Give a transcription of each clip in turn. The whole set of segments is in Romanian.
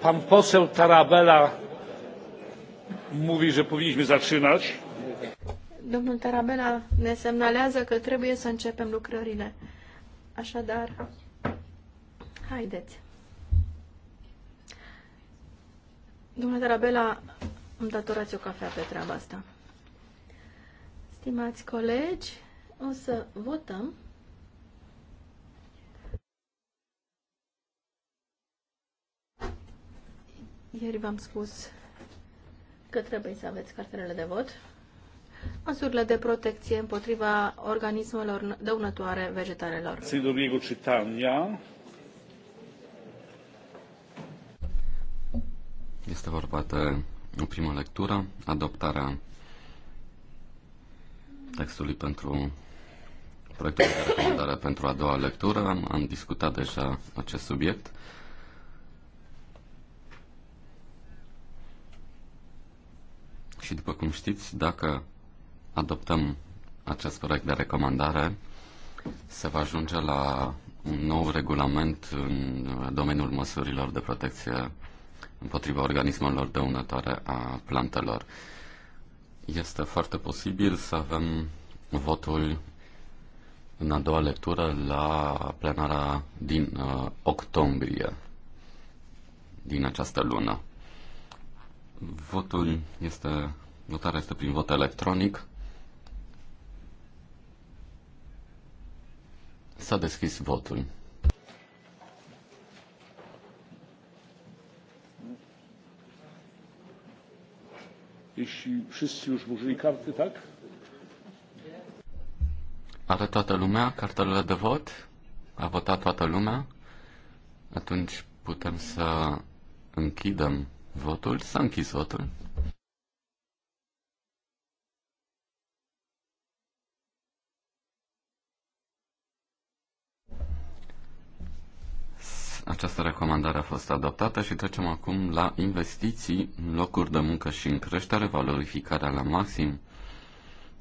Pan poseł Tarabella mówi, że powinniśmy zaczynać. Domnul Tarabella ne semnalează că trebuie să începem lucrările. Așadar, haideți. Domnul Tarabella, îmi datorați o cafea pe treaba asta. Stimați colegi, o să votăm. Ieri v-am spus că trebuie să aveți cartelele de vot. Măsurile de protecție împotriva organismelor dăunătoare vegetalelor. Țin drugiego Este vorba de în primă lectură, adoptarea textului pentru proiectul de recomandare pentru a doua lectură. Am discutat deja acest subiect. Și după cum știți, dacă adoptăm acest proiect de recomandare, se va ajunge la un nou regulament în domeniul măsurilor de protecție împotriva organismelor dăunătoare a plantelor este foarte posibil să avem votul în a doua lectură la plenara din uh, octombrie din această lună. Votul este, votarea este prin vot electronic. S-a deschis votul. Jeśli wszyscy już włożyli karty, tak? Are toată lumea cartelele de vot? A votat toată lumea? Atunci putem să închidem votul. S-a închis votul. Această recomandare a fost adoptată și trecem acum la investiții în locuri de muncă și în creștere, valorificarea la maxim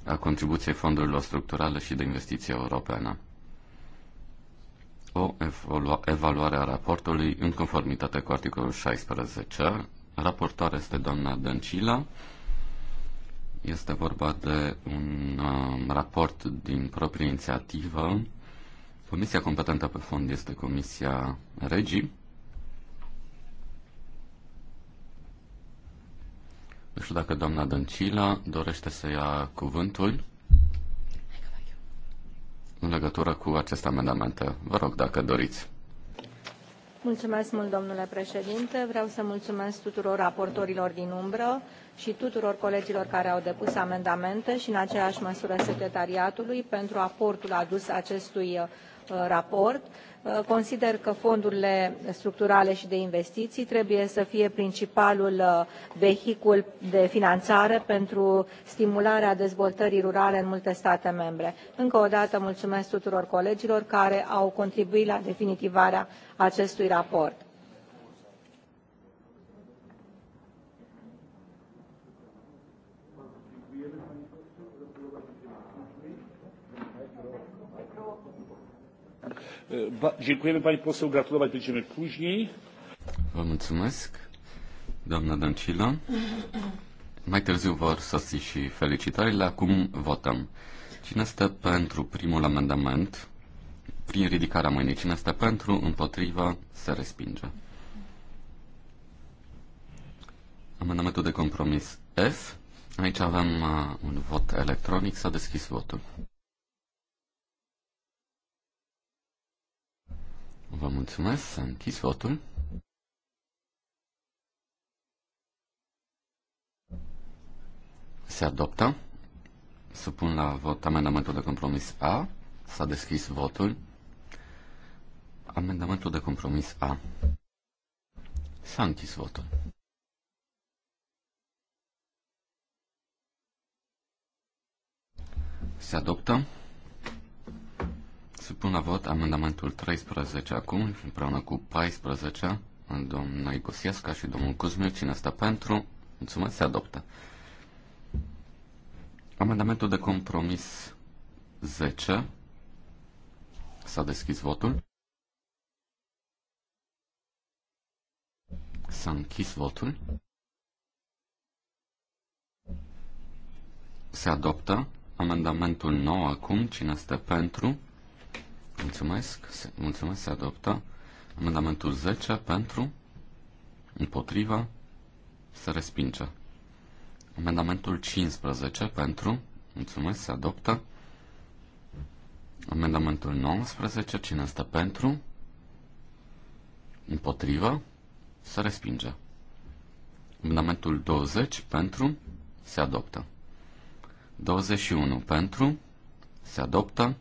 a contribuției fondurilor structurale și de investiții europene. O evaluare a raportului în conformitate cu articolul 16. Raportoarea este doamna Dăncila. Este vorba de un uh, raport din proprie inițiativă Comisia competentă pe fond este Comisia Regii. Nu știu dacă doamna Dăncilă dorește să ia cuvântul în legătură cu aceste amendamente. Vă rog, dacă doriți. Mulțumesc mult, domnule președinte. Vreau să mulțumesc tuturor raportorilor din umbră și tuturor colegilor care au depus amendamente și, în aceeași măsură, secretariatului pentru aportul adus acestui Uh, raport uh, consider că fondurile structurale și de investiții trebuie să fie principalul uh, vehicul de finanțare pentru stimularea dezvoltării rurale în multe state membre. încă o dată mulțumesc tuturor colegilor care au contribuit la definitivarea acestui raport. Dziękujemy pani poseł, gratulować będziemy później. Vă mulțumesc, doamna Mai târziu vor sosi și felicitările. Acum votăm. Cine stă pentru primul amendament? Prin ridicarea mâinii. Cine stă pentru? Împotriva? Se respinge. Amendamentul de compromis F. Aici avem uh, un vot electronic. S-a deschis votul. Vă mulțumesc, s-a închis votul. Se adoptă. Supun la vot amendamentul de compromis A. S-a deschis votul. Amendamentul de compromis A. S-a închis votul. Se adoptă. Supun la vot amendamentul 13 acum, împreună cu 14, domnul Igosiesca și domnul Cuzmiu. Cine stă pentru? Mulțumesc, se adoptă. Amendamentul de compromis 10. S-a deschis votul. S-a închis votul. Se adoptă amendamentul 9 acum. Cine stă pentru? Mulțumesc. mulțumesc. Se adoptă. Amendamentul 10 pentru. Împotriva. Se respinge. Amendamentul 15 pentru. Mulțumesc. Se adoptă. Amendamentul 19. Cine este pentru? Împotriva. Se respinge. Amendamentul 20 pentru. Se adoptă. 21 pentru. Se adoptă.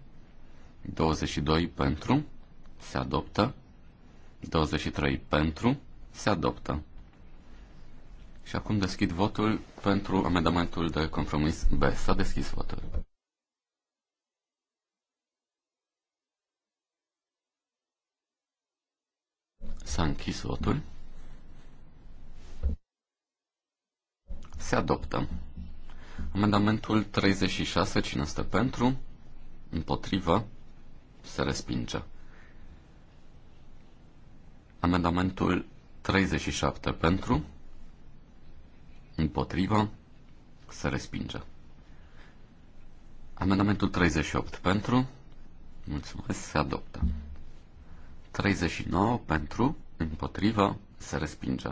22 pentru, se adoptă. 23 pentru, se adoptă. Și acum deschid votul pentru amendamentul de compromis B. S-a deschis votul. S-a închis votul. Se adoptă. Amendamentul 36, cine este pentru? Împotrivă? se respinge. Amendamentul 37 pentru, împotrivă, se respinge. Amendamentul 38 pentru, mulțumesc, se adoptă. 39 pentru, împotrivă, se respinge.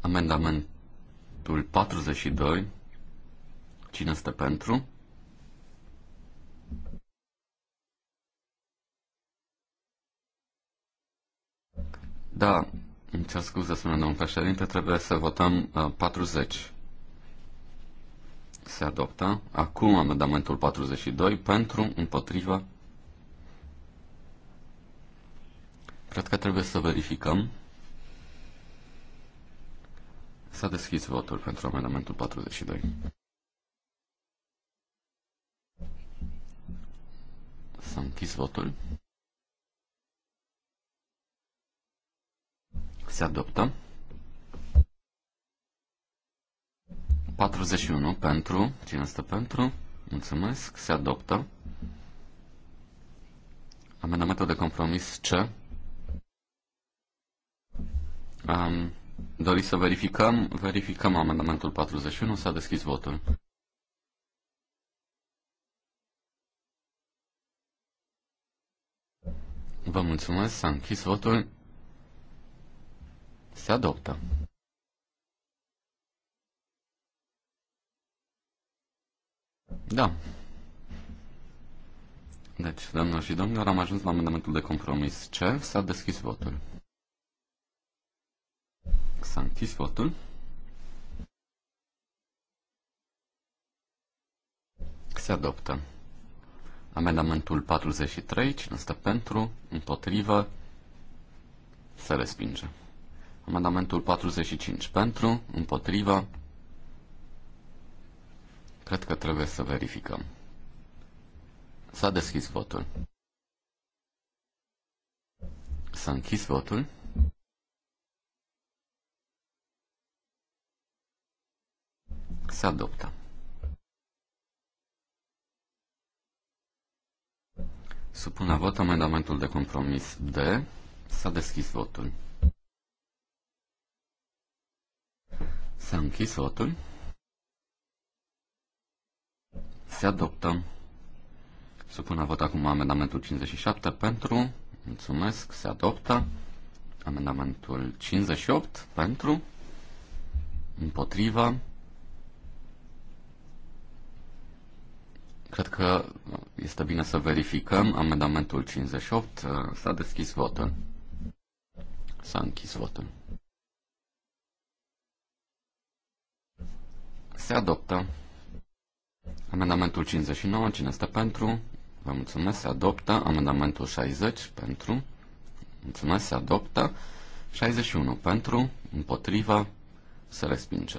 Amendamentul 42 Cine stă pentru? Da, îmi cer scuze, spune domnul președinte, trebuie să votăm uh, 40. Se adoptă. Acum amendamentul 42 pentru, împotriva. Cred că trebuie să verificăm. S-a deschis votul pentru amendamentul 42. S-a închis votul. Se adoptă. 41 pentru. Cine stă pentru? Mulțumesc. Se adoptă. Amendamentul de compromis C. Um, doriți să verificăm? Verificăm amendamentul 41. S-a deschis votul. Vă mulțumesc, s-a închis votul. Se adoptă. Da. Deci, doamnelor și domnilor, am ajuns la amendamentul de compromis C. S-a deschis votul. S-a închis votul. Se adoptă. Amendamentul 43, cine stă pentru, împotrivă, se respinge. Amendamentul 45 pentru, împotrivă, cred că trebuie să verificăm. S-a deschis votul. S-a închis votul. Se adoptă. Supun la vot amendamentul de compromis D. S-a deschis votul. S-a închis votul. Se adoptă. Supun la vot acum amendamentul 57 pentru. Mulțumesc. Se adoptă. Amendamentul 58 pentru. Împotriva. Cred că este bine să verificăm amendamentul 58. Uh, s-a deschis votul. S-a închis votul. Se adoptă amendamentul 59. Cine este pentru? Vă mulțumesc. Se adoptă amendamentul 60 pentru. Mulțumesc. Se adoptă 61 pentru. Împotriva. Se respinge.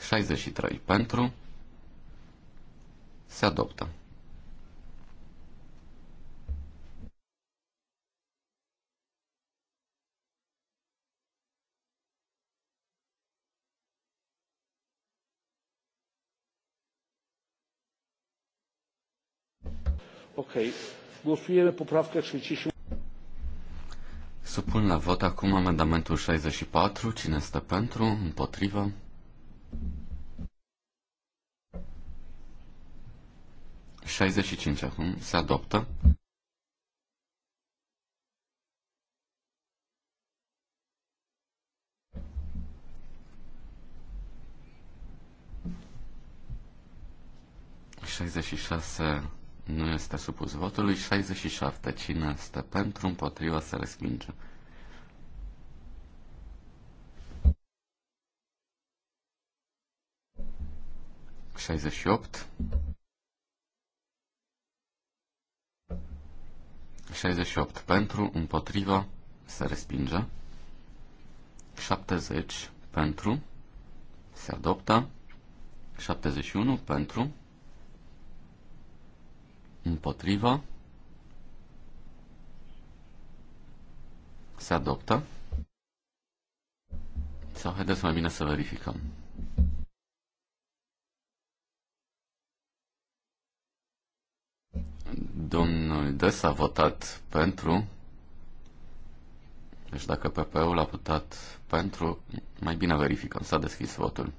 63 pentru se adoptă. Ok. Głosujemy poprawkę 30. Supun la vot acum amendamentul 64. Cine este pentru? Împotrivă? 65 acum se adoptă. nu este supus votului, 67 cine este pentru, împotriva se respinge. Șaizeci 68 pentru, împotriva, se respinge. 70 pentru, se adoptă. 71 pentru, împotriva, se adoptă. Sau haideți mai bine să verificăm. Domnul Des a votat pentru. Deci dacă PP-ul a votat pentru, mai bine verificăm. S-a deschis votul.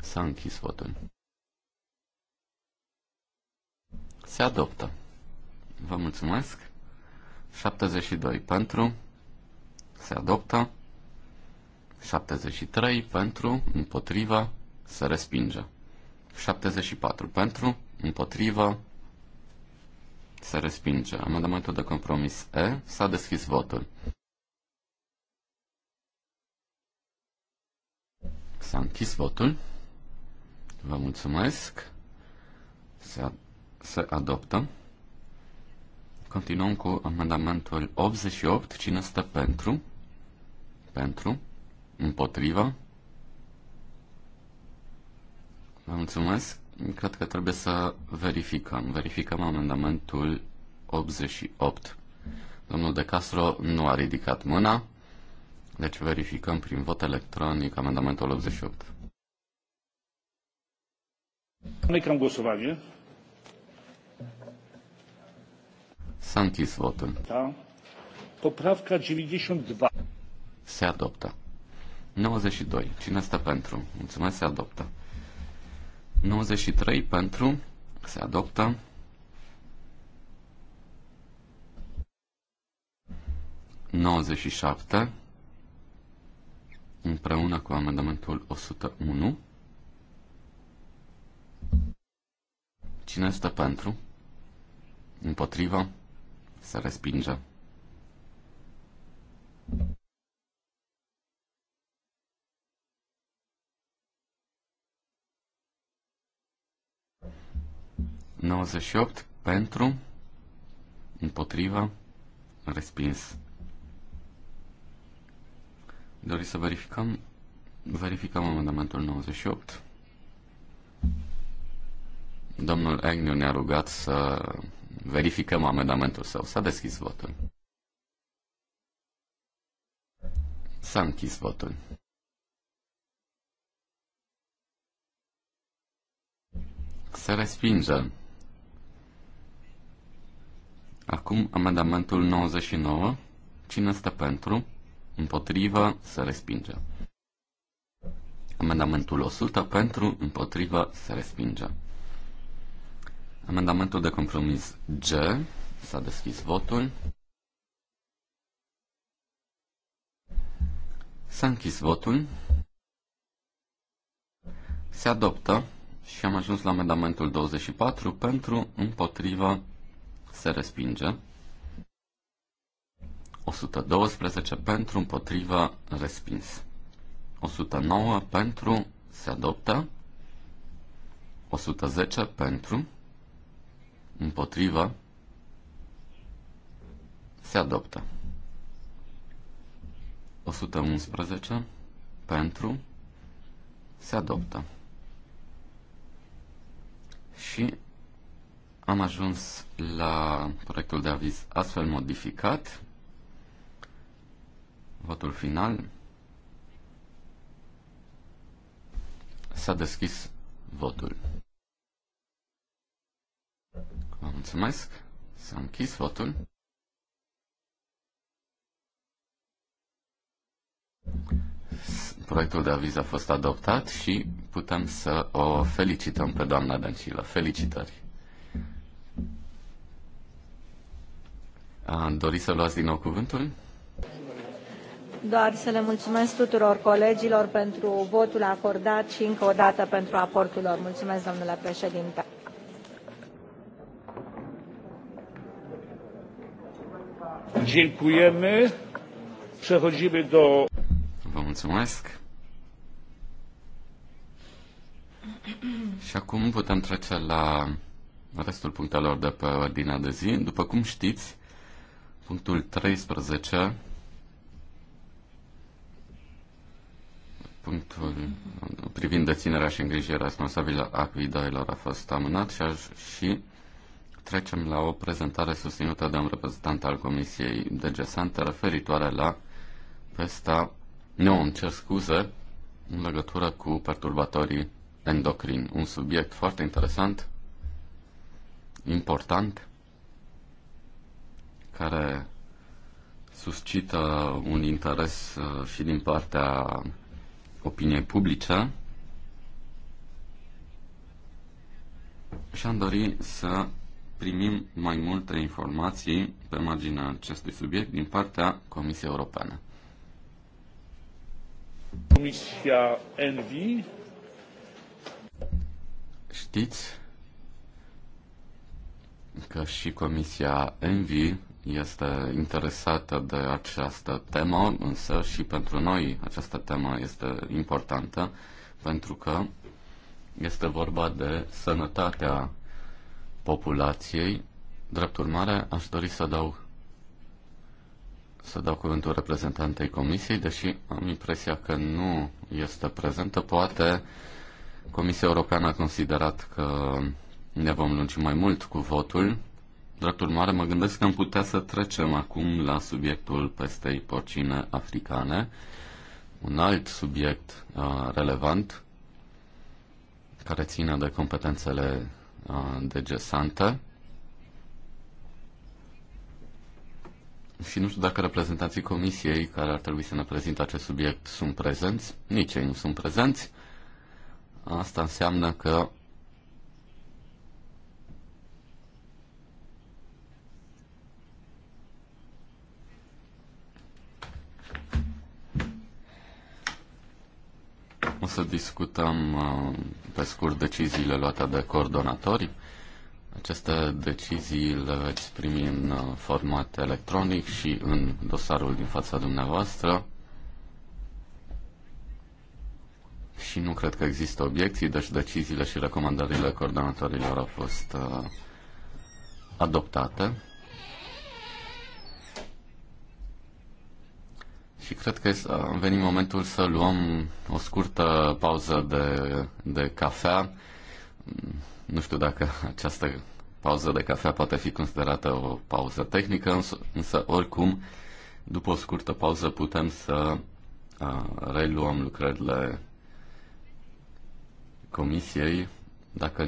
S-a închis votul. Se adoptă. Vă mulțumesc. 72 pentru. Se adoptă. 73 pentru, împotriva, se respinge. 74 pentru, împotriva, se respinge. Amendamentul de compromis E. S-a deschis votul. S-a închis votul. Vă mulțumesc. Se, ad se adoptă. Continuăm cu amendamentul 88. Cine stă pentru? Pentru? Împotriva? Vă mulțumesc cred că trebuie să verificăm. Verificăm amendamentul 88. Domnul De Castro nu a ridicat mâna, deci verificăm prin vot electronic amendamentul 88. Zamykam głosowanie. S-a închis votul. Da. Poprawka 92. Se adoptă. 92. Cine stă pentru? Mulțumesc, se adoptă. 93 pentru. Se adoptă. Nozeci șapte împreună cu amendamentul 101. Cine este pentru? Împotriva? Se respinge. 98 pentru, împotriva, respins. Dori să verificăm? Verificăm amendamentul 98. Domnul Agnew ne-a rugat să verificăm amendamentul său. S-a deschis votul. S-a închis votul. Se respinge Acum amendamentul 99. Cine stă pentru? Împotrivă se respinge. Amendamentul 100 pentru, împotrivă se respinge. Amendamentul de compromis G. S-a deschis votul. S-a închis votul. Se adoptă și am ajuns la amendamentul 24 pentru, împotrivă se respinge. 112 pentru, împotriva, respins. 109 pentru, se adoptă. 110 pentru, împotriva, se adoptă. 111 pentru, se adoptă. Și am ajuns la proiectul de aviz astfel modificat. Votul final. S-a deschis votul. Vă mulțumesc. S-a închis votul. Proiectul de aviz a fost adoptat și putem să o felicităm pe doamna Dăncilă. Felicitări! Doriți să luați din nou cuvântul? Doar să le mulțumesc tuturor colegilor pentru votul acordat și încă o dată pentru aportul lor. Mulțumesc, domnule președinte. Vă mulțumesc. Și acum putem trece la restul punctelor de pe ordinea de zi. După cum știți, punctul 13, punctul privind deținerea și îngrijirea responsabilă a cuidoilor a fost amânat și, aș, și trecem la o prezentare susținută de un reprezentant al Comisiei de Gesante referitoare la pesta, nu îmi cer scuze, în legătură cu perturbatorii endocrini. Un subiect foarte interesant, important care suscită un interes uh, și din partea opiniei publice și am dori să primim mai multe informații pe marginea acestui subiect din partea Comisiei Europene. Comisia Envi. Știți că și Comisia Envi este interesată de această temă, însă și pentru noi această temă este importantă, pentru că este vorba de sănătatea populației. Drept urmare, aș dori să dau să dau cuvântul reprezentantei comisiei, deși am impresia că nu este prezentă. Poate Comisia Europeană a considerat că ne vom lungi mai mult cu votul Drept urmare, mă gândesc că am putea să trecem acum la subiectul pestei porcine africane, un alt subiect uh, relevant care ține de competențele uh, gesantă. Și nu știu dacă reprezentanții comisiei care ar trebui să ne prezinte acest subiect sunt prezenți. Nici ei nu sunt prezenți. Asta înseamnă că să discutăm uh, pe scurt deciziile luate de coordonatori. Aceste decizii le veți primi în uh, format electronic și în dosarul din fața dumneavoastră. Și nu cred că există obiecții, deci deciziile și recomandările coordonatorilor au fost uh, adoptate. Și cred că a venit momentul să luăm o scurtă pauză de, de cafea. Nu știu dacă această pauză de cafea poate fi considerată o pauză tehnică, însă, însă oricum, după o scurtă pauză putem să a, reluăm lucrările comisiei. Dacă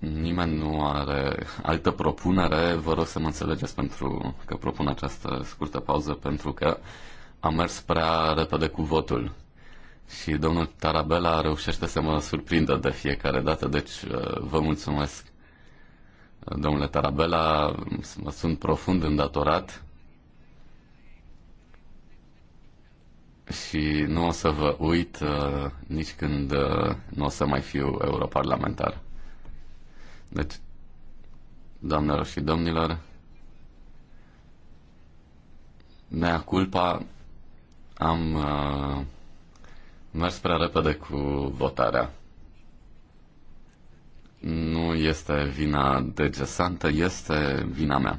Nimeni nu are altă propunere. Vă rog să mă înțelegeți pentru că propun această scurtă pauză, pentru că am mers prea repede cu votul. Și domnul Tarabella reușește să mă surprindă de fiecare dată, deci uh, vă mulțumesc. Domnule Tarabella, mă sunt profund îndatorat și nu o să vă uit uh, nici când uh, nu o să mai fiu europarlamentar. Deci, doamnelor și domnilor, mea culpa, am uh, mers prea repede cu votarea. Nu este vina degesantă, este vina mea.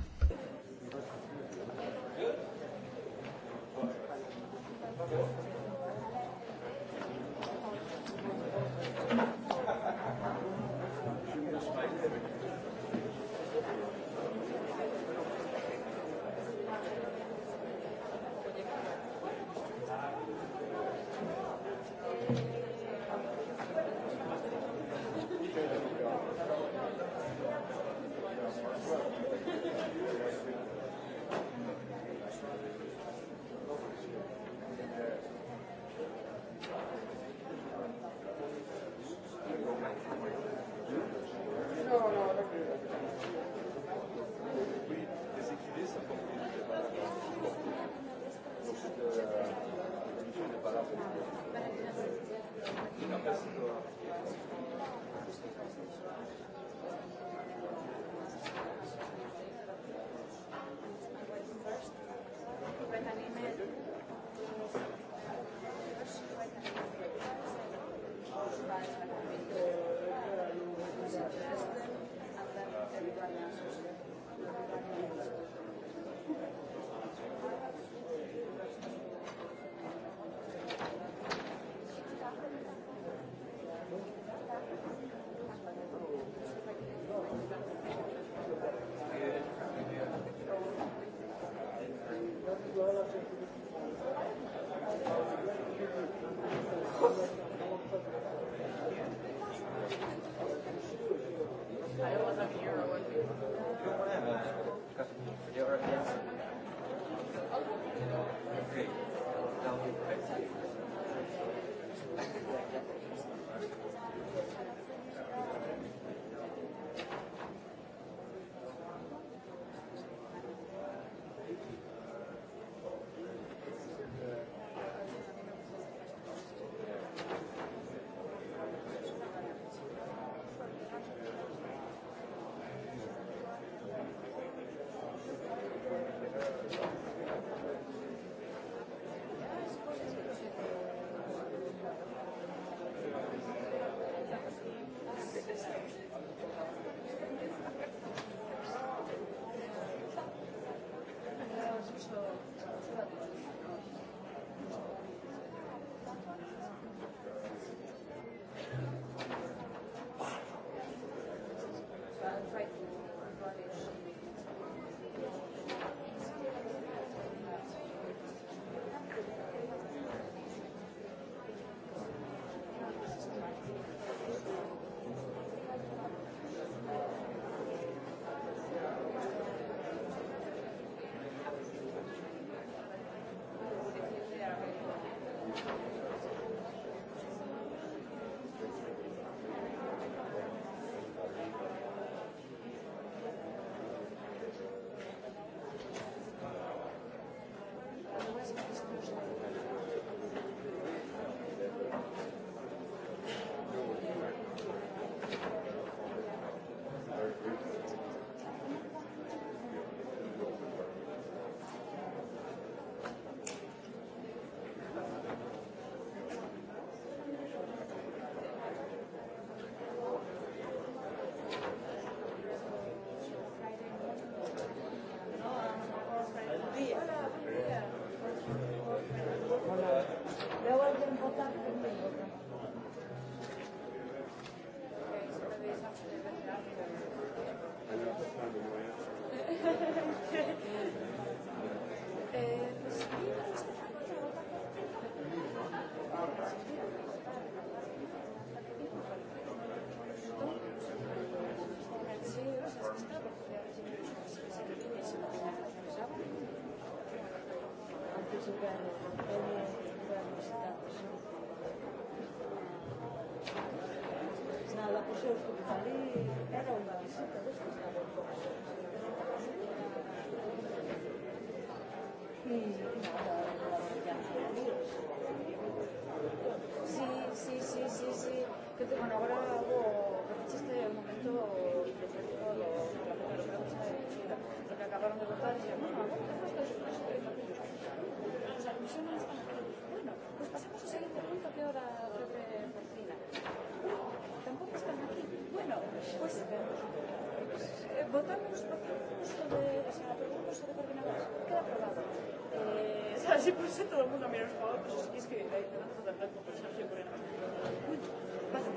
Así puse todo el mundo a mirar para otros. Y es que ahí tenemos a hablar con Sergio Moreno.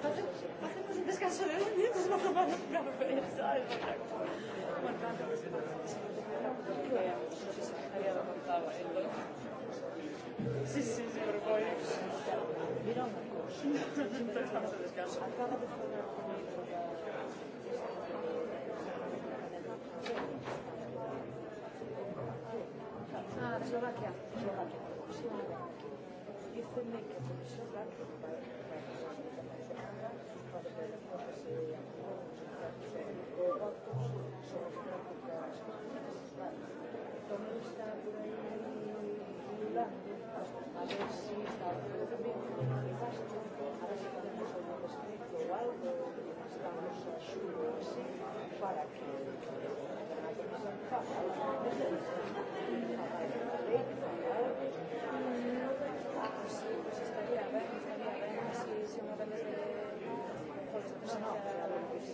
Hacemos un descanso de 10 minutos para tomar una cerveza. Bueno, tanto que se había levantado el Sí, sí, sí, pero voy. Mira una cosa. Entonces, vamos a descanso. Acaba de poner una Slovakia. Slovakia. Slovakia. Este mică. Slovakia. Domnul está a ver si está también a ver si podemos hacer un escrito o algo, estamos a su así, para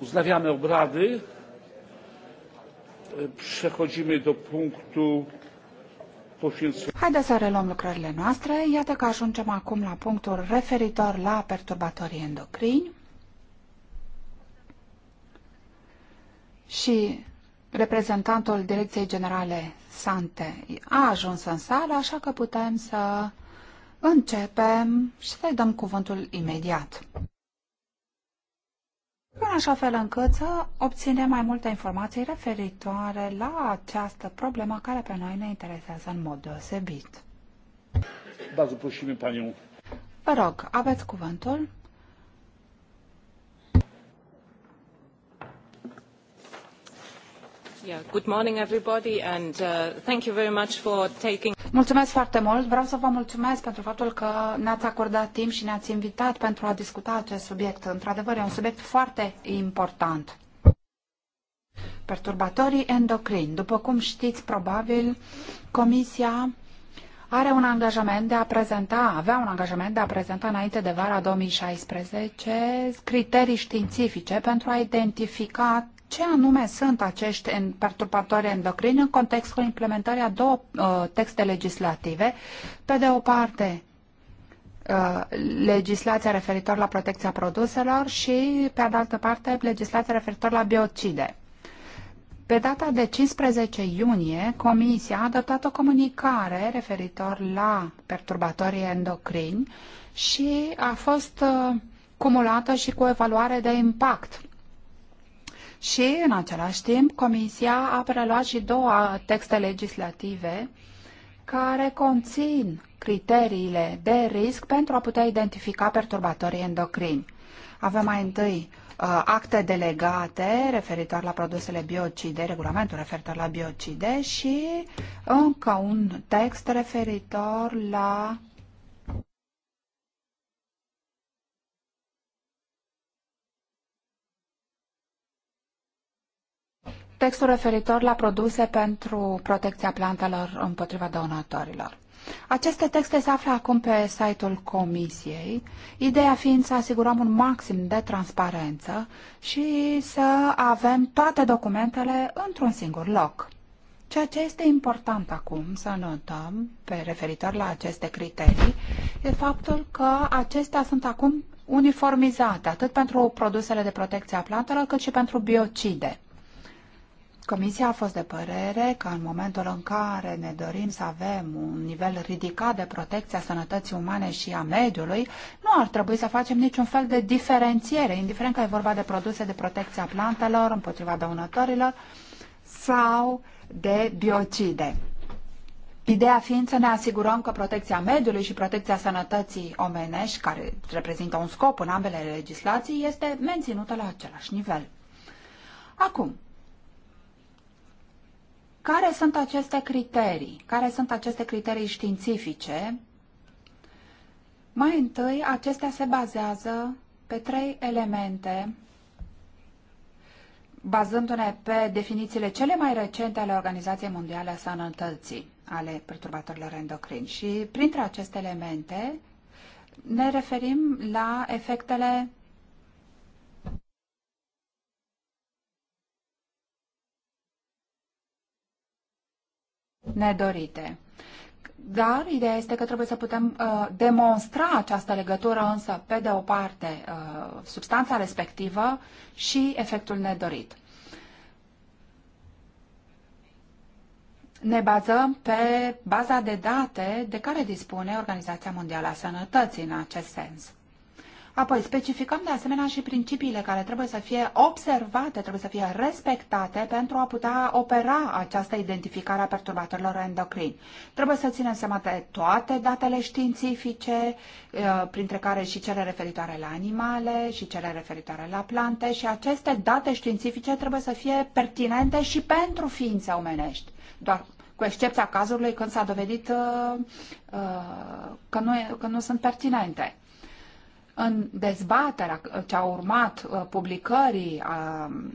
uznawiamy obrady. Przechodzimy do punctu Hai să reluăm lucrările noastre. Iată că ajungem acum la punctul referitor la perturbatorii endocrini. Și reprezentantul Direcției Generale Sante a ajuns în sală, așa că putem să începem și să-i dăm cuvântul imediat așa fel încât să obținem mai multe informații referitoare la această problemă care pe noi ne interesează în mod deosebit. Vă rog, aveți cuvântul. Yeah, good morning everybody and uh, thank you very much for taking Mulțumesc foarte mult. Vreau să vă mulțumesc pentru faptul că ne-ați acordat timp și ne-ați invitat pentru a discuta acest subiect. Într-adevăr, e un subiect foarte important. Perturbatorii endocrini. După cum știți, probabil, Comisia are un angajament de a prezenta, avea un angajament de a prezenta înainte de vara 2016 criterii științifice pentru a identifica ce anume sunt acești perturbatori endocrini în contextul implementării a două uh, texte legislative. Pe de o parte, uh, legislația referitor la protecția produselor și, pe de altă parte, legislația referitor la biocide. Pe data de 15 iunie, Comisia a adoptat o comunicare referitor la perturbatorii endocrini și a fost uh, cumulată și cu evaluare de impact și, în același timp, Comisia a preluat și două texte legislative care conțin criteriile de risc pentru a putea identifica perturbatorii endocrini. Avem mai întâi uh, acte delegate referitor la produsele biocide, regulamentul referitor la biocide și încă un text referitor la textul referitor la produse pentru protecția plantelor împotriva donatorilor. Aceste texte se află acum pe site-ul Comisiei, ideea fiind să asigurăm un maxim de transparență și să avem toate documentele într-un singur loc. Ceea ce este important acum să notăm, pe referitor la aceste criterii, e faptul că acestea sunt acum uniformizate, atât pentru produsele de protecție a plantelor, cât și pentru biocide. Comisia a fost de părere că în momentul în care ne dorim să avem un nivel ridicat de protecție a sănătății umane și a mediului, nu ar trebui să facem niciun fel de diferențiere, indiferent că e vorba de produse de protecție a plantelor împotriva dăunătorilor sau de biocide. Ideea fiind să ne asigurăm că protecția mediului și protecția sănătății omenești, care reprezintă un scop în ambele legislații, este menținută la același nivel. Acum, care sunt aceste criterii? Care sunt aceste criterii științifice? Mai întâi, acestea se bazează pe trei elemente, bazându-ne pe definițiile cele mai recente ale Organizației Mondiale a Sănătății ale perturbatorilor endocrini. Și printre aceste elemente ne referim la efectele nedorite. Dar ideea este că trebuie să putem uh, demonstra această legătură, însă, pe de o parte, uh, substanța respectivă și efectul nedorit. Ne bazăm pe baza de date de care dispune Organizația Mondială a Sănătății în acest sens. Apoi, specificăm de asemenea și principiile care trebuie să fie observate, trebuie să fie respectate pentru a putea opera această identificare a perturbatorilor endocrini. Trebuie să ținem seama de toate datele științifice, eh, printre care și cele referitoare la animale și cele referitoare la plante și aceste date științifice trebuie să fie pertinente și pentru ființe omenești. Doar cu excepția cazului când s-a dovedit uh, uh, că, nu, că nu sunt pertinente în dezbaterea ce a urmat uh, publicării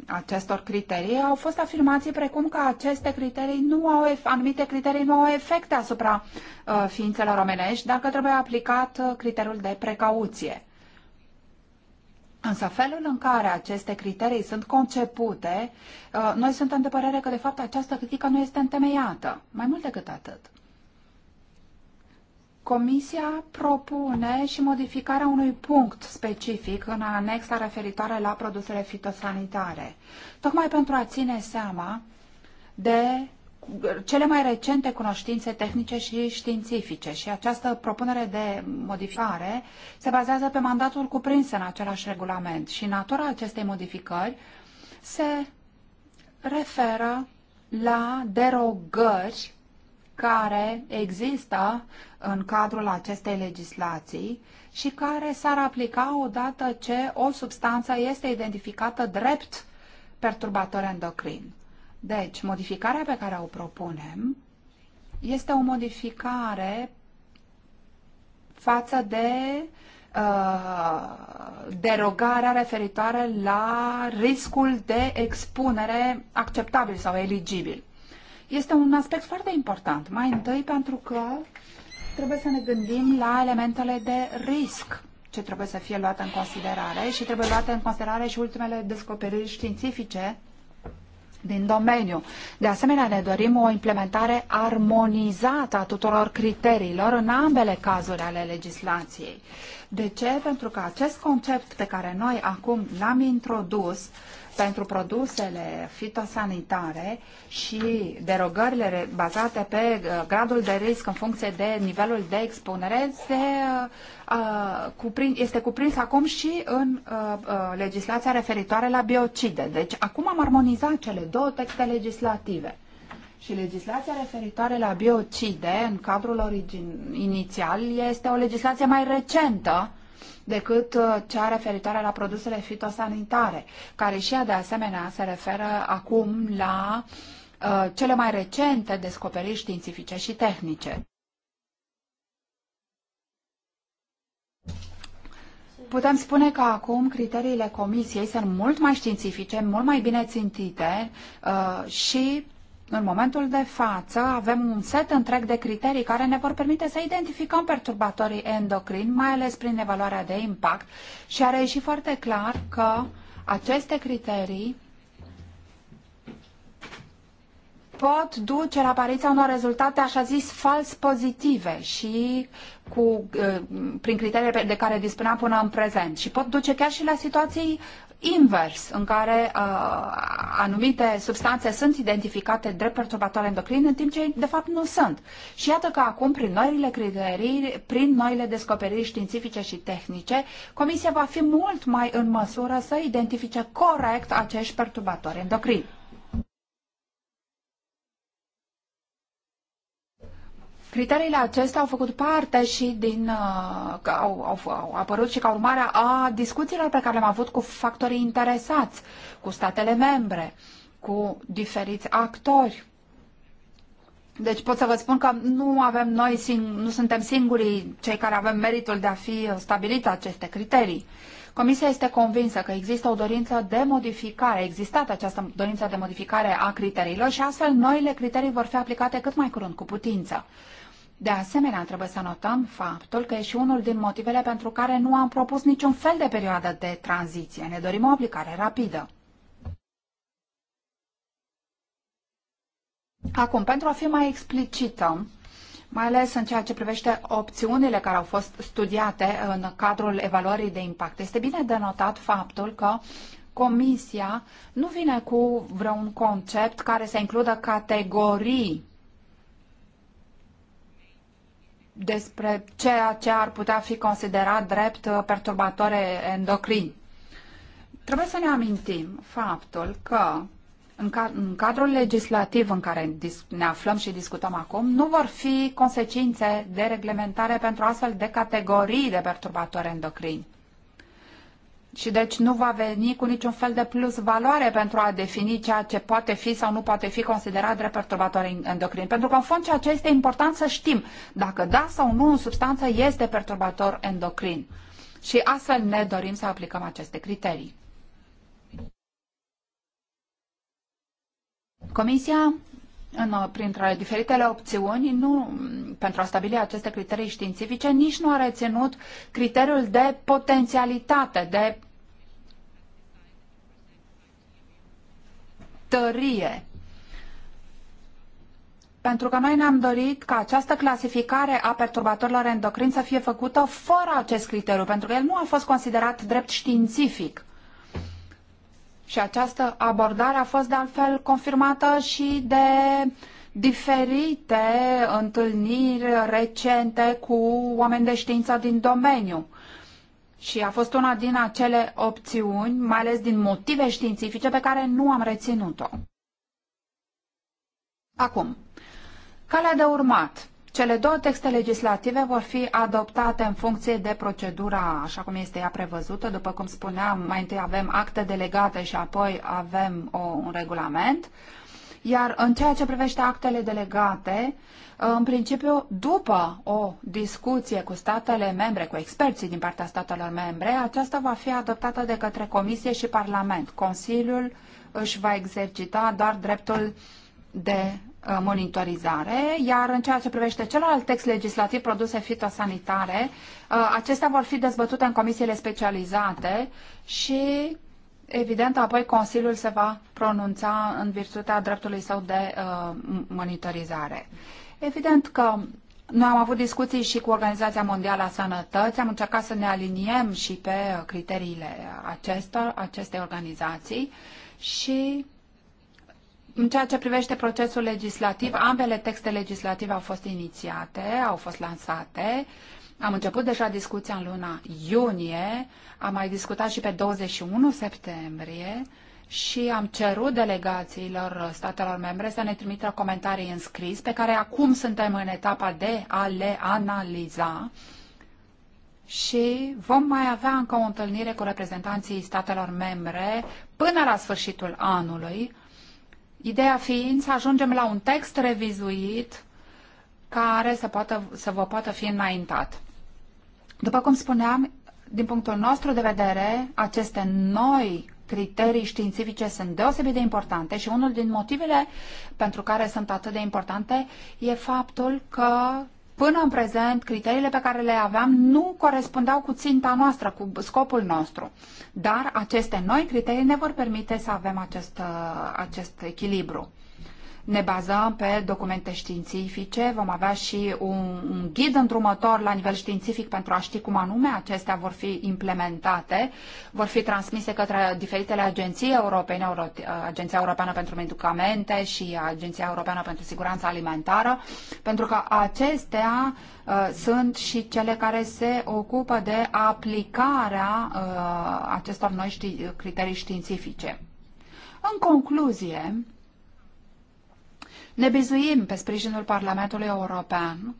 acestor criterii, au fost afirmații precum că aceste criterii nu au, anumite criterii nu au efecte asupra uh, ființelor omenești dacă trebuie aplicat uh, criteriul de precauție. Însă felul în care aceste criterii sunt concepute, noi suntem de părere că, de fapt, această critică nu este întemeiată. Mai mult decât atât. Comisia propune și modificarea unui punct specific în anexa referitoare la produsele fitosanitare, tocmai pentru a ține seama de cele mai recente cunoștințe tehnice și științifice și această propunere de modificare se bazează pe mandatul cuprins în același regulament și natura acestei modificări se referă la derogări care există în cadrul acestei legislații și care s-ar aplica odată ce o substanță este identificată drept perturbator endocrin. Deci, modificarea pe care o propunem este o modificare față de uh, derogarea referitoare la riscul de expunere acceptabil sau eligibil este un aspect foarte important. Mai întâi pentru că trebuie să ne gândim la elementele de risc ce trebuie să fie luate în considerare și trebuie luate în considerare și ultimele descoperiri științifice din domeniu. De asemenea, ne dorim o implementare armonizată a tuturor criteriilor în ambele cazuri ale legislației. De ce? Pentru că acest concept pe care noi acum l-am introdus pentru produsele fitosanitare și derogările bazate pe uh, gradul de risc în funcție de nivelul de expunere se, uh, uh, cuprin, este cuprins acum și în uh, uh, legislația referitoare la biocide. Deci acum am armonizat cele două texte legislative. Și legislația referitoare la biocide, în cadrul origin, inițial, este o legislație mai recentă uh, decât uh, cea referitoare la produsele fitosanitare, care și ea de asemenea se referă acum la uh, cele mai recente descoperiri științifice și tehnice. putem spune că acum criteriile comisiei sunt mult mai științifice, mult mai bine țintite uh, și în momentul de față avem un set întreg de criterii care ne vor permite să identificăm perturbatorii endocrini, mai ales prin evaluarea de impact și a reieșit foarte clar că aceste criterii pot duce la apariția unor rezultate așa zis fals pozitive și cu, eh, prin criteriile de care dispuneam până în prezent și pot duce chiar și la situații invers, în care uh, anumite substanțe sunt identificate drept perturbatoare endocrine, în timp ce de fapt nu sunt. Și iată că acum, prin noile criterii, prin noile descoperiri științifice și tehnice, Comisia va fi mult mai în măsură să identifice corect acești perturbatori endocrini. Criteriile acestea au făcut parte și din. Uh, au, au, au apărut și ca urmare a discuțiilor pe care le-am avut cu factorii interesați, cu statele membre, cu diferiți actori. Deci pot să vă spun că nu avem noi, nu suntem singurii cei care avem meritul de a fi stabilit aceste criterii. Comisia este convinsă că există o dorință de modificare, a existat această dorință de modificare a criteriilor și astfel noile criterii vor fi aplicate cât mai curând cu putință. De asemenea, trebuie să notăm faptul că e și unul din motivele pentru care nu am propus niciun fel de perioadă de tranziție. Ne dorim o aplicare rapidă. Acum, pentru a fi mai explicită, mai ales în ceea ce privește opțiunile care au fost studiate în cadrul evaluării de impact. Este bine de notat faptul că Comisia nu vine cu vreun concept care să includă categorii despre ceea ce ar putea fi considerat drept perturbatoare endocrini. Trebuie să ne amintim faptul că în, cadrul legislativ în care ne aflăm și discutăm acum, nu vor fi consecințe de reglementare pentru astfel de categorii de perturbatori endocrini. Și deci nu va veni cu niciun fel de plus valoare pentru a defini ceea ce poate fi sau nu poate fi considerat drept perturbator endocrin. Pentru că, în fond, ceea ce este important să știm dacă da sau nu în substanță este perturbator endocrin. Și astfel ne dorim să aplicăm aceste criterii. Comisia, în, printre diferitele opțiuni, nu, pentru a stabili aceste criterii științifice, nici nu a reținut criteriul de potențialitate, de tărie pentru că noi ne-am dorit ca această clasificare a perturbatorilor endocrini să fie făcută fără acest criteriu, pentru că el nu a fost considerat drept științific. Și această abordare a fost de altfel confirmată și de diferite întâlniri recente cu oameni de știință din domeniu. Și a fost una din acele opțiuni, mai ales din motive științifice, pe care nu am reținut-o. Acum, calea de urmat cele două texte legislative vor fi adoptate în funcție de procedura așa cum este ea prevăzută. După cum spuneam, mai întâi avem acte delegate și apoi avem o, un regulament. Iar în ceea ce privește actele delegate, în principiu, după o discuție cu statele membre, cu experții din partea statelor membre, aceasta va fi adoptată de către Comisie și Parlament. Consiliul își va exercita doar dreptul de Uh, monitorizare, iar în ceea ce privește celălalt text legislativ produse fitosanitare, uh, acestea vor fi dezbătute în comisiile specializate și, evident, apoi Consiliul se va pronunța în virtutea dreptului său de uh, monitorizare. Evident că noi am avut discuții și cu Organizația Mondială a Sănătății, am încercat să ne aliniem și pe criteriile acestor, acestei organizații și în ceea ce privește procesul legislativ, ambele texte legislative au fost inițiate, au fost lansate. Am început deja discuția în luna iunie, am mai discutat și pe 21 septembrie și am cerut delegațiilor statelor membre să ne trimită comentarii în scris, pe care acum suntem în etapa de a le analiza și vom mai avea încă o întâlnire cu reprezentanții statelor membre până la sfârșitul anului, Ideea fiind să ajungem la un text revizuit care să, poată, să vă poată fi înaintat. După cum spuneam, din punctul nostru de vedere, aceste noi criterii științifice sunt deosebit de importante și unul din motivele pentru care sunt atât de importante e faptul că Până în prezent, criteriile pe care le aveam nu corespundeau cu ținta noastră, cu scopul nostru. Dar aceste noi criterii ne vor permite să avem acest, uh, acest echilibru ne bazăm pe documente științifice, vom avea și un, un ghid îndrumător la nivel științific pentru a ști cum anume acestea vor fi implementate, vor fi transmise către diferitele agenții europene, Euro, Agenția Europeană pentru Medicamente și Agenția Europeană pentru Siguranța Alimentară, pentru că acestea uh, sunt și cele care se ocupă de aplicarea uh, acestor noi ști, criterii științifice. În concluzie, ne bizuim pe sprijinul Parlamentului European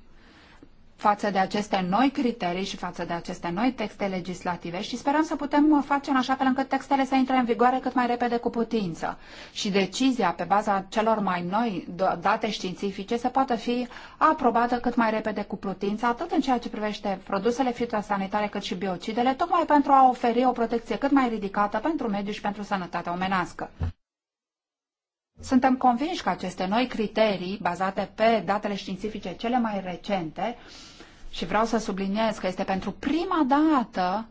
față de aceste noi criterii și față de aceste noi texte legislative și sperăm să putem face în așa fel încât textele să intre în vigoare cât mai repede cu putință și decizia pe baza celor mai noi date științifice să poată fi aprobată cât mai repede cu putință, atât în ceea ce privește produsele fitosanitare cât și biocidele, tocmai pentru a oferi o protecție cât mai ridicată pentru mediu și pentru sănătatea omenească. Suntem convinși că aceste noi criterii, bazate pe datele științifice cele mai recente, și vreau să subliniez că este pentru prima dată,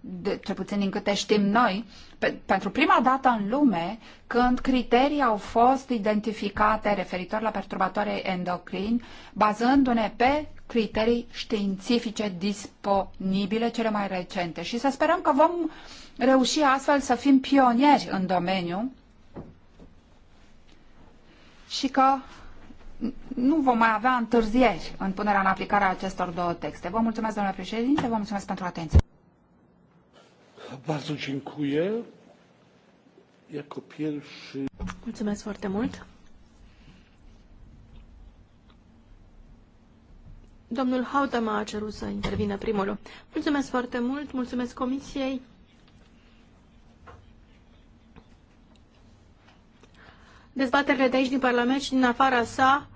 de, cel puțin din câte știm noi, pe, pentru prima dată în lume, când criterii au fost identificate referitor la perturbatoare endocrini, bazându-ne pe criterii științifice disponibile, cele mai recente. Și să sperăm că vom reuși astfel să fim pionieri în domeniu și că nu vom mai avea întârzieri în punerea în aplicare a acestor două texte. Vă mulțumesc, domnule președinte, vă mulțumesc pentru atenție. Bardzo dziękuję. Jako pierwszy... Mulțumesc foarte mult. Domnul Hautama a cerut să intervină primul. Mulțumesc foarte mult, mulțumesc Comisiei dezbaterile de aici din Parlament și din afara sa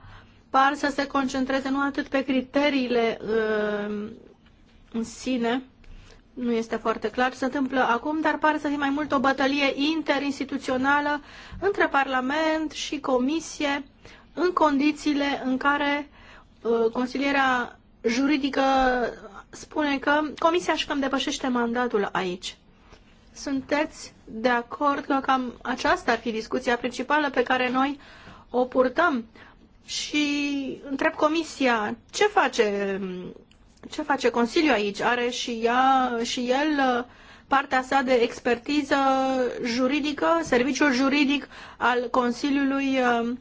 par să se concentreze nu atât pe criteriile uh, în sine, nu este foarte clar ce se întâmplă acum, dar pare să fie mai mult o bătălie interinstituțională între Parlament și Comisie în condițiile în care uh, consilierea juridică spune că Comisia și cam depășește mandatul aici sunteți de acord că cam aceasta ar fi discuția principală pe care noi o purtăm? Și întreb Comisia, ce face, ce face Consiliul aici? Are și, ea, și el partea sa de expertiză juridică, serviciul juridic al Consiliului um,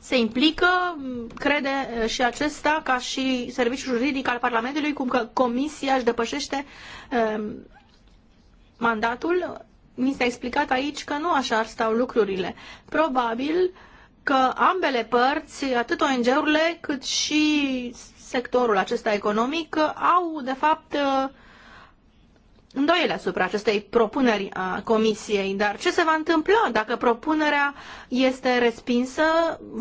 se implică, crede uh, și acesta, ca și serviciul juridic al Parlamentului, cum că Comisia își depășește um, mandatul, mi s-a explicat aici că nu așa ar stau lucrurile. Probabil că ambele părți, atât ONG-urile cât și sectorul acesta economic, au de fapt îndoiele asupra acestei propuneri a Comisiei, dar ce se va întâmpla dacă propunerea este respinsă?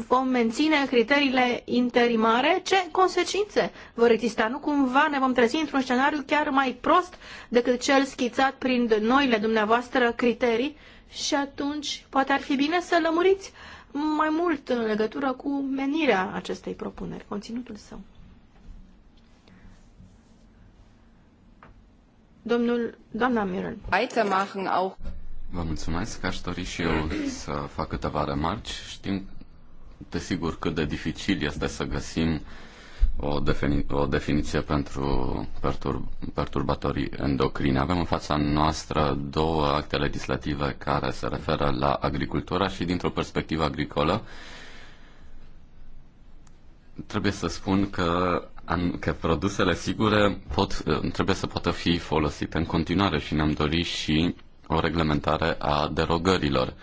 Vom menține criteriile interimare? Ce consecințe vor exista? Nu cumva ne vom trezi într-un scenariu chiar mai prost decât cel schițat prin noile dumneavoastră criterii? Și atunci poate ar fi bine să lămuriți mai mult în legătură cu menirea acestei propuneri, conținutul său. Domnul, doamna Miren. Vă mulțumesc, aș dori și eu să fac câteva remarci. Știm, desigur, cât de dificil este să găsim o, defini- o definiție pentru pertur- perturbatorii endocrini. Avem în fața noastră două acte legislative care se referă la agricultura și dintr-o perspectivă agricolă. Trebuie să spun că că produsele sigure pot, uh, trebuie să poată fi folosite în continuare și ne-am dorit și o reglementare a derogărilor.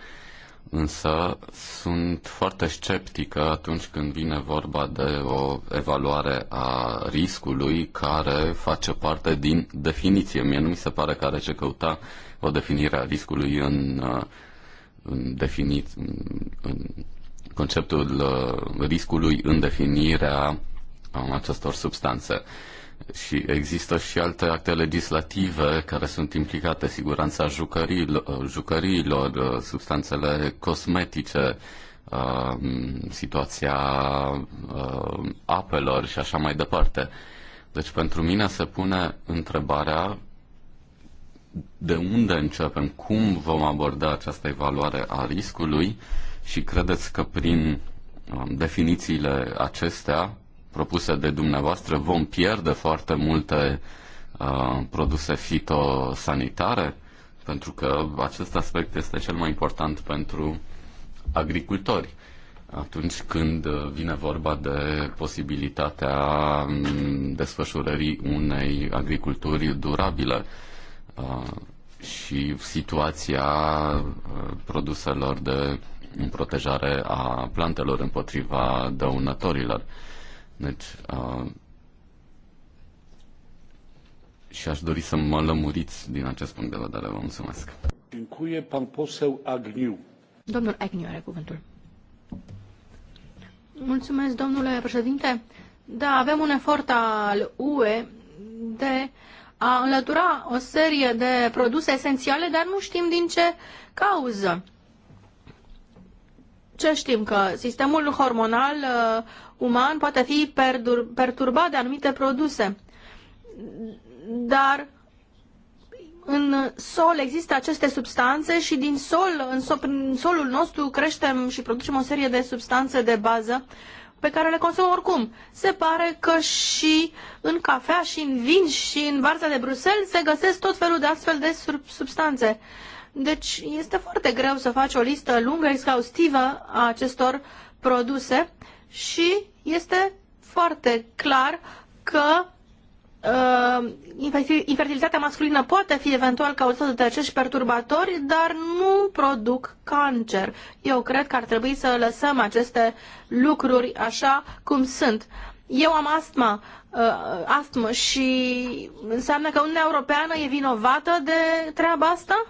Însă sunt foarte sceptică atunci când vine vorba de o evaluare a riscului care face parte din definiție. Mie nu mi se pare că are ce căuta o definire a riscului în, uh, în, definit, în conceptul uh, riscului în definirea acestor substanțe. Și există și alte acte legislative care sunt implicate, siguranța jucăriilor, jucăriilor substanțele cosmetice, uh, situația uh, apelor și așa mai departe. Deci pentru mine se pune întrebarea de unde începem, cum vom aborda această evaluare a riscului și credeți că prin um, definițiile acestea propuse de dumneavoastră, vom pierde foarte multe uh, produse fitosanitare, pentru că acest aspect este cel mai important pentru agricultori atunci când uh, vine vorba de posibilitatea mm, desfășurării unei agriculturi durabile uh, și situația uh, produselor de protejare a plantelor împotriva dăunătorilor. Deci, uh, și aș dori să mă lămuriți din acest punct de vedere. Vă mulțumesc. Dziękuję pan poseł Agniu. Domnul Agniu are cuvântul. Mulțumesc, domnule președinte. Da, avem un efort al UE de a înlătura o serie de produse esențiale, dar nu știm din ce cauză. Ce știm? Că sistemul hormonal uh, uman poate fi perturbat de anumite produse. Dar în sol există aceste substanțe și din sol, în, sol, prin solul nostru creștem și producem o serie de substanțe de bază pe care le consumăm oricum. Se pare că și în cafea, și în vin, și în varza de Bruxelles se găsesc tot felul de astfel de substanțe. Deci este foarte greu să faci o listă lungă, exhaustivă a acestor produse și este foarte clar că uh, infertilitatea masculină poate fi eventual cauzată de acești perturbatori, dar nu produc cancer. Eu cred că ar trebui să lăsăm aceste lucruri așa cum sunt. Eu am astma, uh, astmă și înseamnă că Uniunea Europeană e vinovată de treaba asta?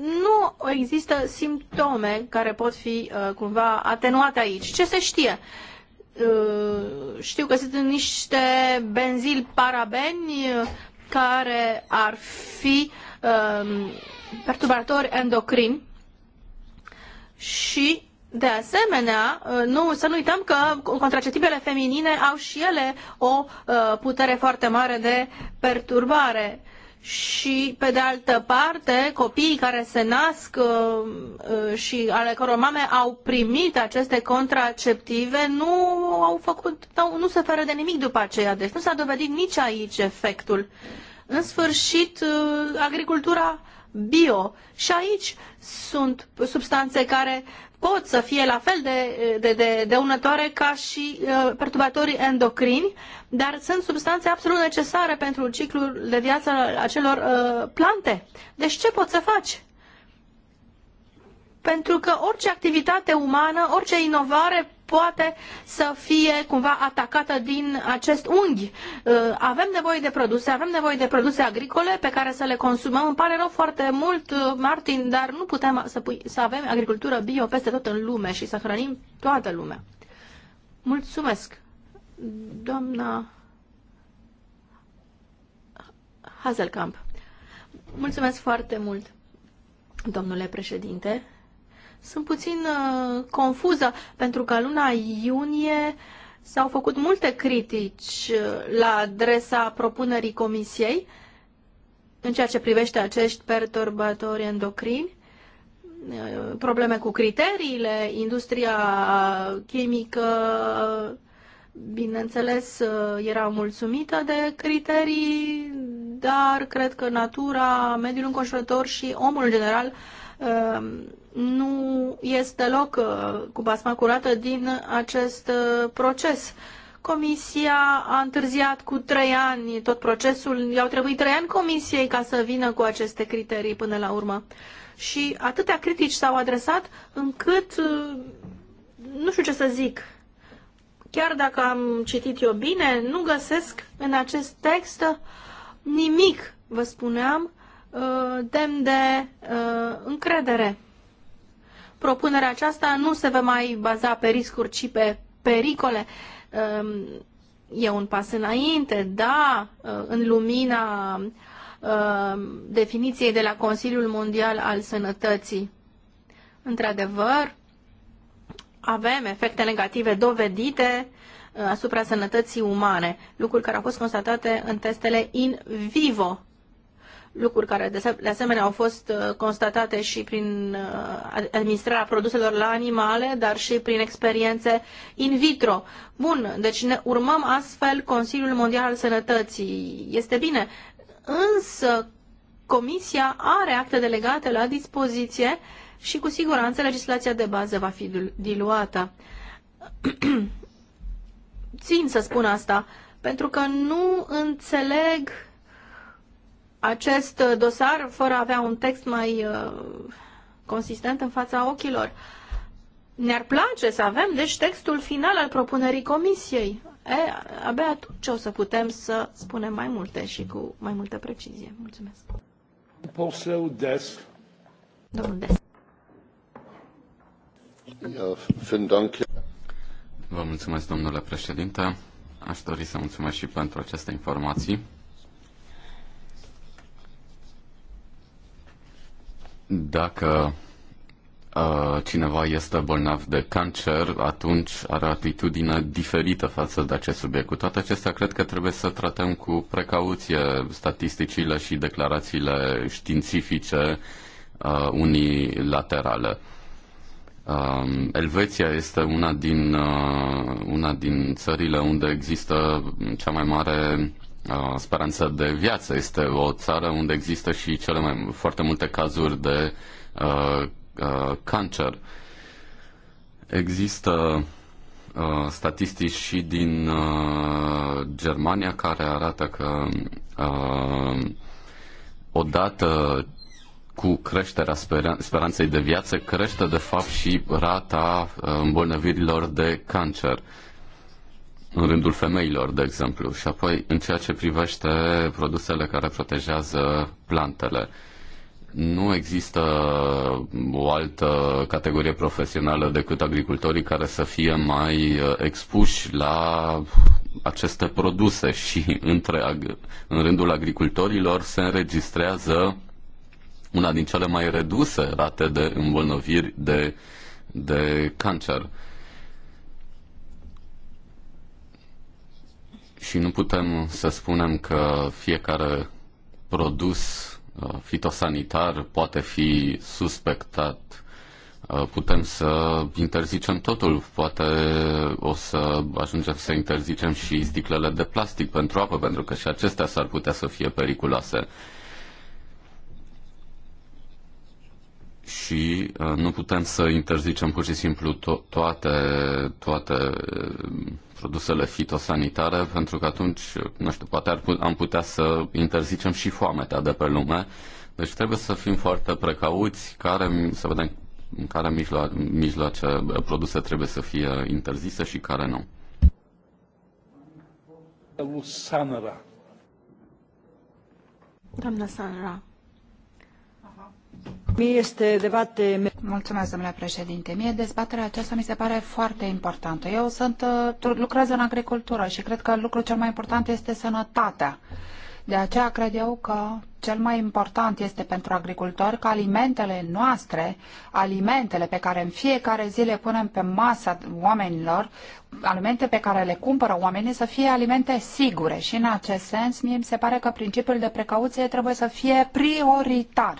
nu există simptome care pot fi uh, cumva atenuate aici. Ce se știe? Uh, știu că sunt niște benzil parabeni uh, care ar fi uh, perturbatori endocrini și de asemenea, uh, nu, să nu uităm că contraceptivele feminine au și ele o uh, putere foarte mare de perturbare și, pe de altă parte, copiii care se nasc uh, uh, și ale căror mame au primit aceste contraceptive nu au făcut, nu, nu se feră de nimic după aceea. Deci nu s-a dovedit nici aici efectul. În sfârșit, uh, agricultura bio. Și aici sunt substanțe care pot să fie la fel de, de, de dăunătoare ca și uh, perturbatorii endocrini, dar sunt substanțe absolut necesare pentru ciclul de viață al acelor uh, plante. Deci ce poți să faci? Pentru că orice activitate umană, orice inovare poate să fie cumva atacată din acest unghi. Uh, avem nevoie de produse, avem nevoie de produse agricole pe care să le consumăm. Îmi pare rău foarte mult, uh, Martin, dar nu putem să, pui, să avem agricultură bio peste tot în lume și să hrănim toată lumea. Mulțumesc, doamna Hazelkamp. Mulțumesc foarte mult, domnule președinte. Sunt puțin uh, confuză pentru că luna iunie s-au făcut multe critici uh, la adresa propunerii comisiei în ceea ce privește acești perturbatori endocrini, uh, probleme cu criteriile, industria chimică, bineînțeles, uh, era mulțumită de criterii, dar cred că natura, mediul înconjurător și omul în general nu este loc uh, cu basma curată din acest uh, proces. Comisia a întârziat cu trei ani tot procesul, i-au trebuit trei ani comisiei ca să vină cu aceste criterii până la urmă. Și atâtea critici s-au adresat încât uh, nu știu ce să zic. Chiar dacă am citit eu bine, nu găsesc în acest text nimic, vă spuneam, demn de încredere propunerea aceasta nu se va mai baza pe riscuri, ci pe pericole. Um, e un pas înainte, da, uh, în lumina um, definiției de la Consiliul Mondial al Sănătății. Într-adevăr, avem efecte negative dovedite uh, asupra sănătății umane, lucruri care au fost constatate în testele in vivo lucruri care de asemenea au fost uh, constatate și prin uh, administrarea produselor la animale, dar și prin experiențe in vitro. Bun, deci ne urmăm astfel Consiliul Mondial al Sănătății. Este bine, însă Comisia are acte delegate la dispoziție și cu siguranță legislația de bază va fi diluată. Țin să spun asta, pentru că nu înțeleg acest dosar fără a avea un text mai uh, consistent în fața ochilor. Ne-ar place să avem, deci, textul final al propunerii comisiei. E, abia atunci o să putem să spunem mai multe și cu mai multă precizie. Mulțumesc. Poseu Des. Domnul Des. Vă mulțumesc, domnule președinte. Aș dori să mulțumesc și pentru aceste informații. Dacă cineva este bolnav de cancer, atunci are atitudine diferită față de acest subiect. Cu toate acestea, cred că trebuie să tratăm cu precauție statisticile și declarațiile științifice uh, unilaterale. Uh, Elveția este una din, uh, una din țările unde există cea mai mare speranță de viață. Este o țară unde există și cele mai foarte multe cazuri de uh, uh, cancer. Există uh, statistici și din uh, Germania care arată că uh, odată cu creșterea speranței de viață crește de fapt și rata îmbolnăvirilor de cancer. Uh, în rândul femeilor, de exemplu, și apoi în ceea ce privește produsele care protejează plantele. Nu există o altă categorie profesională decât agricultorii care să fie mai uh, expuși la aceste produse și între, în rândul agricultorilor se înregistrează una din cele mai reduse rate de îmbolnăviri de, de cancer. și nu putem să spunem că fiecare produs uh, fitosanitar poate fi suspectat. Uh, putem să interzicem totul, poate o să ajungem să interzicem și sticlele de plastic pentru apă, pentru că și acestea s-ar putea să fie periculoase. și uh, nu putem să interzicem pur și simplu to- toate, toate uh, produsele fitosanitare, pentru că atunci, nu știu, poate ar put- am putea să interzicem și foamea de pe lume. Deci trebuie să fim foarte precauți care, să vedem care mijlo- mijloace uh, produse trebuie să fie interzise și care nu. Doamna Sanra. Mie este dezbaterea aceasta mi se pare foarte importantă. Eu sunt, uh, lucrez în agricultură și cred că lucrul cel mai important este sănătatea. De aceea cred eu că cel mai important este pentru agricultori că alimentele noastre, alimentele pe care în fiecare zi le punem pe masa oamenilor, alimente pe care le cumpără oamenii, să fie alimente sigure. Și în acest sens, mie mi se pare că principiul de precauție trebuie să fie prioritar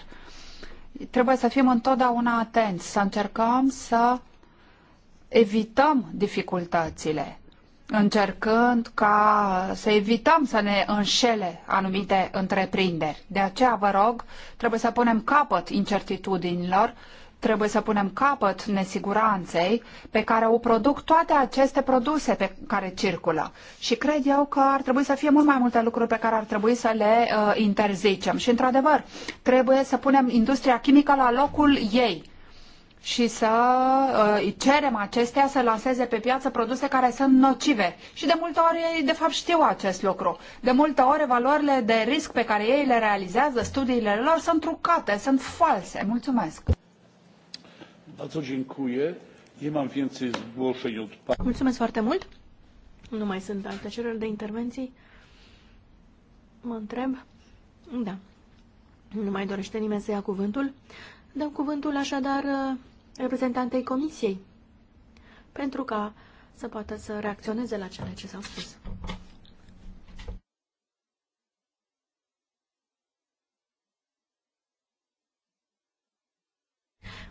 trebuie să fim întotdeauna atenți, să încercăm să evităm dificultățile, încercând ca să evităm să ne înșele anumite întreprinderi. De aceea, vă rog, trebuie să punem capăt incertitudinilor Trebuie să punem capăt nesiguranței pe care o produc toate aceste produse pe care circulă. Și cred eu că ar trebui să fie mult mai multe lucruri pe care ar trebui să le uh, interzicem. Și, într-adevăr, trebuie să punem industria chimică la locul ei și să uh, cerem acestea să lanseze pe piață produse care sunt nocive. Și de multe ori ei, de fapt, știu acest lucru. De multe ori, valorile de risc pe care ei le realizează, studiile lor, sunt trucate, sunt false. Mulțumesc! Bardzo dziękuję. Nie mam więcej zgłoszeń od Mulțumesc foarte mult. Nu mai sunt alte cereri de intervenții. Mă întreb. Da. Nu mai dorește nimeni să ia cuvântul. Dăm cuvântul așadar uh, reprezentantei comisiei pentru ca să poată să reacționeze la cele ce s-au spus.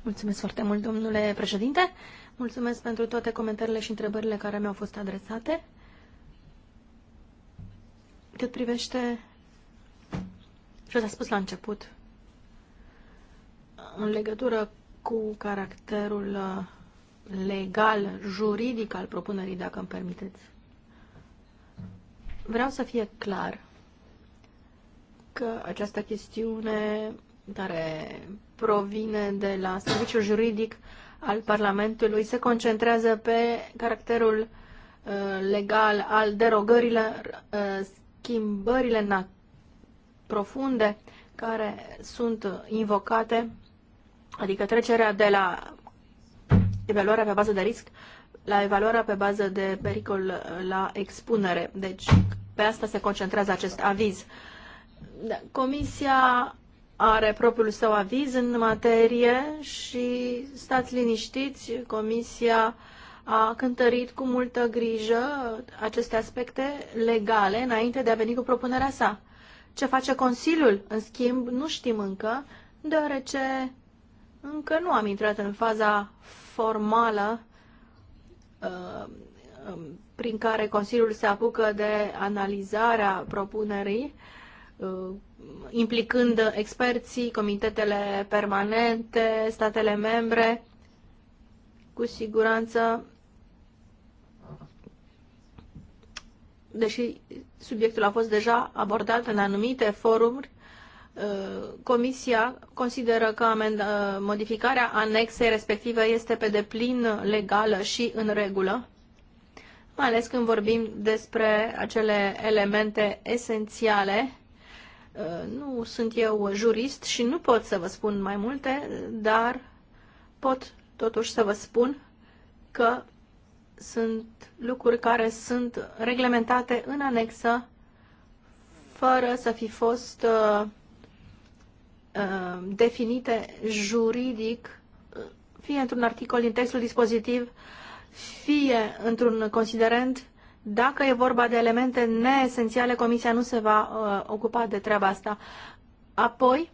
Mulțumesc foarte mult, domnule președinte. Mulțumesc pentru toate comentariile și întrebările care mi-au fost adresate. Cât privește ce s-a spus la început, în legătură cu caracterul uh, legal, juridic al propunerii, dacă îmi permiteți, vreau să fie clar că această chestiune care provine de la serviciul juridic al Parlamentului se concentrează pe caracterul uh, legal al derogărilor, uh, schimbările profunde care sunt invocate, adică trecerea de la evaluarea pe bază de risc la evaluarea pe bază de pericol uh, la expunere. Deci pe asta se concentrează acest aviz. Comisia are propriul său aviz în materie și stați liniștiți, Comisia a cântărit cu multă grijă aceste aspecte legale înainte de a veni cu propunerea sa. Ce face Consiliul, în schimb, nu știm încă, deoarece încă nu am intrat în faza formală uh, um, prin care Consiliul se apucă de analizarea propunerii uh, implicând experții, comitetele permanente, statele membre, cu siguranță, deși subiectul a fost deja abordat în anumite forumuri, uh, Comisia consideră că uh, modificarea anexei respective este pe deplin legală și în regulă, mai ales când vorbim despre acele elemente esențiale Uh, nu sunt eu jurist și nu pot să vă spun mai multe, dar pot totuși să vă spun că sunt lucruri care sunt reglementate în anexă fără să fi fost uh, uh, definite juridic, fie într-un articol din textul dispozitiv, fie într-un considerent dacă e vorba de elemente neesențiale, Comisia nu se va uh, ocupa de treaba asta. Apoi,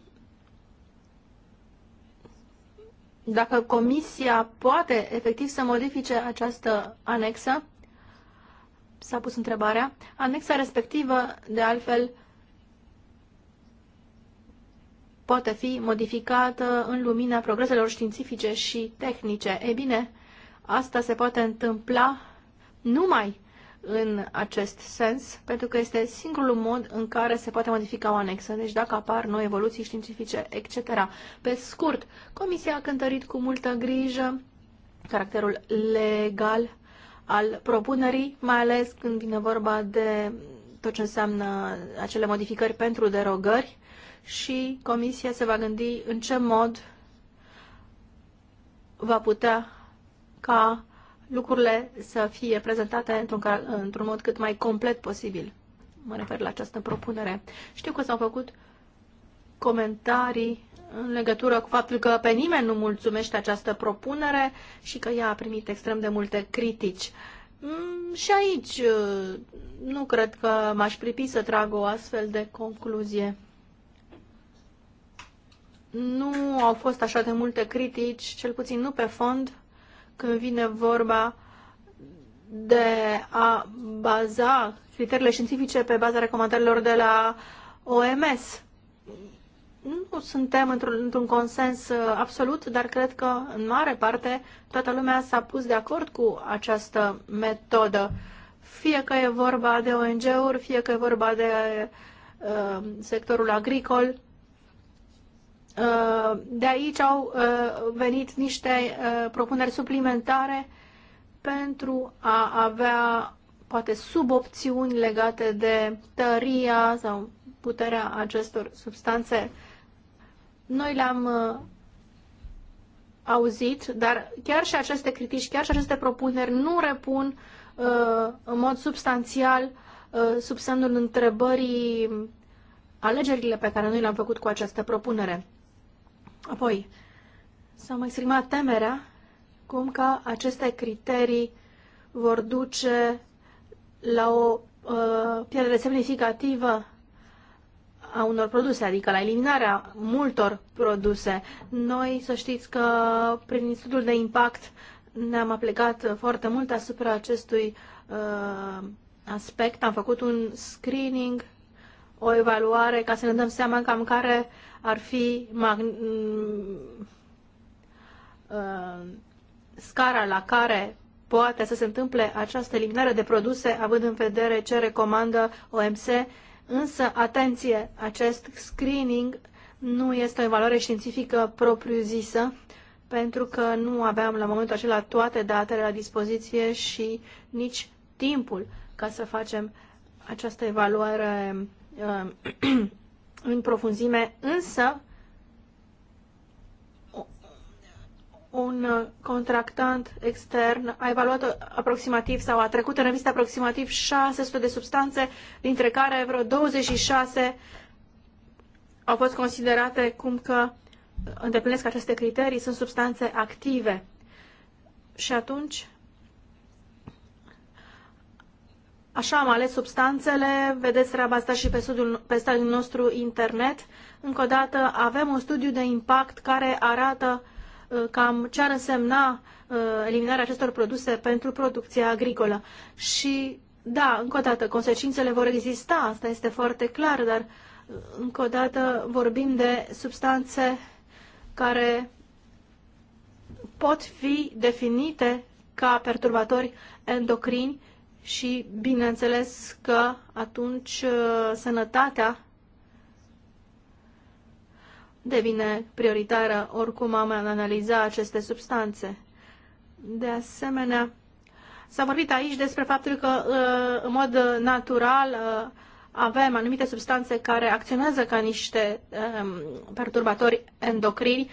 dacă Comisia poate efectiv să modifice această anexă, s-a pus întrebarea, anexa respectivă, de altfel, poate fi modificată în lumina progreselor științifice și tehnice. Ei bine, asta se poate întâmpla numai în acest sens, pentru că este singurul mod în care se poate modifica o anexă, deci dacă apar noi evoluții științifice, etc. Pe scurt, Comisia a cântărit cu multă grijă caracterul legal al propunerii, mai ales când vine vorba de tot ce înseamnă acele modificări pentru derogări și Comisia se va gândi în ce mod va putea ca lucrurile să fie prezentate într-un, într-un mod cât mai complet posibil. Mă refer la această propunere. Știu că s-au făcut comentarii în legătură cu faptul că pe nimeni nu mulțumește această propunere și că ea a primit extrem de multe critici. Mm, și aici uh, nu cred că m-aș pripi să trag o astfel de concluzie. Nu au fost așa de multe critici, cel puțin nu pe fond, când vine vorba de a baza criteriile științifice pe baza recomandărilor de la OMS. Nu suntem într-un, într, -un, consens uh, absolut, dar cred că, în mare parte, toată lumea s-a pus de acord cu această metodă. Fie că e vorba de ONG-uri, fie că e vorba de uh, sectorul agricol, Uh, de aici au uh, venit niște uh, propuneri suplimentare pentru a avea poate subopțiuni legate de tăria sau puterea acestor substanțe. Noi le-am auzit, dar chiar și aceste critici, chiar și aceste propuneri nu repun în mod substanțial sub semnul întrebării alegerile pe care noi le-am făcut cu această propunere. Apoi, s-a exprimat temerea cum că aceste criterii vor duce la o uh, pierdere semnificativă a unor produse, adică la eliminarea multor produse. Noi să știți că prin studiul de impact ne-am aplicat foarte mult asupra acestui uh, aspect. Am făcut un screening o evaluare ca să ne dăm seama cam care ar fi uh, scara la care poate să se întâmple această eliminare de produse, având în vedere ce recomandă OMC, însă, atenție, acest screening nu este o evaluare științifică propriu-zisă, pentru că nu aveam la momentul acela toate datele la dispoziție și nici timpul ca să facem această evaluare Um, în profunzime, însă un contractant extern a evaluat aproximativ sau a trecut în revistă aproximativ 600 de substanțe, dintre care vreo 26 au fost considerate cum că îndeplinesc aceste criterii, sunt substanțe active. Și atunci Așa am ales substanțele, vedeți treaba asta și pe, studiul, pe stadiul nostru internet. Încă o dată avem un studiu de impact care arată uh, cam ce ar însemna uh, eliminarea acestor produse pentru producția agricolă. Și da, încă o dată, consecințele vor exista, asta este foarte clar, dar uh, încă o dată vorbim de substanțe care pot fi definite ca perturbatori endocrini și bineînțeles că atunci uh, sănătatea devine prioritară oricum am analiza aceste substanțe. De asemenea, s-a vorbit aici despre faptul că uh, în mod natural uh, avem anumite substanțe care acționează ca niște um, perturbatori endocrini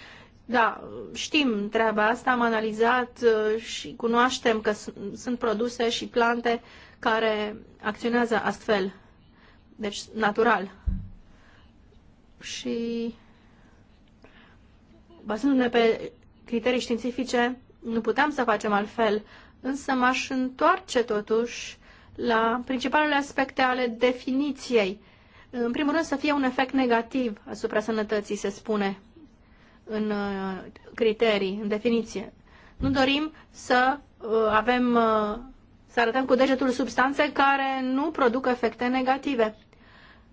da, știm treaba asta, am analizat uh, și cunoaștem că sunt produse și plante care acționează astfel, deci natural. Și bazându-ne pe criterii științifice, nu puteam să facem altfel, însă m-aș întoarce totuși la principalele aspecte ale definiției. În primul rând să fie un efect negativ asupra sănătății, se spune în uh, criterii, în definiție. Nu dorim să uh, avem, uh, să arătăm cu degetul substanțe care nu produc efecte negative.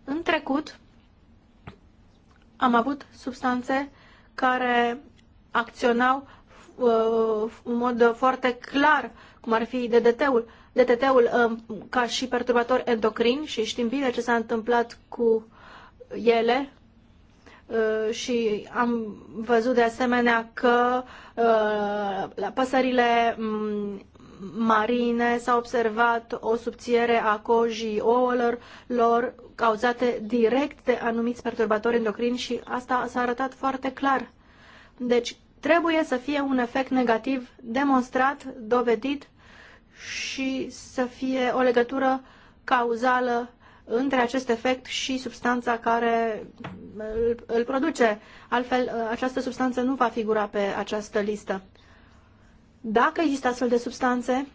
În trecut am avut substanțe care acționau în mod foarte clar, cum ar fi DDT-ul, DDT-ul ca și perturbator endocrin și știm bine ce s-a întâmplat cu ele Uh, și am văzut de asemenea că uh, la păsările mm, marine s-a observat o subțiere a cojii ouălor lor cauzate direct de anumiți perturbatori endocrini și asta s-a arătat foarte clar. Deci trebuie să fie un efect negativ demonstrat, dovedit și să fie o legătură cauzală între acest efect și substanța care îl produce. Altfel, ă, această substanță nu va figura pe această listă. Dacă există astfel de substanțe,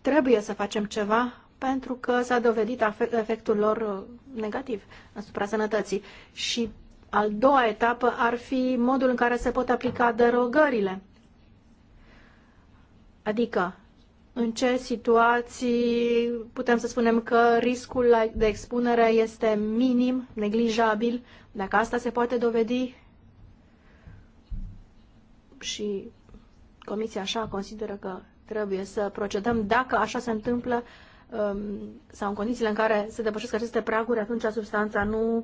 trebuie să facem ceva pentru că s-a dovedit efectul lor ă, negativ asupra sănătății. Și al doua etapă ar fi modul în care se pot aplica derogările. Adică în ce situații putem să spunem că riscul de expunere este minim, neglijabil, dacă asta se poate dovedi și Comisia așa consideră că trebuie să procedăm. Dacă așa se întâmplă um, sau în condițiile în care se depășesc aceste praguri, atunci substanța nu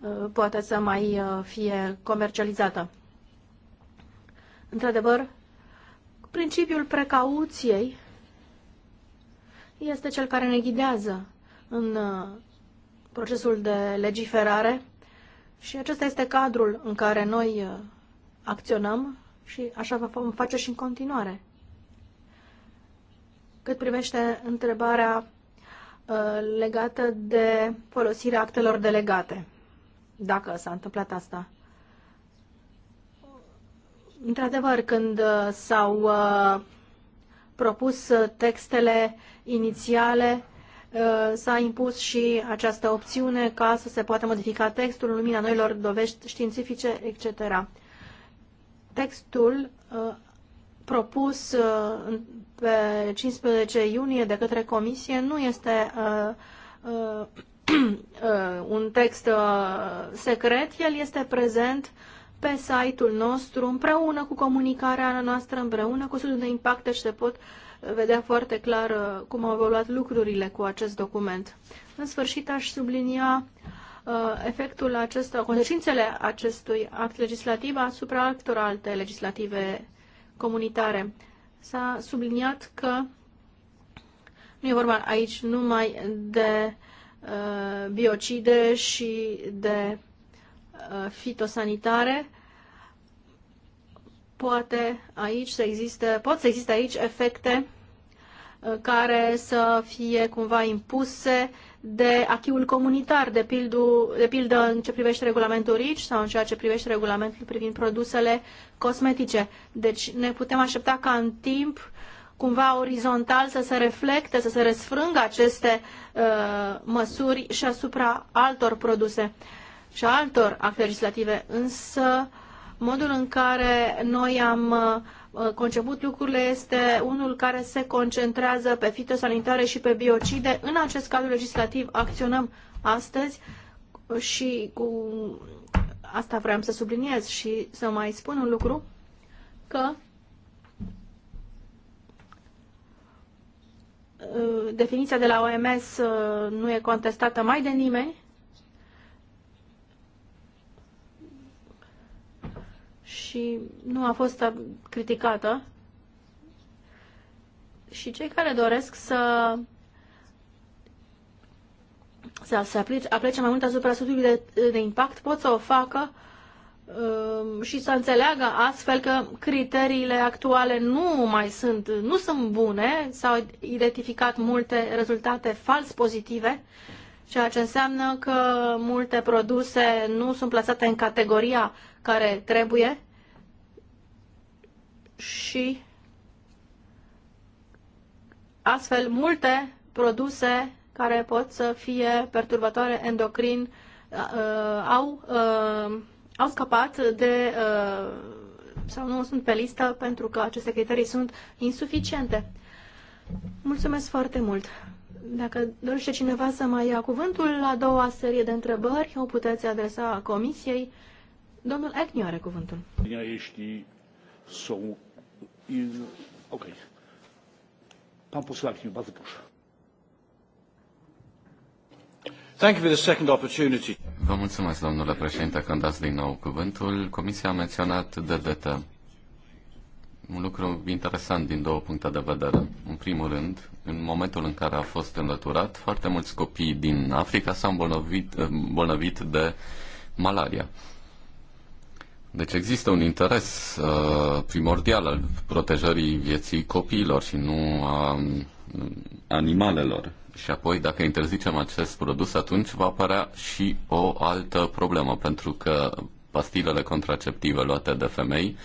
uh, poate să mai uh, fie comercializată. Într-adevăr, principiul precauției este cel care ne ghidează în uh, procesul de legiferare și acesta este cadrul în care noi uh, acționăm și așa vom face și în continuare. Cât privește întrebarea uh, legată de folosirea actelor delegate, dacă s-a întâmplat asta. Într-adevăr, când s-au propus uh, textele inițiale, uh, s-a impus și această opțiune ca să se poată modifica textul în lumina noilor dovești științifice, etc. Textul uh, propus pe 15 iunie de către Comisie nu este un text secret, el este prezent pe site-ul nostru, împreună cu comunicarea noastră, împreună cu studiul de impact, deci se pot vedea foarte clar uh, cum au evoluat lucrurile cu acest document. În sfârșit, aș sublinia uh, efectul acesta, conștiințele acestui act legislativ asupra altor alte legislative comunitare. S-a subliniat că nu e vorba aici numai de uh, biocide și de uh, fitosanitare, poate aici să existe, pot să existe aici efecte uh, care să fie cumva impuse de achiul comunitar, de, pildu, de pildă în ce privește regulamentul RICI sau în ceea ce privește regulamentul privind produsele cosmetice. Deci ne putem aștepta ca în timp cumva orizontal să se reflecte, să se răsfrângă aceste uh, măsuri și asupra altor produse și altor acte legislative. Însă uh, Modul în care noi am uh, conceput lucrurile este unul care se concentrează pe fitosanitare și pe biocide. În acest cadru legislativ acționăm astăzi și cu asta vreau să subliniez și să mai spun un lucru, că uh, definiția de la OMS uh, nu e contestată mai de nimeni și nu a fost criticată. Și cei care doresc să să se aplice, aplice mai mult asupra studiului de, de impact pot să o facă um, și să înțeleagă astfel că criteriile actuale nu mai sunt, nu sunt bune, s-au identificat multe rezultate fals pozitive, ceea ce înseamnă că multe produse nu sunt plasate în categoria care trebuie și astfel multe produse care pot să fie perturbatoare endocrin uh, au, uh, au scăpat de uh, sau nu sunt pe listă pentru că aceste criterii sunt insuficiente. Mulțumesc foarte mult! Dacă dorește cineva să mai ia cuvântul la a doua serie de întrebări, o puteți adresa Comisiei Domnul Agnew are cuvântul. Jeśli są... Ok. Pan poseł Agnew, bardzo proszę. Thank you for the second opportunity. Vă mulțumesc, domnule președinte, că îmi dați din nou cuvântul. Comisia a menționat detă Un lucru interesant din două puncte de vedere. În primul rând, în momentul în care a fost înlăturat, foarte mulți copii din Africa s-au îmbolnăvit, îmbolnăvit de malaria. Deci există un interes uh, primordial al protejării vieții copiilor și nu a mm, animalelor. Și apoi, dacă interzicem acest produs, atunci va apărea și o altă problemă, pentru că pastilele contraceptive luate de femei,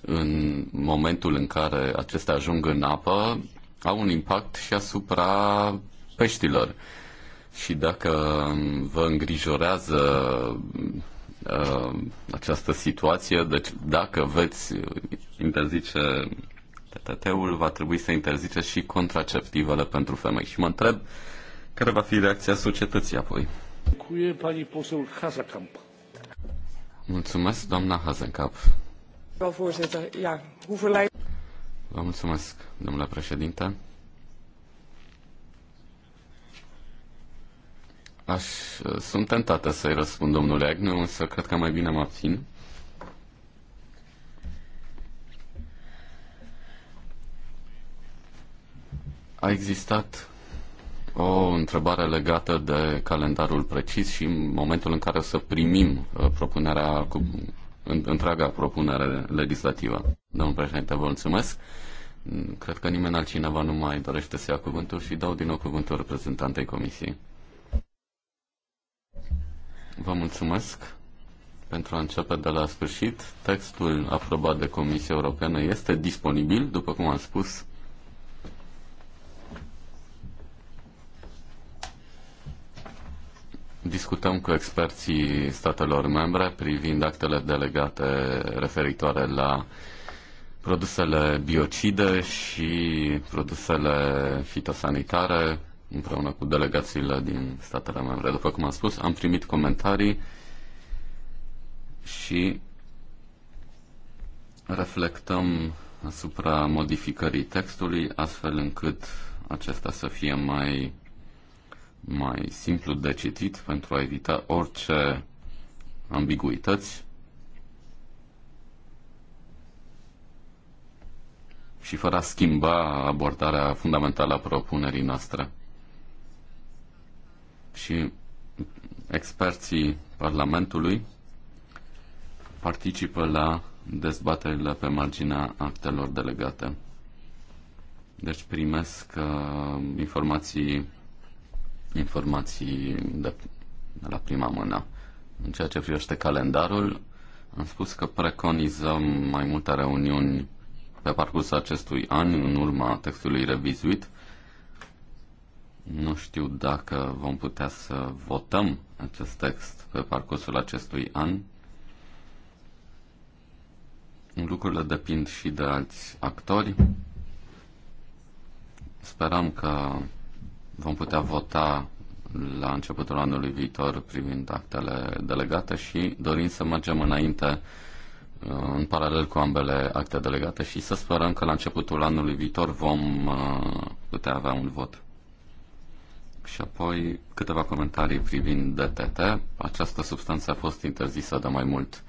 în momentul în care acestea ajung în apă, au un impact și asupra peștilor. Și dacă mm, vă îngrijorează mm, Uh, această situație. Deci dacă veți interzice TTT-ul, va trebui să interzice și contraceptivele pentru femei. Și mă întreb care va fi reacția societății apoi. Mulțumesc, doamna Hazenkamp. Vă mulțumesc, domnule președinte. Aș, sunt tentată să-i răspund domnule Agnew, însă cred că mai bine mă abțin. A existat o întrebare legată de calendarul precis și momentul în care o să primim uh, propunerea cu întreaga propunere legislativă. Domnul președinte, vă mulțumesc. Cred că nimeni altcineva nu mai dorește să ia cuvântul și dau din nou cuvântul reprezentantei comisiei. Vă mulțumesc. Pentru a începe de la sfârșit, textul aprobat de Comisia Europeană este disponibil, după cum am spus. Discutăm cu experții statelor membre privind actele delegate referitoare la produsele biocide și produsele fitosanitare, împreună cu delegațiile din statele membre. După cum am spus, am primit comentarii și reflectăm asupra modificării textului, astfel încât acesta să fie mai, mai simplu de citit pentru a evita orice ambiguități și fără a schimba abordarea fundamentală a propunerii noastre și experții Parlamentului participă la dezbaterile pe marginea actelor delegate. Deci primesc uh, informații, informații de, de la prima mână. În ceea ce privește calendarul, am spus că preconizăm mai multe reuniuni pe parcursul acestui an, în urma textului revizuit, nu știu dacă vom putea să votăm acest text pe parcursul acestui an. Lucrurile depind și de alți actori. Sperăm că vom putea vota la începutul anului viitor privind actele delegate și dorim să mergem înainte uh, în paralel cu ambele acte delegate și să sperăm că la începutul anului viitor vom uh, putea avea un vot. Și apoi câteva comentarii privind DTT. Această substanță a fost interzisă de mai mult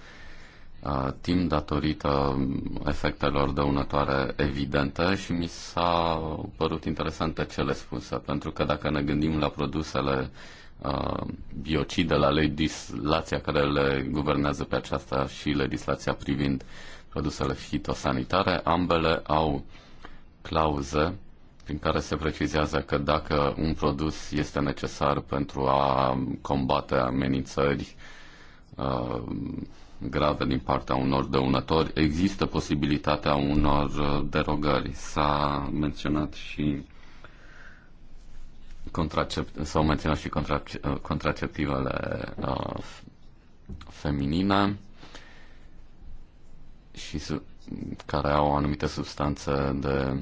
uh, timp datorită efectelor dăunătoare evidente și mi s-a părut interesante cele spuse, pentru că dacă ne gândim la produsele uh, biocide, la legislația care le guvernează pe aceasta și legislația privind produsele fitosanitare, ambele au clauze prin care se precizează că dacă un produs este necesar pentru a combate amenințări uh, grave din partea unor dăunători, există posibilitatea unor derogări. S-a menționat și contracept- s-au menționat și contrace- contraceptivele uh, feminine și care au anumite substanțe de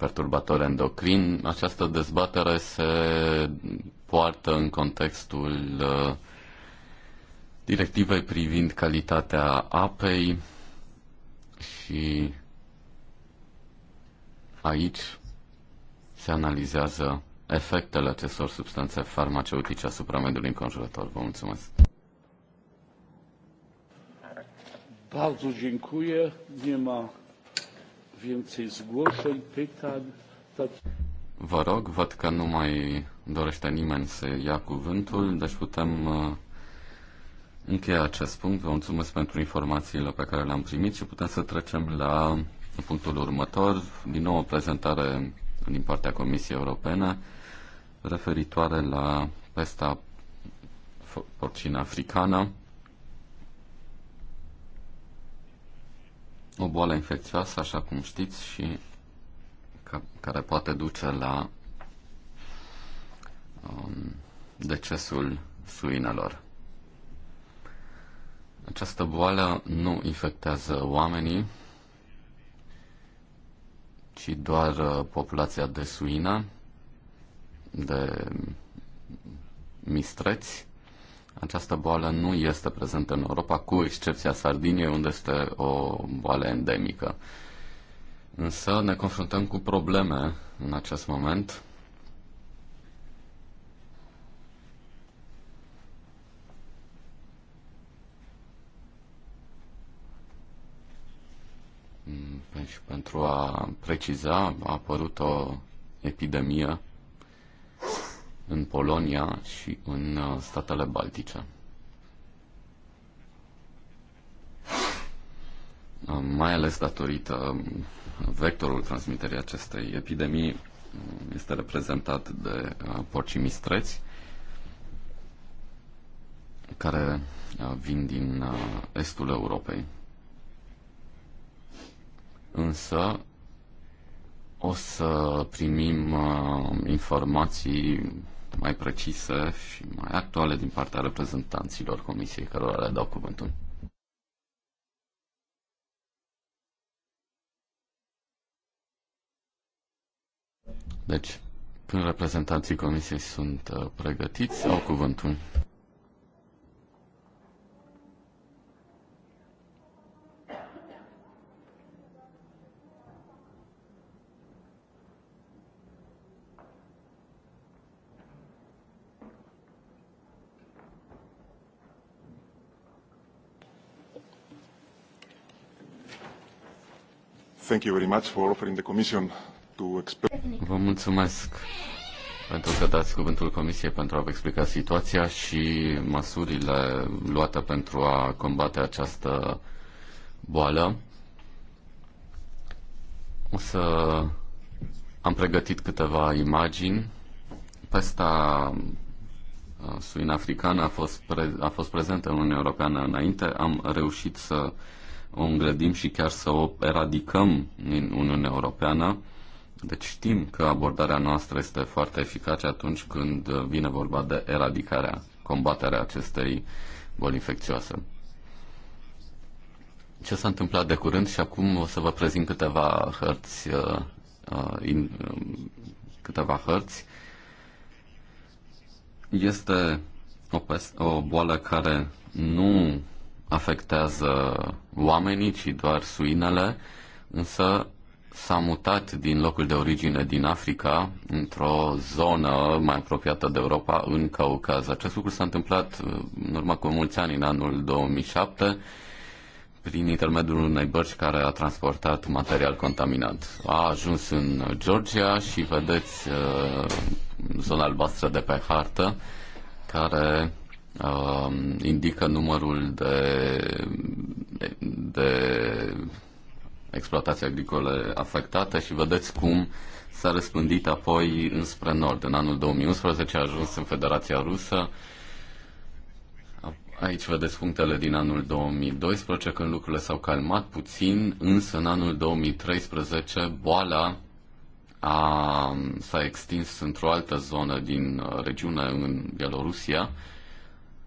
perturbatori endocrini. Această dezbatere se poartă în contextul uh, directivei privind calitatea apei și aici se analizează efectele acestor substanțe farmaceutice asupra mediului înconjurător. Vă mulțumesc! Bardzo dziękuję. Nie ma więcej zgłoszeń, pytań. Vă rog, văd că nu mai dorește nimeni să ia cuvântul, deci putem uh, încheia acest punct. Vă mulțumesc pentru informațiile pe care le-am primit și putem să trecem la punctul următor. Din nou o prezentare din partea Comisiei Europene referitoare la pesta porcină africană. o boală infecțioasă, așa cum știți, și ca, care poate duce la um, decesul suinelor. Această boală nu infectează oamenii, ci doar uh, populația de suină, de mistreți această boală nu este prezentă în Europa, cu excepția Sardiniei, unde este o boală endemică. Însă ne confruntăm cu probleme în acest moment. Și pentru a preciza, a apărut o epidemie în Polonia și în uh, statele Baltice. Uh, mai ales datorită vectorul transmiterii acestei epidemii uh, este reprezentat de porcii mistreți, care vin din estul Europei. Însă o să primim informații mai precise și mai actuale din partea reprezentanților Comisiei cărora le dau cuvântul. Deci, când reprezentanții Comisiei sunt uh, pregătiți, au cuvântul. Thank you very much for offering the Commission to Vă mulțumesc pentru că dați cuvântul Comisiei pentru a vă explica situația și măsurile luate pentru a combate această boală. O să am pregătit câteva imagini. Pesta uh, suinafricană a fost, pre- a fost prezentă în Uniunea Europeană înainte. Am reușit să o îngrădim și chiar să o eradicăm din Uniunea Europeană. Deci știm că abordarea noastră este foarte eficace atunci când vine vorba de eradicarea, combaterea acestei boli infecțioase. Ce s-a întâmplat de curând și acum o să vă prezint câteva hărți, uh, uh in, uh, câteva hărți. Este o, o boală care nu afectează oamenii, ci doar suinele, însă s-a mutat din locul de origine din Africa într-o zonă mai apropiată de Europa, în Caucaz. Acest lucru s-a întâmplat uh, în urmă cu mulți ani, în anul 2007, prin intermediul unei bărci care a transportat material contaminat. A ajuns în Georgia și vedeți uh, zona albastră de pe hartă, care uh, indică numărul de, de exploatații agricole afectate și vedeți cum s-a răspândit apoi înspre nord. În anul 2011 a ajuns în Federația Rusă. Aici vedeți punctele din anul 2012, când lucrurile s-au calmat puțin, însă în anul 2013 boala a, s-a extins într-o altă zonă din uh, regiune, în Bielorusia,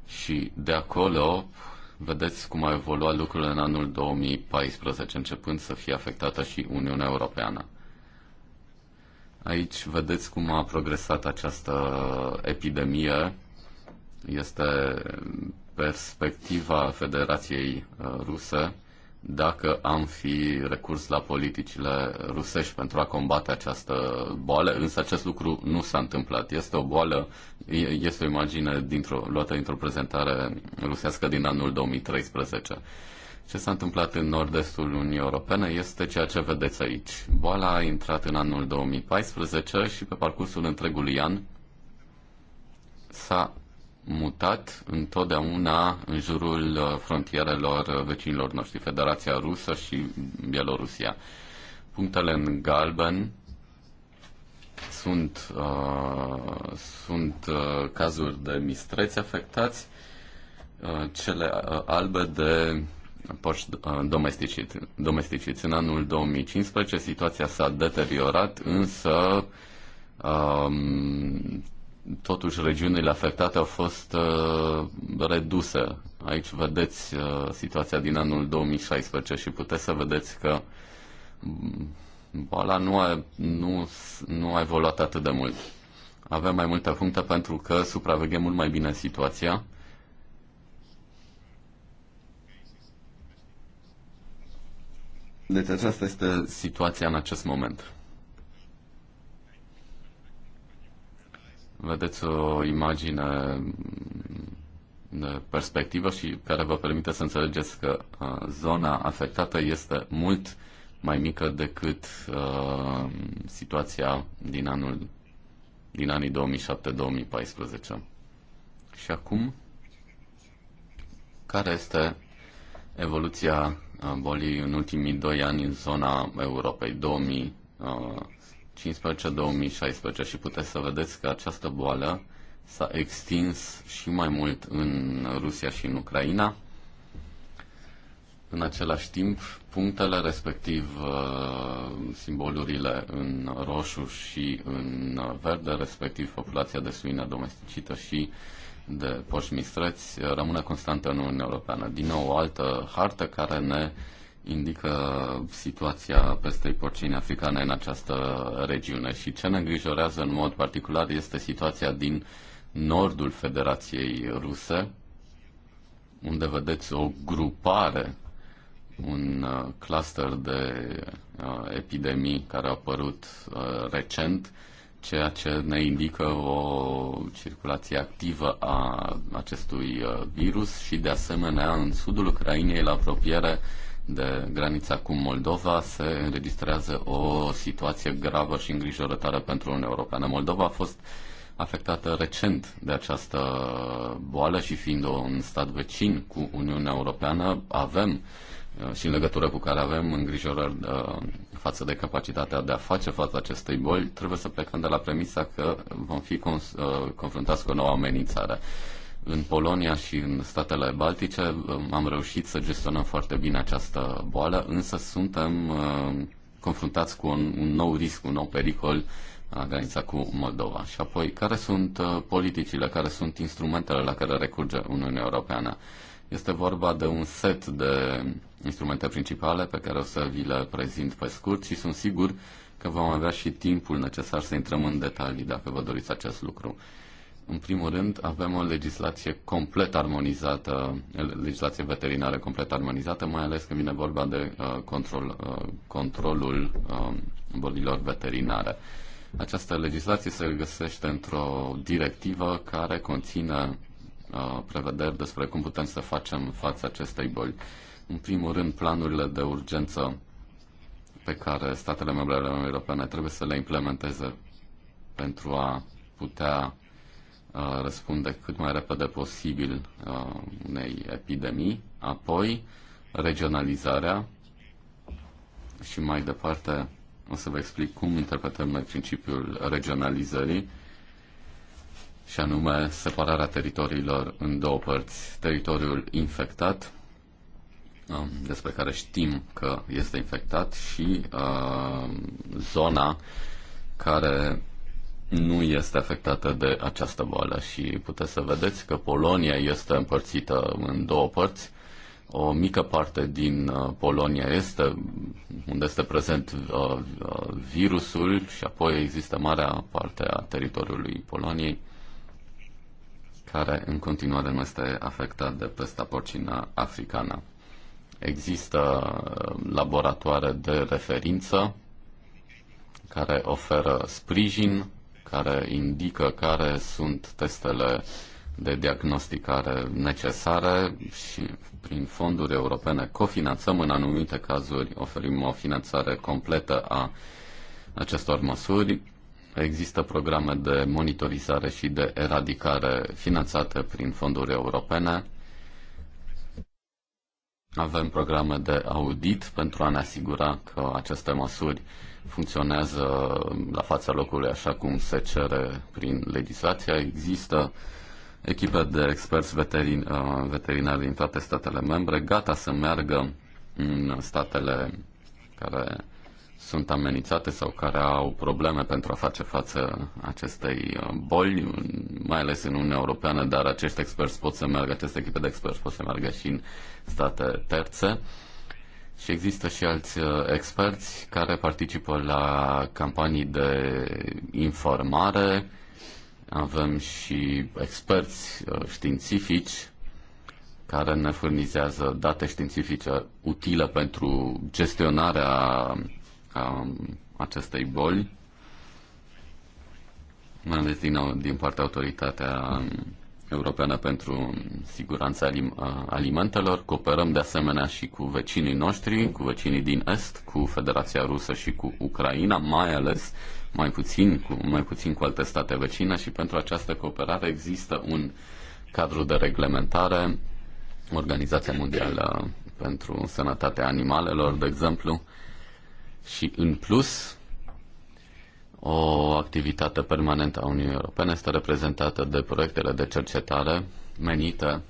și de acolo vedeți cum a evoluat lucrurile în anul 2014, începând să fie afectată și Uniunea Europeană. Aici vedeți cum a progresat această epidemie. Este perspectiva Federației uh, Ruse dacă am fi recurs la politicile rusești pentru a combate această boală, însă acest lucru nu s-a întâmplat. Este o boală, este o imagine dintr-o, luată dintr-o prezentare rusească din anul 2013. Ce s-a întâmplat în nord-estul Uniunii Europene este ceea ce vedeți aici. Boala a intrat în anul 2014 și pe parcursul întregului an s-a mutat întotdeauna în jurul uh, frontierelor uh, vecinilor noștri, Federația Rusă și Bielorusia. Punctele în galben sunt, uh, sunt uh, cazuri de mistreți afectați, uh, cele uh, albe de poși uh, domesticiți. domesticiți. În anul 2015 situația s-a deteriorat, însă uh, totuși regiunile afectate au fost uh, reduse. Aici vedeți uh, situația din anul 2016 și puteți să vedeți că mm, boala nu a, nu, nu a evoluat atât de mult. Avem mai multe puncte pentru că supraveghem mult mai bine situația. Deci aceasta este situația în acest moment. vedeți o imagine de perspectivă și care vă permite să înțelegeți că uh, zona afectată este mult mai mică decât uh, situația din anul din anii 2007-2014. Și acum, care este evoluția uh, bolii în ultimii doi ani în zona Europei? 2000, uh, 2015-2016 și puteți să vedeți că această boală s-a extins și mai mult în Rusia și în Ucraina. În același timp, punctele respectiv, uh, simbolurile în roșu și în verde, respectiv populația de suine domesticită și de poșmistreți, rămâne constantă în Uniunea Europeană. Din nou, o altă hartă care ne uh, indică situația pestei porcine africane în această regiune și ce ne îngrijorează în mod particular este situația din nordul Federației Ruse, unde vedeți o grupare, un uh, cluster de uh, epidemii care a apărut uh, recent, ceea ce ne indică o circulație activă a acestui virus și de asemenea în sudul Ucrainei la apropiere de granița cu Moldova se înregistrează o situație gravă și îngrijorătoare pentru Uniunea Europeană. Moldova a fost afectată recent de această boală și fiind un stat vecin cu Uniunea Europeană, avem uh, și în legătură cu care avem îngrijorări uh, față de capacitatea de a face față acestei boli, trebuie să plecăm de la premisa că vom fi uh, confruntați cu o nouă amenințare. În Polonia și în statele baltice um, am reușit să gestionăm foarte bine această boală, însă suntem um, confruntați cu un, un nou risc, un nou pericol la granița cu Moldova. Și apoi, care sunt uh, politicile, care sunt instrumentele la care recurge Uniunea Europeană? Este vorba de un set de instrumente principale pe care o să vi le prezint pe scurt și sunt sigur că vom avea și timpul necesar să intrăm în detalii dacă vă doriți acest lucru. În primul rând, avem o legislație complet armonizată, legislație veterinară complet armonizată, mai ales când vine vorba de uh, control, uh, controlul uh, bolilor veterinare. Această legislație se găsește într-o directivă care conține uh, prevederi despre cum putem să facem față acestei boli. În primul rând, planurile de urgență pe care statele membre ale Uniunii Europene trebuie să le implementeze pentru a putea Uh, răspunde cât mai repede posibil uh, unei epidemii, apoi regionalizarea și mai departe o să vă explic cum interpretăm noi principiul regionalizării și anume separarea teritoriilor în două părți. Teritoriul infectat, um, despre care știm că este infectat, și uh, zona care nu este afectată de această boală și puteți să vedeți că Polonia este împărțită în două părți. O mică parte din uh, Polonia este unde este prezent uh, uh, virusul și apoi există marea parte a teritoriului Poloniei care în continuare nu este afectat de pesta porcina africană. Există laboratoare de referință care oferă sprijin care indică care sunt testele de diagnosticare necesare și prin fonduri europene cofinanțăm în anumite cazuri, oferim o finanțare completă a acestor măsuri. Există programe de monitorizare și de eradicare finanțate prin fonduri europene. Avem programe de audit pentru a ne asigura că aceste măsuri funcționează la fața locului așa cum se cere prin legislația. Există echipe de experți veterin, uh, veterinari din toate statele membre gata să meargă în statele care sunt amenințate sau care au probleme pentru a face față acestei uh, boli, mai ales în Uniunea Europeană, dar acești experți pot să meargă, aceste echipe de experți pot să meargă și în state terțe. Și există și alți uh, experți care participă la campanii de informare. Avem și experți uh, științifici care ne furnizează date științifice utile pentru gestionarea um, acestei boli, mai ales din, din partea autoritatea um, Europeană pentru Siguranța Alimentelor. Cooperăm de asemenea și cu vecinii noștri, cu vecinii din Est, cu Federația Rusă și cu Ucraina, mai ales mai puțin cu, mai puțin cu alte state vecine și pentru această cooperare există un cadru de reglementare, Organizația Mondială pentru Sănătatea Animalelor, de exemplu, și în plus o activitate permanentă a Uniunii Europene este reprezentată de proiectele de cercetare menite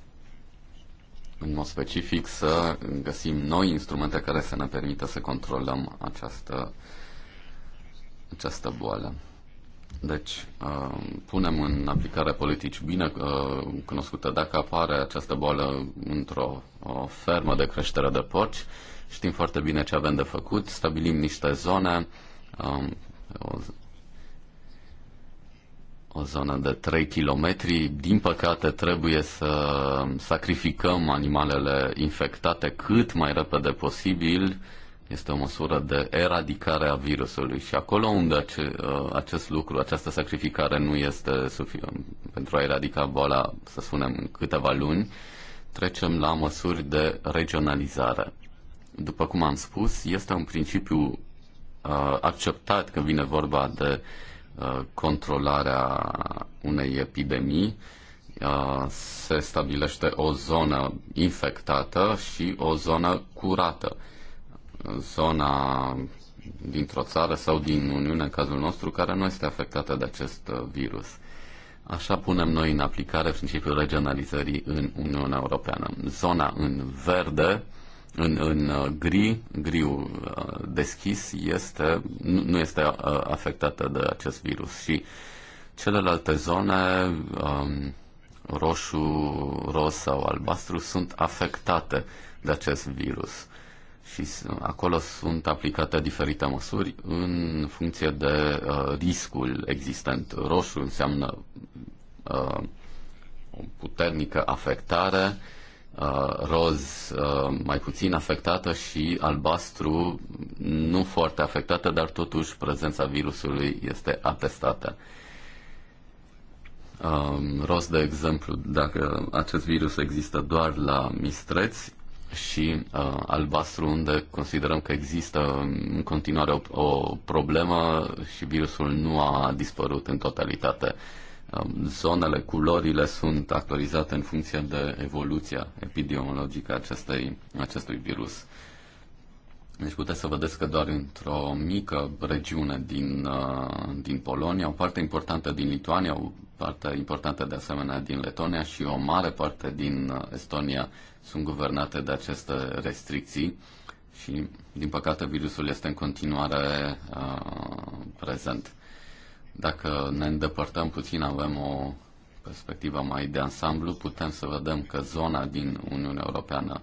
în mod specific să găsim noi instrumente care să ne permită să controlăm această, această boală. Deci, uh, punem în aplicare politici bine uh, cunoscute. Dacă apare această boală într-o fermă de creștere de porci, știm foarte bine ce avem de făcut, stabilim niște zone, um, o zonă de 3 km. Din păcate, trebuie să sacrificăm animalele infectate cât mai repede posibil. Este o măsură de eradicare a virusului și acolo unde ace- uh, acest lucru, această sacrificare nu este suficient pentru a eradica boala, să spunem, în câteva luni, trecem la măsuri de regionalizare. După cum am spus, este un principiu uh, acceptat când vine vorba de uh, Uh, controlarea unei epidemii uh, se stabilește o zonă infectată și o zonă curată. Zona dintr-o țară sau din Uniune, în cazul nostru, care nu este afectată de acest uh, virus. Așa punem noi în aplicare principiul regionalizării în Uniunea Europeană. Zona în verde în, în uh, gri, griu uh, deschis, este, nu, este uh, afectată de acest virus și celelalte zone, um, roșu, roz sau albastru, sunt afectate de acest virus. Și acolo sunt aplicate diferite măsuri în funcție de uh, riscul existent. Roșu înseamnă uh, o puternică afectare, uh, Uh, roz uh, mai puțin afectată și albastru nu foarte afectată, dar totuși prezența virusului este atestată. Um, roz, de exemplu, dacă acest virus există doar la mistreți și uh, albastru unde considerăm că există în continuare o, o problemă și virusul nu a dispărut în totalitate. Uh, zonele, culorile sunt actualizate în funcție de evoluția epidemiologică acestei, acestui virus. Deci puteți să vedeți că doar într-o mică regiune din, uh, din Polonia, o parte importantă din Lituania, o parte importantă de asemenea din Letonia și o mare parte din uh, Estonia sunt guvernate de aceste restricții și, din păcate, virusul este în continuare uh, prezent. Dacă ne îndepărtăm puțin, avem o perspectivă mai de ansamblu, putem să vedem că zona din Uniunea Europeană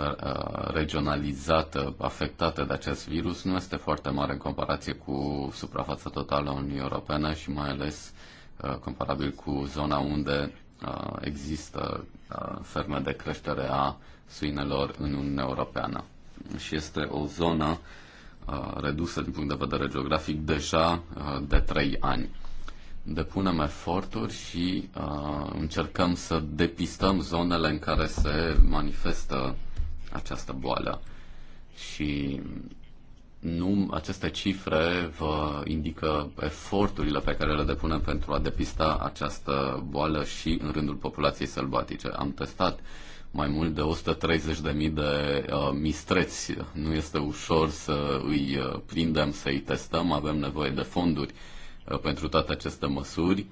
uh, uh, regionalizată, afectată de acest virus, nu este foarte mare în comparație cu suprafața totală a Uniunii Europene și mai ales uh, comparabil cu zona unde există ferme de creștere a suinelor în Uniunea Europeană. Și este o zonă redusă din punct de vedere geografic deja de 3 ani. Depunem eforturi și uh, încercăm să depistăm zonele în care se manifestă această boală. Și nu, aceste cifre vă indică eforturile pe care le depunem pentru a depista această boală și în rândul populației sălbatice. Am testat uh, mai mult de 130.000 de uh, mistreți. Nu este ușor să îi uh, prindem, să îi testăm, avem nevoie de fonduri uh, pentru toate aceste măsuri,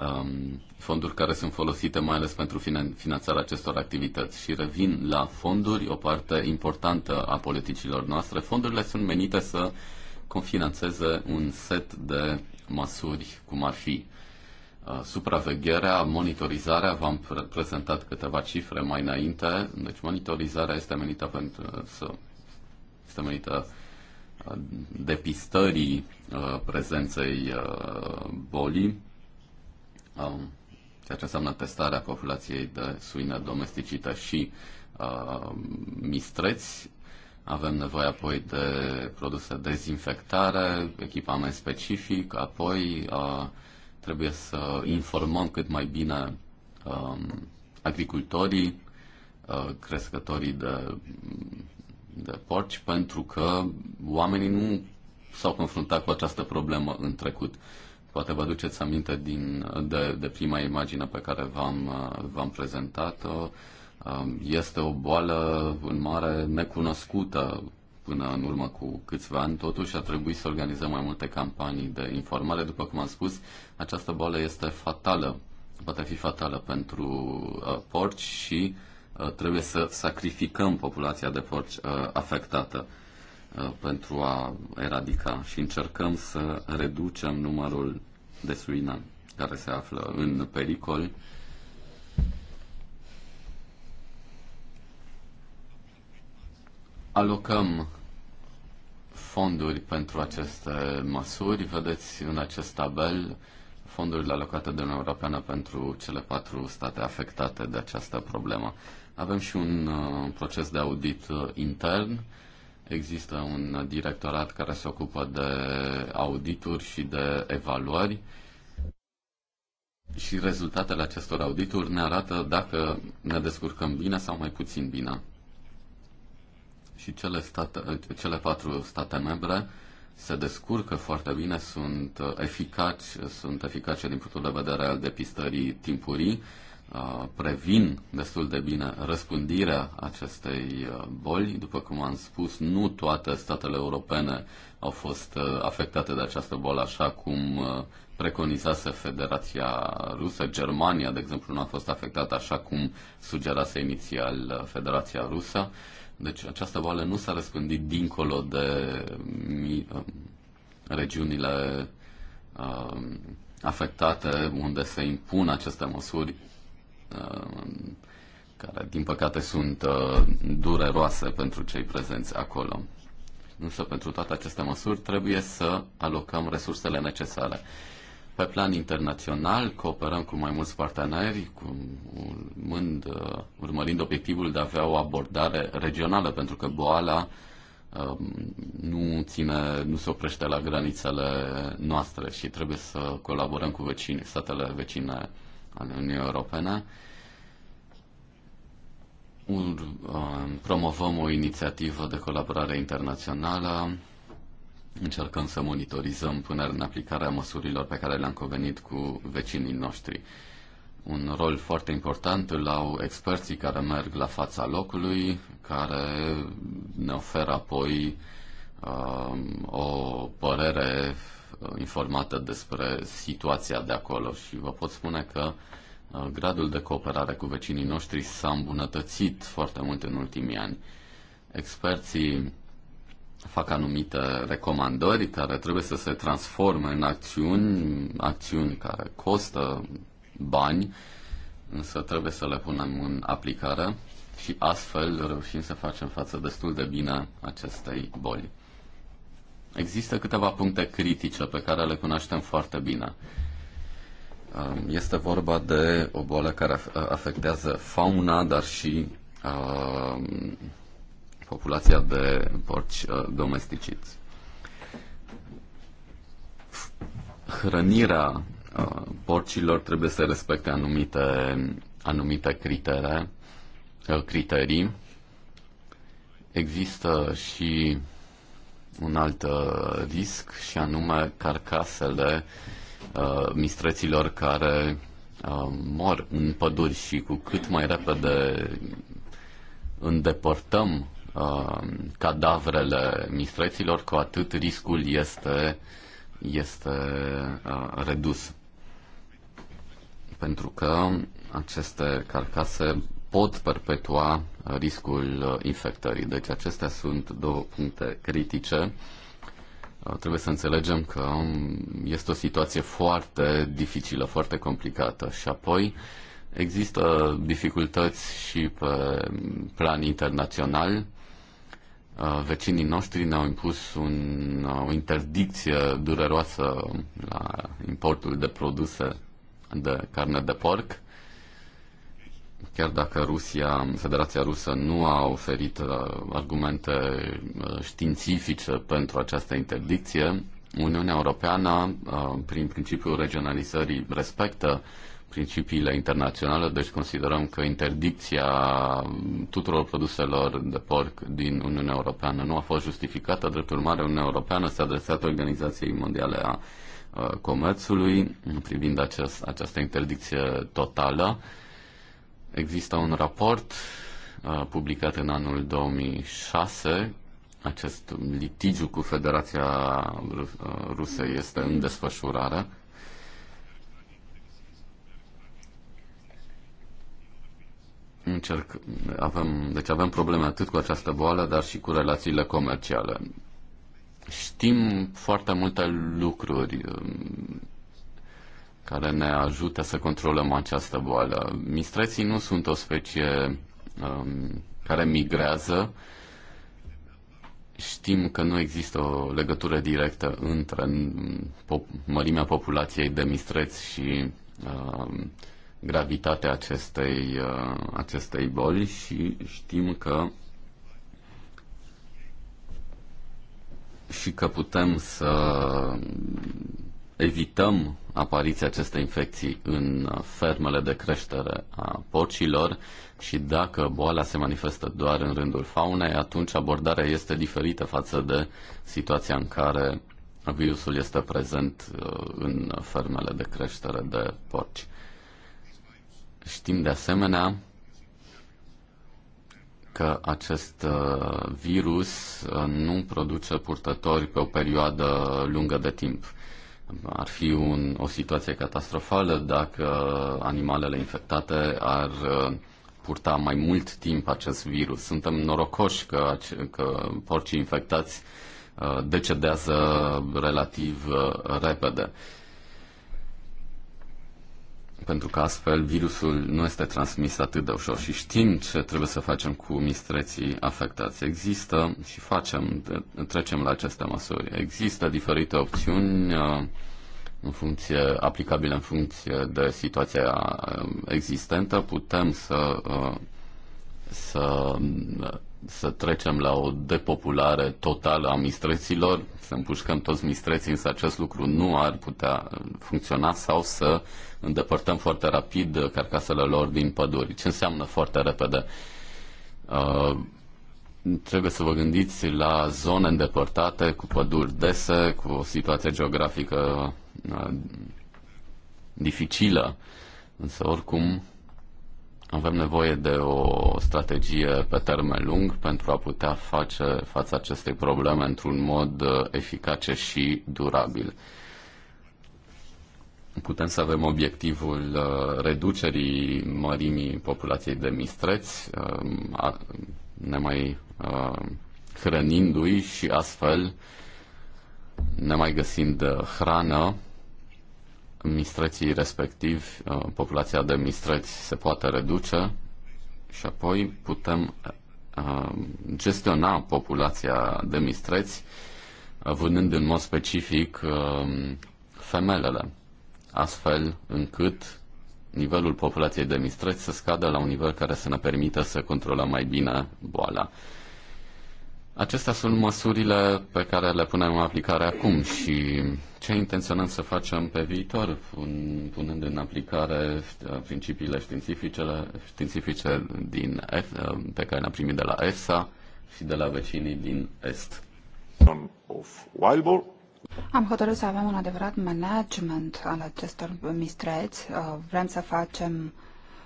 um, fonduri care sunt folosite mai ales pentru finan- finanțarea acestor activități. Și revin la fonduri, o parte importantă a politicilor noastre. Fondurile sunt menite să confinanțeze un set de măsuri, cum ar fi uh, supravegherea, monitorizarea, v-am prezentat câteva cifre mai înainte, deci monitorizarea este menită pentru uh, să este menită uh, depistării uh, prezenței bolii, um, ceea ce înseamnă testarea populației de suine domesticită și mistreți. Avem nevoie apoi de produse de dezinfectare, echipament specific, apoi uh, trebuie să informăm cât mai bine um, agricultorii, uh, crescătorii de, de porci, pentru că oamenii nu s-au confruntat cu această problemă în trecut. Poate vă aduceți aminte din, de, de prima imagine pe care v-am, uh, v-am prezentat-o. Um, este o boală în mare necunoscută până în urmă cu câțiva ani, totuși a trebuit să organizăm mai multe campanii de informare. După cum am spus, această boală este fatală, poate fi fatală pentru uh, porci și uh, trebuie să sacrificăm populația de porci uh, afectată uh, pentru a eradica și încercăm să reducem numărul de suina care se află în pericol. alocăm fonduri pentru aceste măsuri. Vedeți în acest tabel fondurile alocate de Uniunea Europeană pentru cele patru state afectate de această problemă. Avem și un uh, proces de audit uh, intern. Există un directorat care se ocupă de audituri și de evaluări și rezultatele acestor audituri ne arată dacă ne descurcăm bine sau mai puțin bine și cele, state, cele patru state membre se descurcă foarte bine, sunt uh, eficaci, sunt eficace din punctul de vedere al depistării timpurii, uh, previn destul de bine răspândirea acestei uh, boli. După cum am spus, nu toate statele europene au fost afectate de această boală așa cum preconizase Federația Rusă. Germania, de exemplu, nu a fost afectată așa cum sugerase inițial Federația Rusă. Deci această boală nu s-a răspândit dincolo de um, regiunile um, afectate unde se impun aceste măsuri um, care, din păcate, sunt uh, dureroase pentru cei prezenți acolo. Însă, pentru toate aceste măsuri, trebuie să alocăm resursele necesare. Pe plan internațional, cooperăm cu mai mulți parteneri, cu, urmând, uh, urmărind obiectivul de a avea o abordare regională, pentru că boala um, nu, ține, nu se oprește la granițele noastre și trebuie să colaborăm cu vecini, statele vecine ale Uniunii Europene. Um, promovăm o inițiativă de colaborare internațională Încercăm să monitorizăm punerea în aplicare a măsurilor pe care le-am convenit cu vecinii noștri. Un rol foarte important îl au experții care merg la fața locului, care ne oferă apoi uh, o părere uh, informată despre situația de acolo și vă pot spune că uh, gradul de cooperare cu vecinii noștri s-a îmbunătățit foarte mult în ultimii ani. Experții fac anumite recomandări care trebuie să se transforme în acțiuni, acțiuni care costă bani, însă trebuie să le punem în aplicare și astfel reușim să facem față destul de bine acestei boli. Există câteva puncte critice pe care le cunoaștem foarte bine. Um, este vorba de o boală care afectează fauna, dar și um, populația de porci uh, domesticiți. Hrănirea uh, porcilor trebuie să respecte anumite, anumite critere, uh, criterii. Există și un alt risc și anume carcasele mistreților care mor în păduri și cu cât mai repede îndepărtăm Um, cadavrele mistreților, cu atât riscul este, este uh, redus. Pentru că aceste carcase pot perpetua riscul infectării. Deci acestea sunt două puncte critice. Uh, trebuie să înțelegem că este o situație foarte dificilă, foarte complicată și apoi există dificultăți și pe plan internațional. Uh, vecinii noștri ne-au impus un, uh, o interdicție dureroasă la importul de produse de carne de porc. Chiar dacă Rusia, Federația Rusă nu a oferit uh, argumente științifice pentru această interdicție, Uniunea Europeană, prin principiul regionalizării, respectă principiile internaționale, deci considerăm că interdicția tuturor produselor de porc din Uniunea Europeană nu a fost justificată. Drept urmare, Uniunea Europeană s-a adresat Organizației Mondiale a Comerțului privind acest, această interdicție totală. Există un raport publicat în anul 2006 acest litigiu cu Federația Rusă este în desfășurare încerc, avem, deci avem probleme atât cu această boală, dar și cu relațiile comerciale. Știm foarte multe lucruri um, care ne ajută să controlăm această boală. Mistreții nu sunt o specie um, care migrează. Știm că nu există o legătură directă între um, pop- mărimea populației de mistreți și um, gravitatea acestei, uh, acestei boli și știm că și că putem să evităm apariția acestei infecții în fermele de creștere a porcilor și dacă boala se manifestă doar în rândul faunei, atunci abordarea este diferită față de situația în care virusul este prezent uh, în fermele de creștere de porci. Știm de asemenea că acest uh, virus uh, nu produce purtători pe o perioadă lungă de timp. Ar fi un, o situație catastrofală dacă animalele infectate ar uh, purta mai mult timp acest virus. Suntem norocoși că, că porcii infectați decedează relativ repede pentru că astfel virusul nu este transmis atât de ușor și știm ce trebuie să facem cu mistreții afectați. Există și facem, trecem la aceste măsuri. Există diferite opțiuni uh, în funcție, aplicabile în funcție de situația uh, existentă. Putem să, uh, să să trecem la o depopulare totală a mistreților, să împușcăm toți mistreții, însă acest lucru nu ar putea uh, funcționa sau să îndepărtăm foarte rapid uh, carcasele lor din păduri. Ce înseamnă foarte repede? Uh, trebuie să vă gândiți la zone îndepărtate cu păduri dese, cu o situație geografică uh, dificilă, însă oricum avem nevoie de o strategie pe termen lung pentru a putea face față acestei probleme într-un mod uh, eficace și durabil. Putem să avem obiectivul uh, reducerii mărimii populației de mistreți, um, ne mai uh, hrănindu-i și astfel ne mai găsind hrană mistreții respectiv uh, populația de mistreți se poate reduce și apoi putem uh, gestiona populația de mistreți vânând în mod specific uh, femelele, astfel încât nivelul populației de mistreți să scadă la un nivel care să ne permită să controlăm mai bine boala. Acestea sunt măsurile pe care le punem în aplicare acum și ce intenționăm să facem pe viitor, punând în aplicare uh, principiile științifice, științifice din, uh, pe care le-am primit de la EFSA și de la vecinii din Est. Am hotărât să avem un adevărat management al acestor mistreți. Uh, vrem să facem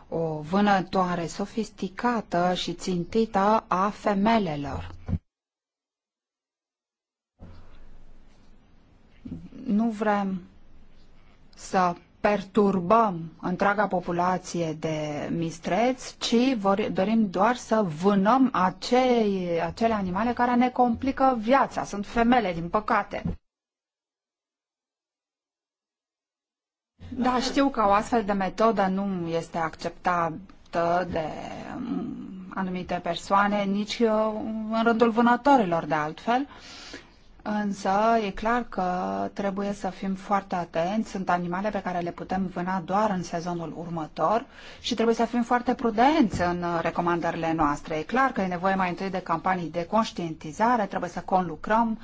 o vânătoare sofisticată și țintită a femelelor. nu vrem să perturbăm întreaga populație de mistreți, ci vor, dorim doar să vânăm acei, acele animale care ne complică viața. Sunt femele, din păcate. Da, știu că o astfel de metodă nu este acceptată de mm, anumite persoane, nici uh, în rândul vânătorilor de altfel, Însă e clar că trebuie să fim foarte atenți. Sunt animale pe care le putem vâna doar în sezonul următor și trebuie să fim foarte prudenți în recomandările noastre. E clar că e nevoie mai întâi de campanii de conștientizare, trebuie să conlucrăm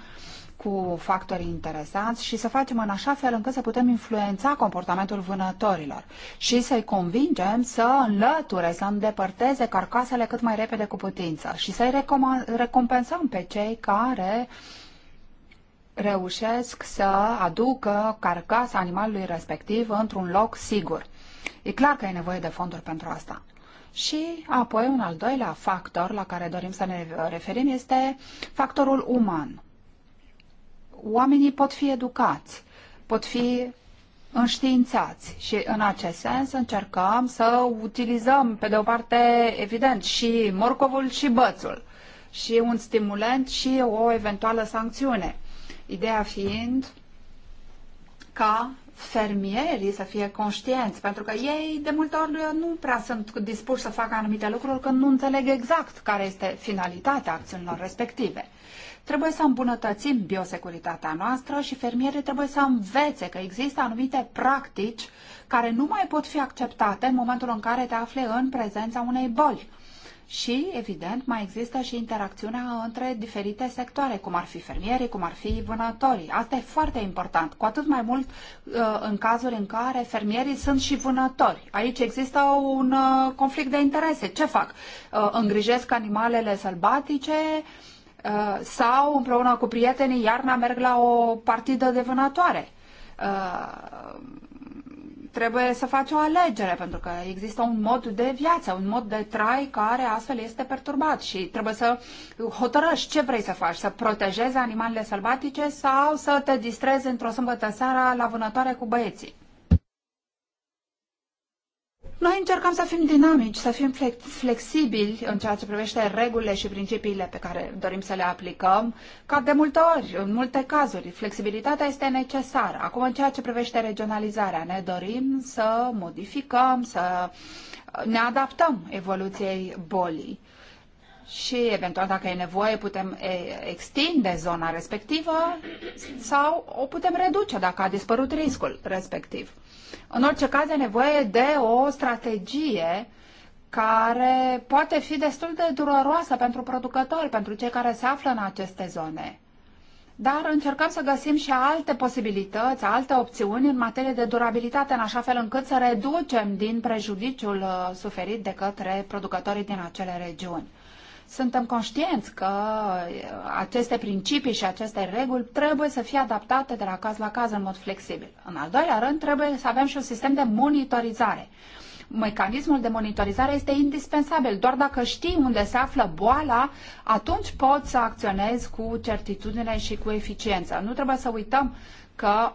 cu factorii interesanți și să facem în așa fel încât să putem influența comportamentul vânătorilor și să-i convingem să înlăture, să îndepărteze carcasele cât mai repede cu putință și să-i recompensăm pe cei care uh, reușesc să aducă carcasa animalului respectiv într-un loc sigur. E clar că e nevoie de fonduri pentru asta. Și apoi un al doilea factor la care dorim să ne referim este factorul uman. Oamenii pot fi educați, pot fi înștiințați și în acest sens încercăm să utilizăm, pe de o parte, evident, și morcovul și bățul și un stimulant și o eventuală sancțiune. Ideea fiind ca fermierii să fie conștienți, pentru că ei de multe ori nu prea sunt dispuși să facă anumite lucruri când nu înțeleg exact care este finalitatea acțiunilor respective. Trebuie să îmbunătățim biosecuritatea noastră și fermierii trebuie să învețe că există anumite practici care nu mai pot fi acceptate în momentul în care te afli în prezența unei boli și, evident, mai există și interacțiunea între diferite sectoare, cum ar fi fermierii, cum ar fi vânătorii. Asta e foarte important, cu atât mai mult uh, în cazuri în care fermierii sunt și vânători. Aici există un uh, conflict de interese. Ce fac? Uh, îngrijesc animalele sălbatice sau, împreună cu prietenii, iarna merg la o partidă de vânătoare? trebuie să faci o alegere, pentru că există un mod de viață, un mod de trai care astfel este perturbat și trebuie să hotărăști ce vrei să faci, să protejezi animalele sălbatice sau să te distrezi într-o sâmbătă seara la vânătoare cu băieții. Noi încercăm să fim dinamici, să fim flexibili în ceea ce privește regulile și principiile pe care dorim să le aplicăm, ca de multe ori, în multe cazuri, flexibilitatea este necesară. Acum, în ceea ce privește regionalizarea, ne dorim să modificăm, să ne adaptăm evoluției bolii și eventual dacă e nevoie putem extinde zona respectivă sau o putem reduce dacă a dispărut riscul respectiv. În orice caz, e nevoie de o strategie care poate fi destul de dureroasă pentru producători, pentru cei care se află în aceste zone. Dar încercăm să găsim și alte posibilități, alte opțiuni în materie de durabilitate, în așa fel încât să reducem din prejudiciul uh, suferit de către producătorii din acele regiuni. Suntem conștienți că aceste principii și aceste reguli trebuie să fie adaptate de la caz la caz în mod flexibil. În al doilea rând, trebuie să avem și un sistem de monitorizare. Mecanismul de monitorizare este indispensabil. Doar dacă știi unde se află boala, atunci poți să acționezi cu certitudine și cu eficiență. Nu trebuie să uităm că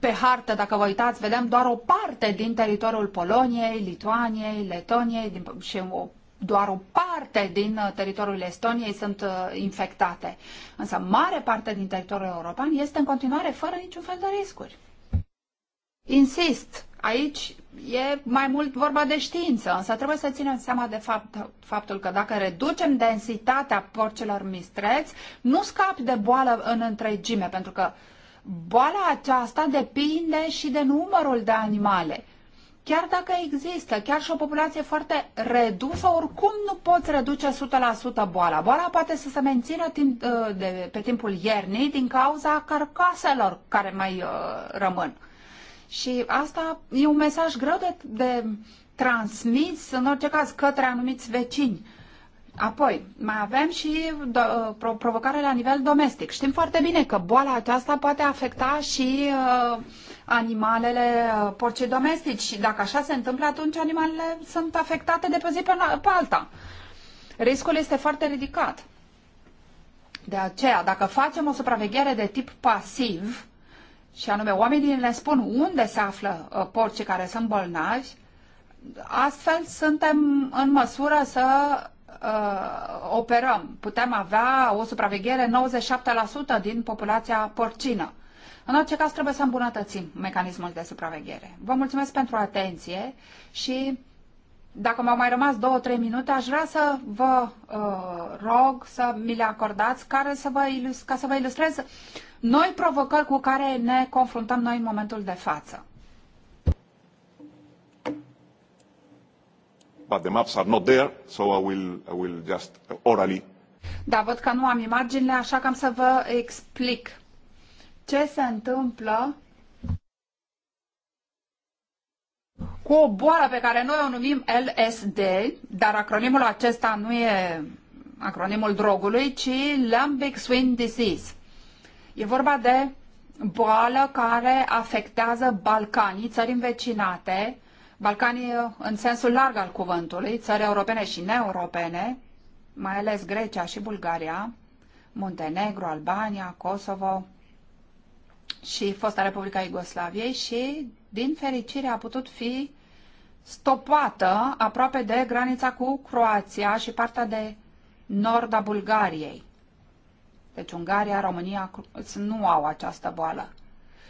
pe hartă, dacă vă uitați, vedem doar o parte din teritoriul Poloniei, Lituaniei, Letoniei din, și o doar o parte din uh, teritoriul Estoniei sunt uh, infectate. Însă mare parte din teritoriul european este în continuare fără niciun fel de riscuri. Insist, aici e mai mult vorba de știință, însă trebuie să ținem seama de fapt, faptul că dacă reducem densitatea porcelor mistreți, nu scapi de boală în întregime, pentru că boala aceasta depinde și de numărul de animale chiar dacă există, chiar și o populație foarte redusă, oricum nu poți reduce 100% boala. Boala poate să se mențină timp, uh, de, pe timpul iernii din cauza carcaselor care mai uh, rămân. Și asta e un mesaj greu de, de transmis, în orice caz, către anumiți vecini. Apoi, mai avem și uh, provocare la nivel domestic. Știm foarte bine că boala aceasta poate afecta și uh, animalele, uh, porcii domestici. Și dacă așa se întâmplă, atunci animalele sunt afectate de pe zi pe, pe alta. Riscul este foarte ridicat. De aceea, dacă facem o supraveghere de tip pasiv, și anume oamenii ne spun unde se află uh, porcii care sunt bolnavi, astfel suntem în măsură să uh, operăm. Putem avea o supraveghere 97% din populația porcină. În orice caz, trebuie să îmbunătățim mecanismul de supraveghere. Vă mulțumesc pentru atenție și dacă m-au mai rămas două, trei minute, aș vrea să vă uh, rog să mi le acordați care să vă ca să vă ilustrez noi provocări cu care ne confruntăm noi în momentul de față. But the maps are not there, so I will, I will just orally. Da, văd că nu am imaginile, așa că am să vă explic ce se întâmplă cu o boală pe care noi o numim LSD, dar acronimul acesta nu e acronimul drogului, ci Lambic Swing Disease. E vorba de boală care afectează Balcanii, țări învecinate, Balcanii în sensul larg al cuvântului, țări europene și neeuropene, mai ales Grecia și Bulgaria, Muntenegru, Albania, Kosovo, și fosta Republica Iugoslaviei și, din fericire, a putut fi stopată aproape de granița cu Croația și partea de nord a Bulgariei. Deci Ungaria, România nu au această boală.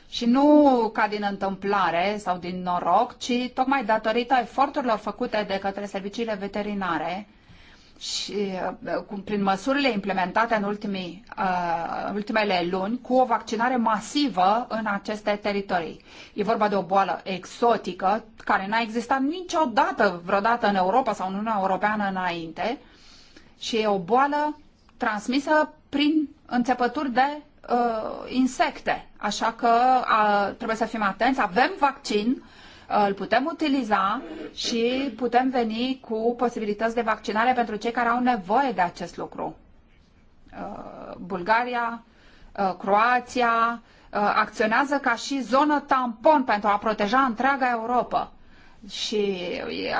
Și nu ca din întâmplare sau din noroc, ci tocmai datorită eforturilor făcute de către serviciile veterinare și uh, cum prin măsurile implementate în ultimii, uh, ultimele luni cu o vaccinare masivă în aceste teritorii. E vorba de o boală exotică care n-a existat niciodată vreodată în Europa sau în Uniunea Europeană înainte și e o boală transmisă prin înțepături de uh, insecte. Așa că uh, trebuie să fim atenți. Avem vaccin, uh, îl putem utiliza și putem veni cu posibilități de vaccinare pentru cei care au nevoie de acest lucru. Uh, Bulgaria, uh, Croația uh, acționează ca și zonă tampon pentru a proteja întreaga Europa. Și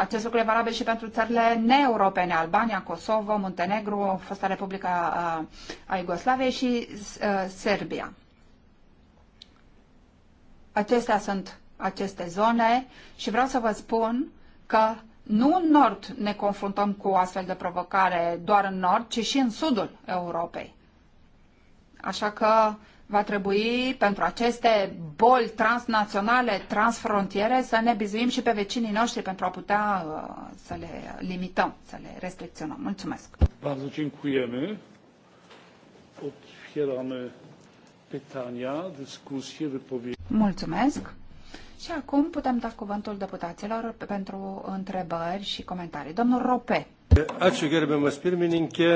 acest lucru e valabil și pentru țările neeuropene, Albania, Kosovo, Muntenegru, fosta Republica a Iugoslaviei și Serbia. Acestea sunt aceste zone și vreau să vă spun că nu în nord ne confruntăm cu o astfel de provocare doar în nord, ci și în sudul Europei. Așa că va trebui pentru aceste boli transnaționale, transfrontiere, să ne bizuim și pe vecinii noștri pentru a putea uh, să le limităm, să le restricționăm. Mulțumesc! Bardzo dziękujemy. Otwieramy pytania, dyskusje, wypowiedzi. Mulțumesc! Și acum putem da cuvântul deputaților pentru întrebări și comentarii. Domnul Rope. Ačiū gerbiamas pirmininkė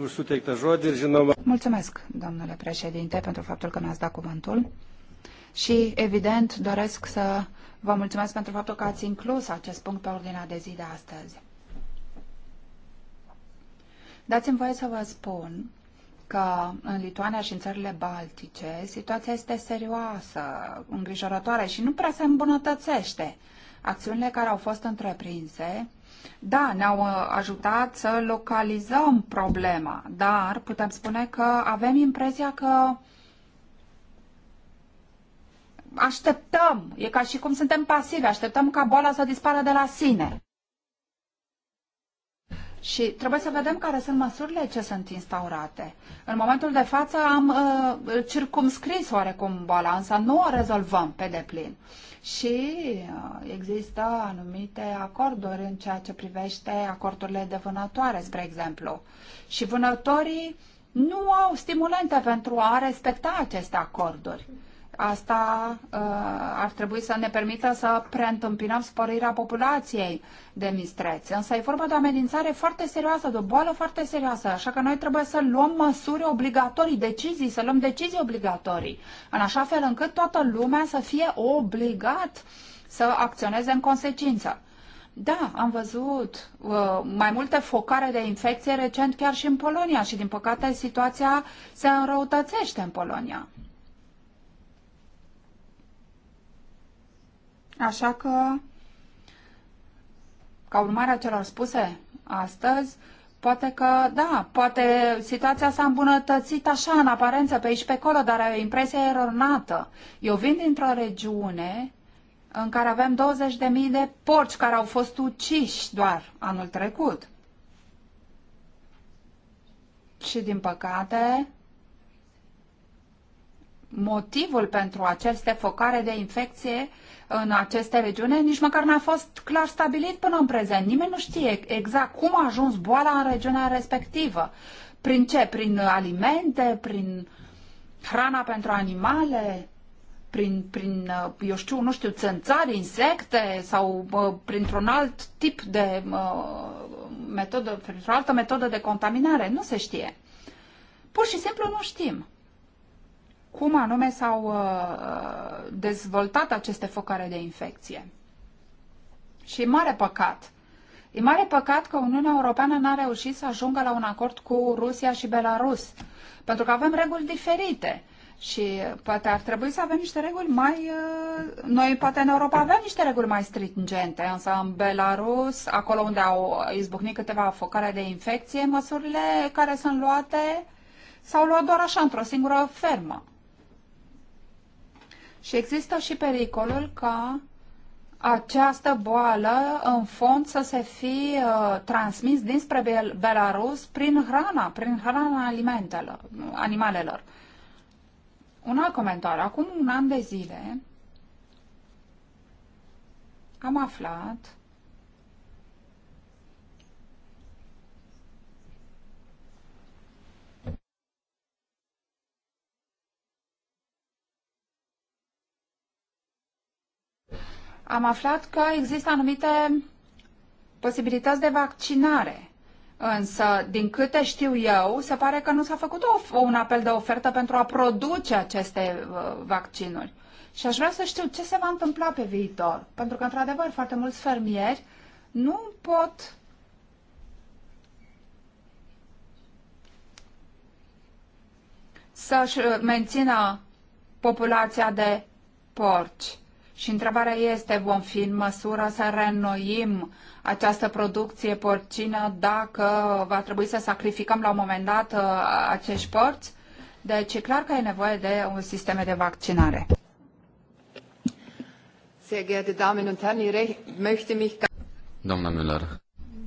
už suteiktą žodį ir žinoma. Mulțumesc, domnule președinte, pentru faptul că mi-ați dat cuvântul. Și, evident, doresc să vă mulțumesc pentru faptul că ați inclus acest punct pe ordinea de zi de astăzi. Dați-mi voie să vă spun că în Lituania și în țările baltice situația este serioasă, îngrijorătoare și nu prea se îmbunătățește. Acțiunile care au fost întreprinse, da, ne-au uh, ajutat să localizăm problema, dar putem spune că avem impresia că așteptăm, e ca și cum suntem pasivi, așteptăm ca boala să dispară de la sine. Și trebuie să vedem care sunt măsurile ce sunt instaurate. În momentul de față am uh, circumscris oarecum balansa, nu o rezolvăm pe deplin. Și uh, există anumite acorduri în ceea ce privește acordurile de vânătoare, spre exemplu. Și vânătorii nu au stimulente pentru a respecta aceste acorduri. Asta uh, ar trebui să ne permită să preîntâmpinăm sporirea populației de mistreți. Însă e vorba de o amenințare foarte serioasă, de o boală foarte serioasă, așa că noi trebuie să luăm măsuri obligatorii, decizii, să luăm decizii obligatorii, în așa fel încât toată lumea să fie obligat să acționeze în consecință. Da, am văzut uh, mai multe focare de infecție recent chiar și în Polonia și din păcate situația se înrăutățește în Polonia. Așa că, ca urmare a celor spuse astăzi, poate că, da, poate situația s-a îmbunătățit așa, în aparență, pe aici pe acolo, dar ai o impresie eronată. Eu vin dintr-o regiune în care avem 20.000 de porci care au fost uciși doar anul trecut. Și, din păcate, motivul pentru aceste focare de infecție în aceste regiune, nici măcar n-a fost clar stabilit până în prezent. Nimeni nu știe exact cum a ajuns boala în regiunea respectivă. Prin ce? Prin alimente, prin hrana pentru animale, prin, prin uh, eu știu, nu știu, țânțari, insecte sau uh, printr-un alt tip de uh, metodă, printr-o altă metodă de contaminare. Nu se știe. Pur și simplu nu știm cum anume s-au uh, dezvoltat aceste focare de infecție. Și e mare păcat. E mare păcat că Uniunea Europeană n-a reușit să ajungă la un acord cu Rusia și Belarus, pentru că avem reguli diferite. Și poate ar trebui să avem niște reguli mai... Uh, noi poate în Europa avem niște reguli mai stringente, însă în Belarus, acolo unde au izbucnit câteva focare de infecție, măsurile care sunt luate s-au luat doar așa, într-o singură fermă. Și există și pericolul ca această boală în fond să se fi uh, transmis dinspre Bel Belarus prin hrana, prin hrana alimentelor, animalelor. Un alt comentariu. Acum un an de zile am aflat am aflat că există anumite posibilități de vaccinare. Însă, din câte știu eu, se pare că nu s-a făcut o un apel de ofertă pentru a produce aceste uh, vaccinuri. Și aș vrea să știu ce se va întâmpla pe viitor. Pentru că, într-adevăr, foarte mulți fermieri nu pot să-și uh, mențină populația de porci. Și întrebarea este, vom fi în măsură să reînnoim această producție porcină dacă va trebui să sacrificăm la un moment dat uh, acești porți? Deci e clar că e nevoie de un sistem de vaccinare. Da- Doamna Müller,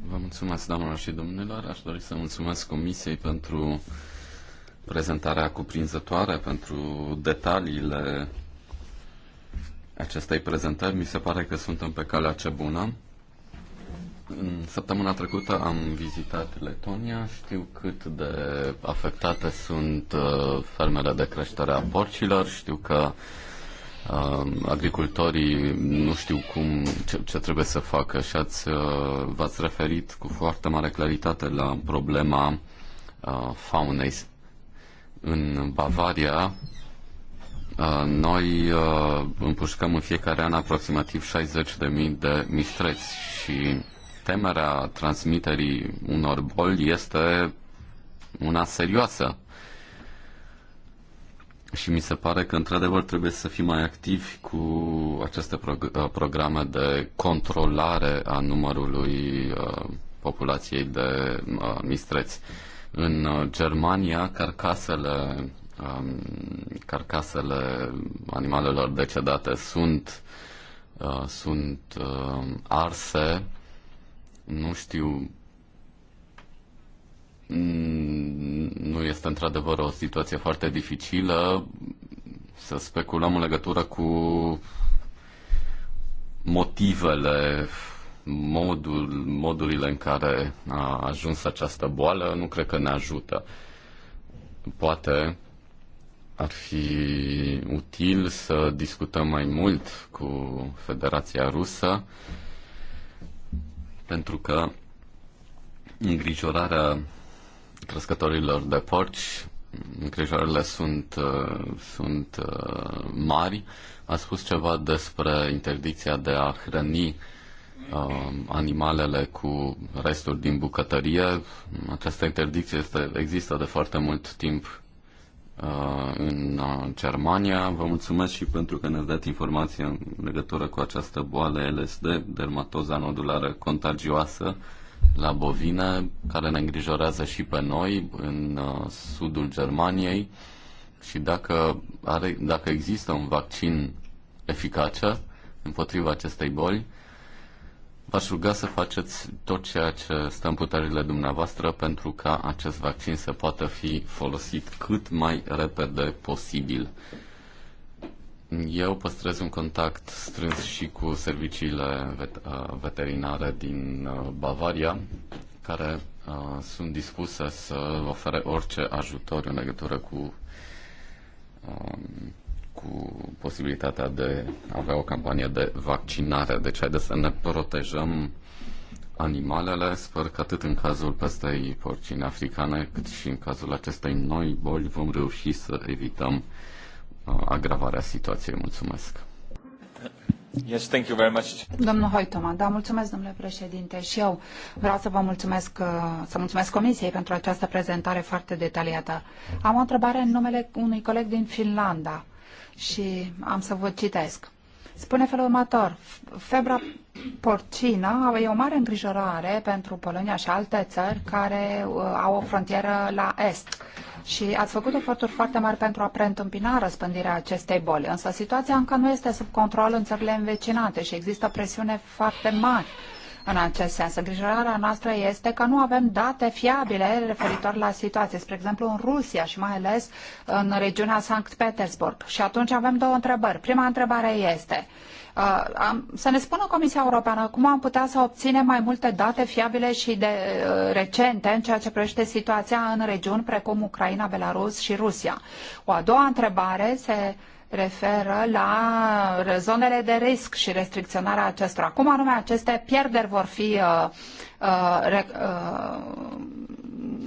vă mulțumesc, doamnelor și domnilor. Aș dori să mulțumesc Comisiei pentru prezentarea cuprinzătoare, pentru detaliile acestei prezentări. Mi se pare că suntem pe calea ce bună. În săptămâna trecută am vizitat Letonia. Știu cât de afectate sunt uh, fermele de creștere a porcilor. Știu că um, agricultorii nu știu cum, ce, ce trebuie să facă și ați, uh, v-ați referit cu foarte mare claritate la problema uh, faunei. În Bavaria Uh, noi uh, împușcăm în fiecare an aproximativ 60.000 de mistreți și temerea transmiterii unor boli este una serioasă. Și mi se pare că, într-adevăr, trebuie să fim mai activi cu aceste prog- uh, programe de controlare a numărului uh, populației de uh, mistreți. În Germania, carcasele um, carcasele animalelor decedate sunt, uh, sunt uh, arse. Nu știu nu este într-adevăr o situație foarte dificilă. Să speculăm în legătură cu motivele, modul, modurile în care a ajuns această boală, nu cred că ne ajută. Poate ar fi util să discutăm mai mult cu Federația Rusă, pentru că îngrijorarea crescătorilor de porci, îngrijorările sunt, uh, sunt uh, mari. A spus ceva despre interdicția de a hrăni uh, animalele cu resturi din bucătărie. Această interdicție este, există de foarte mult timp Uh, în uh, Germania. Vă mulțumesc și pentru că ne-ați dat informații în legătură cu această boală LSD, dermatoza nodulară contagioasă la bovine, care ne îngrijorează și pe noi în uh, sudul Germaniei. Și dacă, are, dacă există un vaccin eficace împotriva acestei boli, v-aș ruga să faceți tot ceea ce stă în puterile dumneavoastră pentru ca acest vaccin să poată fi folosit cât mai repede posibil. Eu păstrez un contact strâns și cu serviciile uh, veterinare din uh, Bavaria, care uh, sunt dispuse să ofere orice ajutor în legătură cu um, cu posibilitatea de a avea o campanie de vaccinare. Deci haideți să ne protejăm animalele. Sper că atât în cazul pestei porcine africane, cât și în cazul acestei noi boli vom reuși să evităm uh, agravarea situației. Mulțumesc! Yes, thank you very much. Domnul Hoitoma, da, mulțumesc, domnule președinte, și eu vreau să vă mulțumesc, uh, să mulțumesc Comisiei pentru această prezentare foarte detaliată. Am o întrebare în numele unui coleg din Finlanda și am să vă citesc. Spune felul următor, febra porcină e o mare îngrijorare pentru Polonia și alte țări care uh, au o frontieră la est și ați făcut eforturi foarte mari pentru a preîntâmpina răspândirea acestei boli. Însă situația încă nu este sub control în țările învecinate și există presiune foarte mari în acest sens. Îngrijorarea noastră este că nu avem date fiabile referitor la situație, spre exemplu în Rusia și mai ales în regiunea Sankt Petersburg. Și atunci avem două întrebări. Prima întrebare este, Uh, am, să ne spună Comisia Europeană cum am putea să obținem mai multe date fiabile și de, uh, recente în ceea ce privește situația în regiuni precum Ucraina, Belarus și Rusia. O a doua întrebare se referă la zonele de risc și restricționarea acestora. Cum anume aceste pierderi vor fi, uh, uh, re, uh,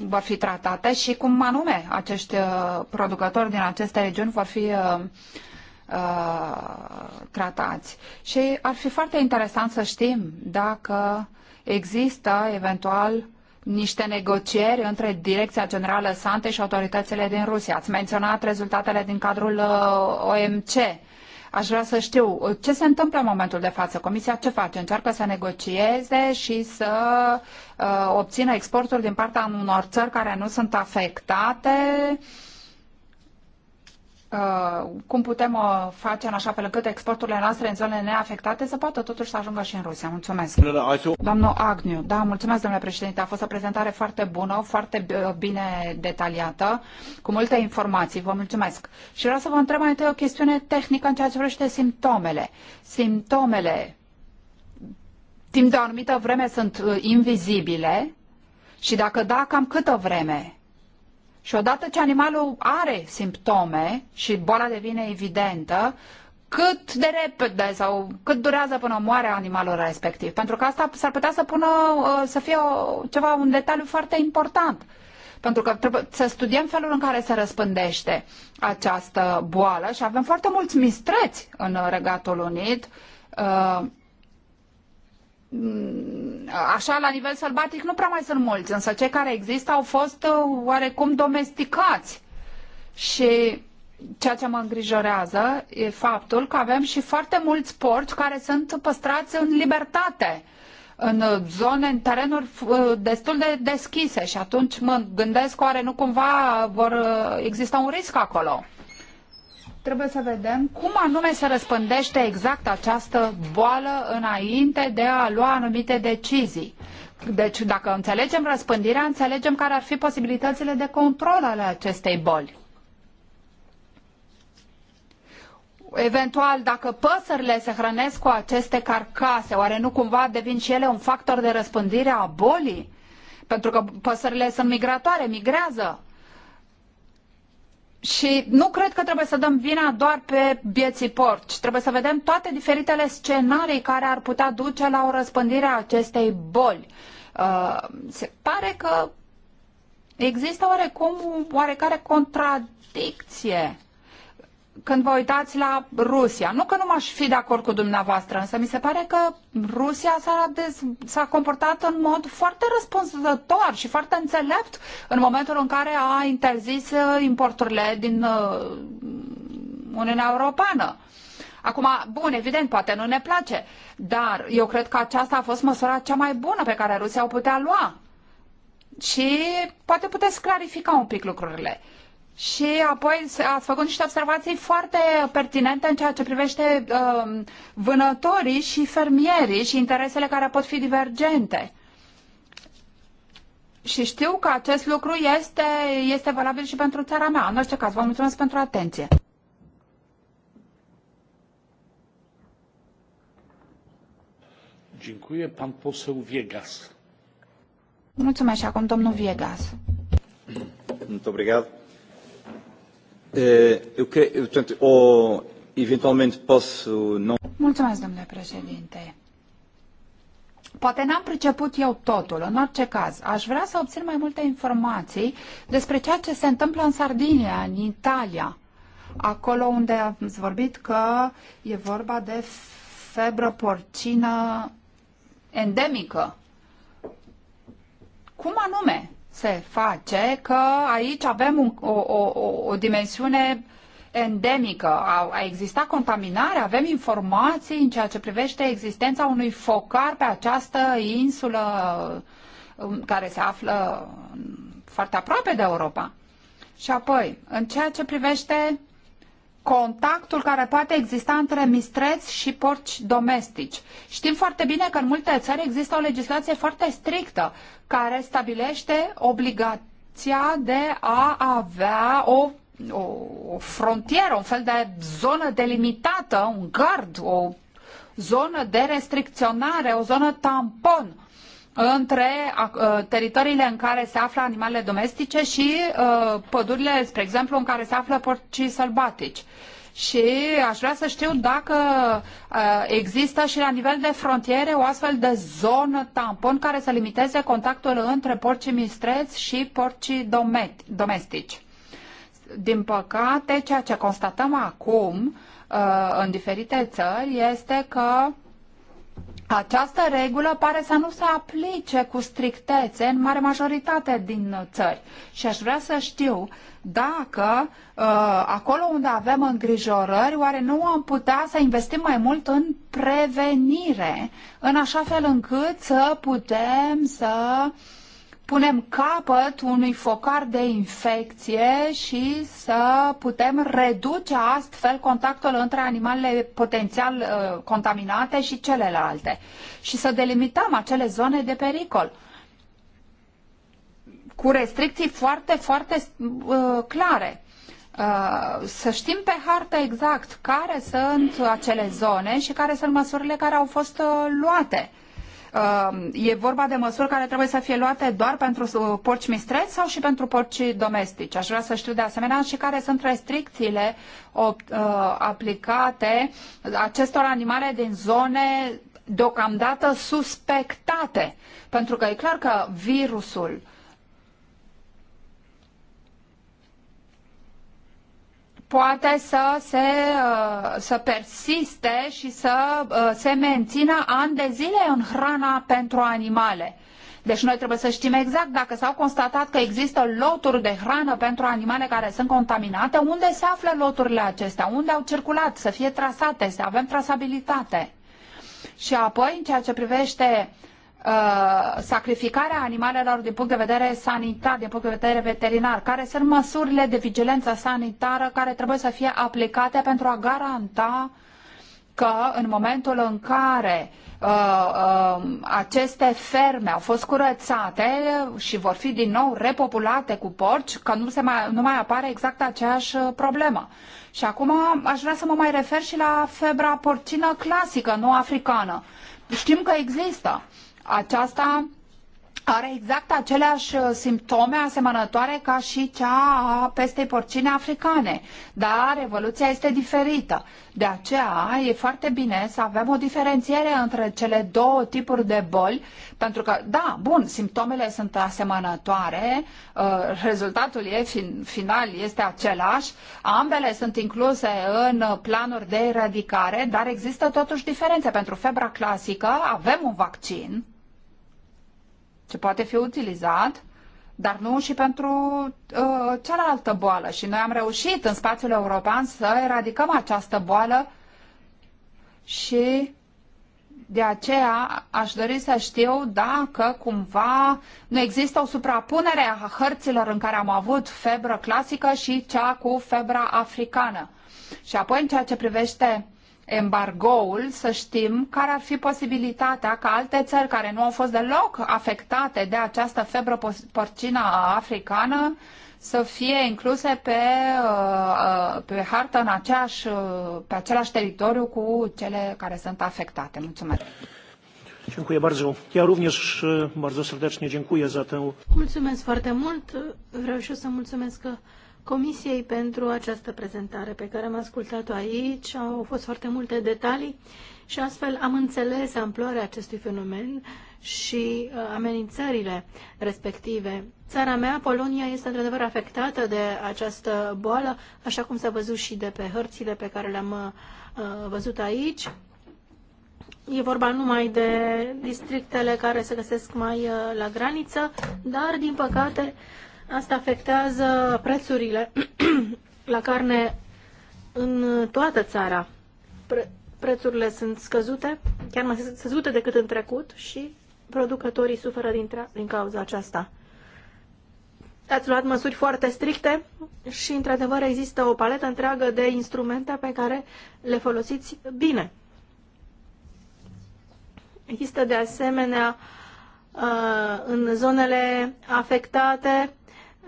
vor fi tratate și cum anume acești uh, producători din aceste regiuni vor fi uh, uh, tratați. Și ar fi foarte interesant să știm dacă există eventual niște negocieri între Direcția Generală Sante și autoritățile din Rusia. Ați menționat rezultatele din cadrul uh, OMC. Aș vrea să știu uh, ce se întâmplă în momentul de față. Comisia ce face? Încearcă să negocieze și să uh, obțină exporturi din partea unor țări care nu sunt afectate? Uh, cum putem uh, face în așa fel încât exporturile noastre în zonele neafectate să poată totuși să ajungă și în Rusia. Mulțumesc. Doamnă Agniu, da, mulțumesc, domnule președinte. A fost o prezentare foarte bună, foarte uh, bine detaliată, cu multe informații. Vă mulțumesc. Și vreau să vă întreb mai întâi o chestiune tehnică în ceea ce vrește simptomele. Simptomele timp de o anumită vreme sunt uh, invizibile și dacă da, cam câtă vreme? Și odată ce animalul are simptome și boala devine evidentă, cât de repede sau cât durează până moare animalul respectiv. Pentru că asta s-ar putea să pună, uh, să fie o, ceva, un detaliu foarte important. Pentru că trebuie să studiem felul în care se răspândește această boală și avem foarte mulți mistreți în Regatul Unit. Uh, Mm, așa la nivel sălbatic nu prea mai sunt mulți, însă cei care există au fost uh, oarecum domesticați. Și ceea ce mă îngrijorează e faptul că avem și foarte mulți porci care sunt păstrați în libertate în zone, în terenuri uh, destul de deschise și atunci mă gândesc oare nu cumva vor uh, exista un risc acolo trebuie să vedem cum anume se răspândește exact această boală înainte de a lua anumite decizii. Deci, dacă înțelegem răspândirea, înțelegem care ar fi posibilitățile de control ale acestei boli. Eventual, dacă păsările se hrănesc cu aceste carcase, oare nu cumva devin și ele un factor de răspândire a bolii? Pentru că păsările sunt migratoare, migrează și nu cred că trebuie să dăm vina doar pe bieții porci. Trebuie să vedem toate diferitele scenarii care ar putea duce la o răspândire a acestei boli. Uh, se pare că există oarecum oarecare contradicție când vă uitați la Rusia. Nu că nu m-aș fi de acord cu dumneavoastră, însă mi se pare că Rusia s-a, comportat în mod foarte răspunzător și foarte înțelept în momentul în care a interzis uh, importurile din uh, Uniunea Europeană. Acum, bun, evident, poate nu ne place, dar eu cred că aceasta a fost măsura cea mai bună pe care Rusia o putea lua. Și poate puteți clarifica un pic lucrurile. Și apoi ați făcut niște observații foarte pertinente în ceea ce privește uh, vânătorii și fermierii și interesele care pot fi divergente. Și știu că acest lucru este, este valabil și pentru țara mea. În orice caz, vă mulțumesc pentru atenție. Dziękuję. Pan poseł Viegas. Mulțumesc și acum domnul Viegas. Mulțumesc. Eh, eu cred, portanto, o, eventualmente posso não... Mulțumesc, domnule președinte. Poate n-am priceput eu totul, în orice caz. Aș vrea să obțin mai multe informații despre ceea ce se întâmplă în Sardinia, în Italia, acolo unde ați vorbit că e vorba de febră porcină endemică. Cum anume? se face că aici avem un, o, o, o dimensiune endemică. A, a existat contaminare, avem informații în ceea ce privește existența unui focar pe această insulă um, care se află foarte aproape de Europa. Și apoi, în ceea ce privește contactul care poate exista între mistreți și porci domestici. Știm foarte bine că în multe țări există o legislație foarte strictă care stabilește obligația de a avea o o frontieră, un fel de zonă delimitată, un gard, o zonă de restricționare, o zonă tampon între uh, teritoriile în care se află animalele domestice și uh, pădurile, spre exemplu, în care se află porcii sălbatici. Și aș vrea să știu dacă uh, există și la nivel de frontiere o astfel de zonă tampon care să limiteze contactul între porcii mistreți și porcii domestici. Din păcate, ceea ce constatăm acum în diferite țări este că această regulă pare să nu se aplice cu strictețe în mare majoritate din uh, țări și aș vrea să știu dacă uh, acolo unde avem îngrijorări, oare nu am putea să investim mai mult în prevenire, în așa fel încât să putem să uh, punem capăt unui focar de infecție și să putem reduce astfel contactul între animalele potențial uh, contaminate și celelalte și să delimităm acele zone de pericol cu restricții foarte, foarte uh, clare. Uh, să știm pe hartă exact care sunt acele zone și care sunt măsurile care au fost uh, luate. Uh, Uh, e vorba de măsuri care trebuie să fie luate doar pentru uh, porci mistreți sau și pentru porcii domestici. Aș vrea să știu de asemenea și care sunt restricțiile uh, aplicate acestor animale din zone deocamdată suspectate. Pentru că e clar că virusul uh, poate să, se, uh, să persiste și să uh, se mențină ani de zile în hrana pentru animale. Deci noi trebuie să știm exact dacă s-au constatat că există loturi de hrană pentru animale care sunt contaminate, unde se află loturile acestea, unde au circulat, să fie trasate, să avem trasabilitate. Și apoi, în ceea ce privește uh, Uh, sacrificarea animalelor din punct de vedere sanitar, din punct de vedere veterinar, care sunt măsurile de vigilență sanitară care trebuie să fie aplicate pentru a garanta că în momentul în care uh, uh, aceste ferme au fost curățate și vor fi din nou repopulate cu porci, că nu, se mai, nu mai apare exact aceeași uh, problemă. Și acum aș vrea să mă mai refer și la febra porcină clasică, nu africană. Știm că există aceasta are exact aceleași uh, simptome asemănătoare ca și cea a pestei porcine africane, dar evoluția este diferită. De aceea e foarte bine să avem o diferențiere între cele două tipuri de boli, pentru că, da, bun, simptomele sunt asemănătoare, uh, rezultatul e final este același, ambele sunt incluse în planuri de eradicare, dar există totuși diferențe. Pentru febra clasică avem un vaccin, ce poate fi utilizat, dar nu și pentru uh, cealaltă boală. Și noi am reușit în spațiul european să eradicăm această boală și de aceea aș dori să știu dacă cumva nu există o suprapunere a hărților în care am avut febră clasică și cea cu febra africană. Și apoi în ceea ce privește embargoul, să știm care ar fi posibilitatea ca alte țări care nu au fost deloc afectate de această febră porcină africană să fie incluse pe, uh, uh, pe hartă în aceeași, uh, pe același teritoriu cu cele care sunt afectate. Mulțumesc! Dziękuję bardzo. Ja również bardzo serdecznie dziękuję za tę... Mulțumesc foarte mult. Vreau și să mulțumesc că Comisiei pentru această prezentare pe care am ascultat-o aici. Au fost foarte multe detalii și astfel am înțeles amploarea acestui fenomen și uh, amenințările respective. Țara mea, Polonia, este într-adevăr afectată de această boală, așa cum s-a văzut și de pe hărțile pe care le-am uh, văzut aici. E vorba numai de districtele care se găsesc mai uh, la graniță, dar, din păcate, Asta afectează prețurile la carne în toată țara. Pre- prețurile sunt scăzute, chiar mai scăzute decât în trecut și producătorii suferă din, din cauza aceasta. Ați luat măsuri foarte stricte și, într-adevăr, există o paletă întreagă de instrumente pe care le folosiți bine. Există, de asemenea, uh, în zonele afectate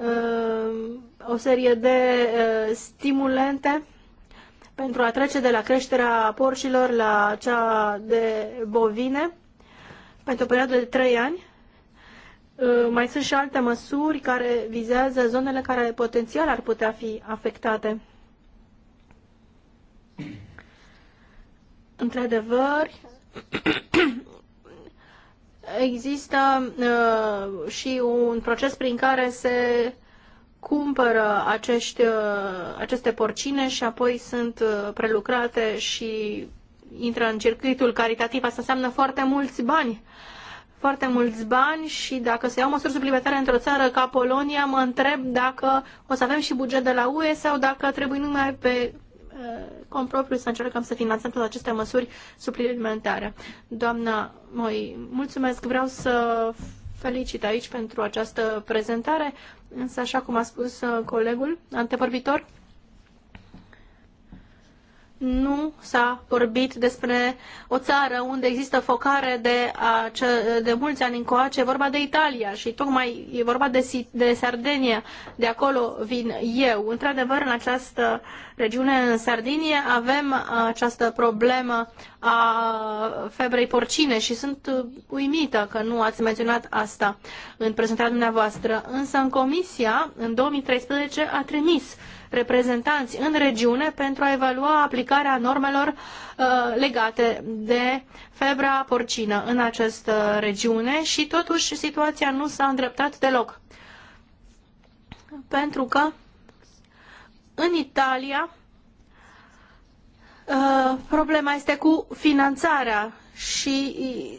Ehm, o serie de eh, stimulente pentru a trece de la creșterea porcilor la cea de bovine pentru o perioadă de 3 ani. Eh, mai sunt și alte măsuri care vizează zonele care potențial ar putea fi afectate. Într-adevăr, există uh, și un proces prin care se cumpără acești, uh, aceste porcine și apoi sunt uh, prelucrate și intră în circuitul caritativ. Asta înseamnă foarte mulți bani. Foarte mulți bani și dacă se iau măsuri suplimentare într-o țară ca Polonia, mă întreb dacă o să avem și buget de la UE sau dacă trebuie numai pe Uh, compropriu să încercăm să finanțăm toate aceste măsuri suplimentare. Doamna Moi, mulțumesc. Vreau să felicit aici pentru această prezentare, însă așa cum a spus uh, colegul antevorbitor, nu s-a vorbit despre o țară unde există focare de, ace- de mulți ani încoace, e vorba de Italia și tocmai e vorba de, de Sardinia, de acolo vin eu. Într-adevăr, în această regiune, în Sardinie, avem această problemă a febrei porcine și sunt uimită că nu ați menționat asta în prezentarea dumneavoastră. Însă în comisia, în 2013, a trimis uh, reprezentanți în regiune pentru a evalua aplicarea normelor uh, legate de febra porcină în această regiune și totuși situația nu s-a îndreptat deloc. Pentru că în Italia uh, problema este cu finanțarea și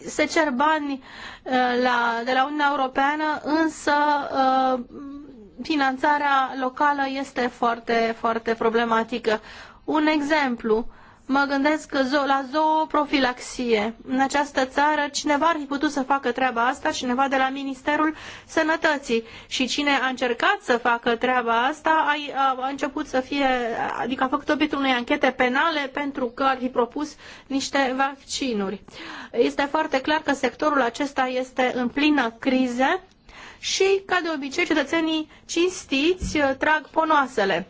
se cer bani uh, la, de la Uniunea Europeană, însă uh, finanțarea locală este foarte, foarte problematică. Un exemplu, mă gândesc la zooprofilaxie. În această țară cineva ar fi putut să facă treaba asta, cineva de la Ministerul Sănătății. Și cine a încercat să facă treaba asta a, început să fie, adică a făcut obiectul unei anchete penale pentru că ar fi propus niște vaccinuri. Este foarte clar că sectorul acesta este în plină criză și, ca de obicei, cetățenii cinstiți uh, trag ponoasele.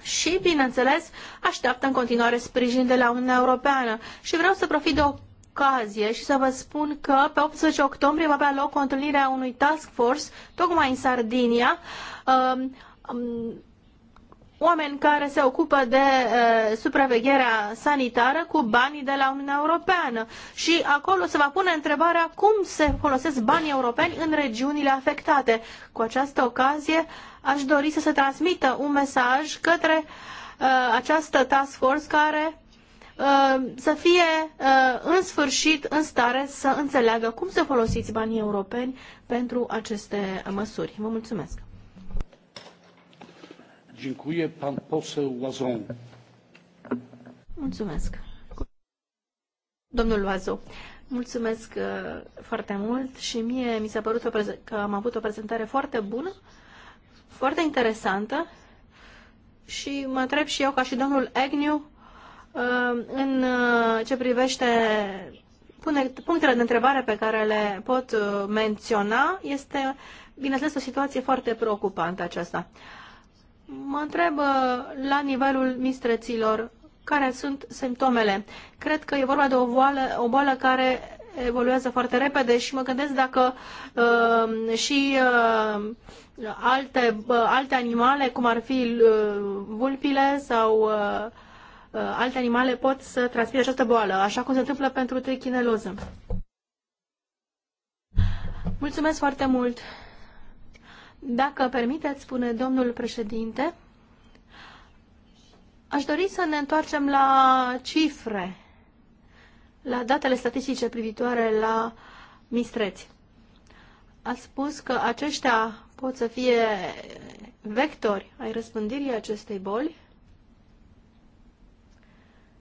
Și, bineînțeles, așteaptă în continuare sprijin de la Uniunea Europeană. Și vreau să profit de ocazie și să vă spun că pe 18 octombrie va avea loc o întâlnire a unui task force, tocmai în Sardinia, um, um, oameni care se ocupă de uh, supravegherea sanitară cu banii de la Uniunea Europeană. Și acolo se va pune întrebarea cum se folosesc banii europeni în regiunile afectate. Cu această ocazie aș dori să se transmită un mesaj către uh, această task force care eh, să fie în sfârșit în stare să înțeleagă cum să folosiți banii europeni pentru aceste măsuri. Vă mulțumesc! Pan Mulțumesc. Domnul Loazu, mulțumesc uh, foarte mult și mie mi s-a părut că am avut o prezentare foarte bună, foarte interesantă și mă întreb și eu ca și domnul Agnew uh, în uh, ce privește punctele de întrebare pe care le pot menționa, este, bineînțeles, o situație foarte preocupantă aceasta mă întreb uh, la nivelul mistreților care sunt simptomele. Cred că e vorba de o boală, o boală care evoluează foarte repede și mă gândesc dacă uh, și uh, alte, uh, alte animale, cum ar fi uh, vulpile sau uh, uh, alte animale, pot să transmită această boală, așa cum se întâmplă pentru trichineloză. Mulțumesc foarte mult! Dacă permiteți, spune domnul președinte, aș dori să ne întoarcem la cifre, la datele statistice privitoare la mistreți. A spus că aceștia pot să fie vectori ai răspândirii acestei boli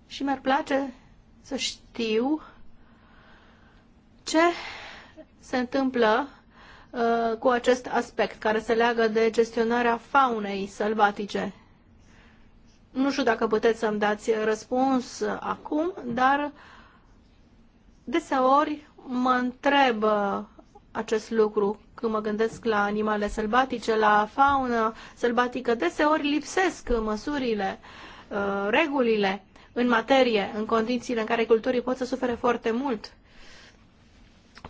și mi-ar place să știu ce se întâmplă Uh, cu acest aspect care se leagă de gestionarea faunei sălbatice. Nu știu dacă puteți să-mi dați răspuns acum, dar deseori mă întreb uh, acest lucru când mă gândesc la animale sălbatice, la faună sălbatică. Deseori lipsesc măsurile, uh, regulile în materie, în condițiile în care culturii pot să sufere foarte mult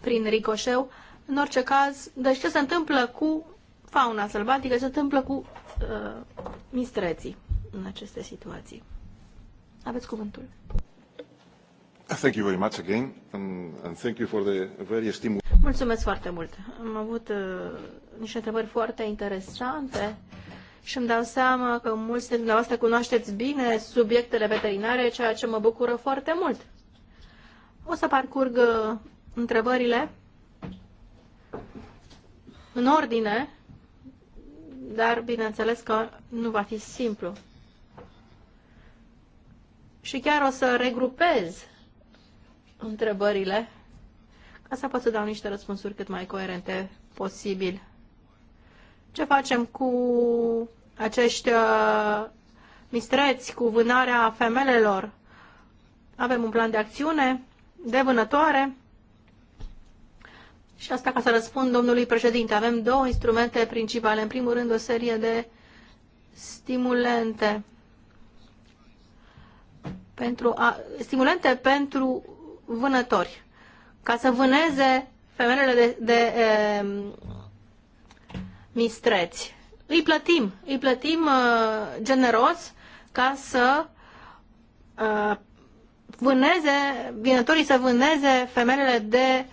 prin ricoșeu în orice caz, deci ce se întâmplă cu fauna sălbatică, ce se întâmplă cu uh, mistreții în aceste situații. Aveți cuvântul. Thank you very much again and, and thank you for the very stimul... Mulțumesc foarte mult. Am avut uh, niște întrebări foarte interesante și îmi dau seama că mulți dintre dumneavoastră cunoașteți bine subiectele veterinare, ceea ce mă bucură foarte mult. O să parcurg uh, întrebările în ordine, dar bineînțeles că nu va fi simplu. Și chiar o să regrupez întrebările ca să pot să dau niște răspunsuri cât mai coerente posibil. Ce facem cu acești uh, mistreți, cu vânarea femelelor? Avem un plan de acțiune de vânătoare și asta ca să răspund domnului președinte. Avem două instrumente principale. În primul rând, o serie de stimulente pentru a, stimulente pentru vânători, ca să vâneze femelele de, de e, mistreți. Îi plătim, îi plătim e, uh, generos ca să e, uh, vâneze, vânătorii să vâneze femelele de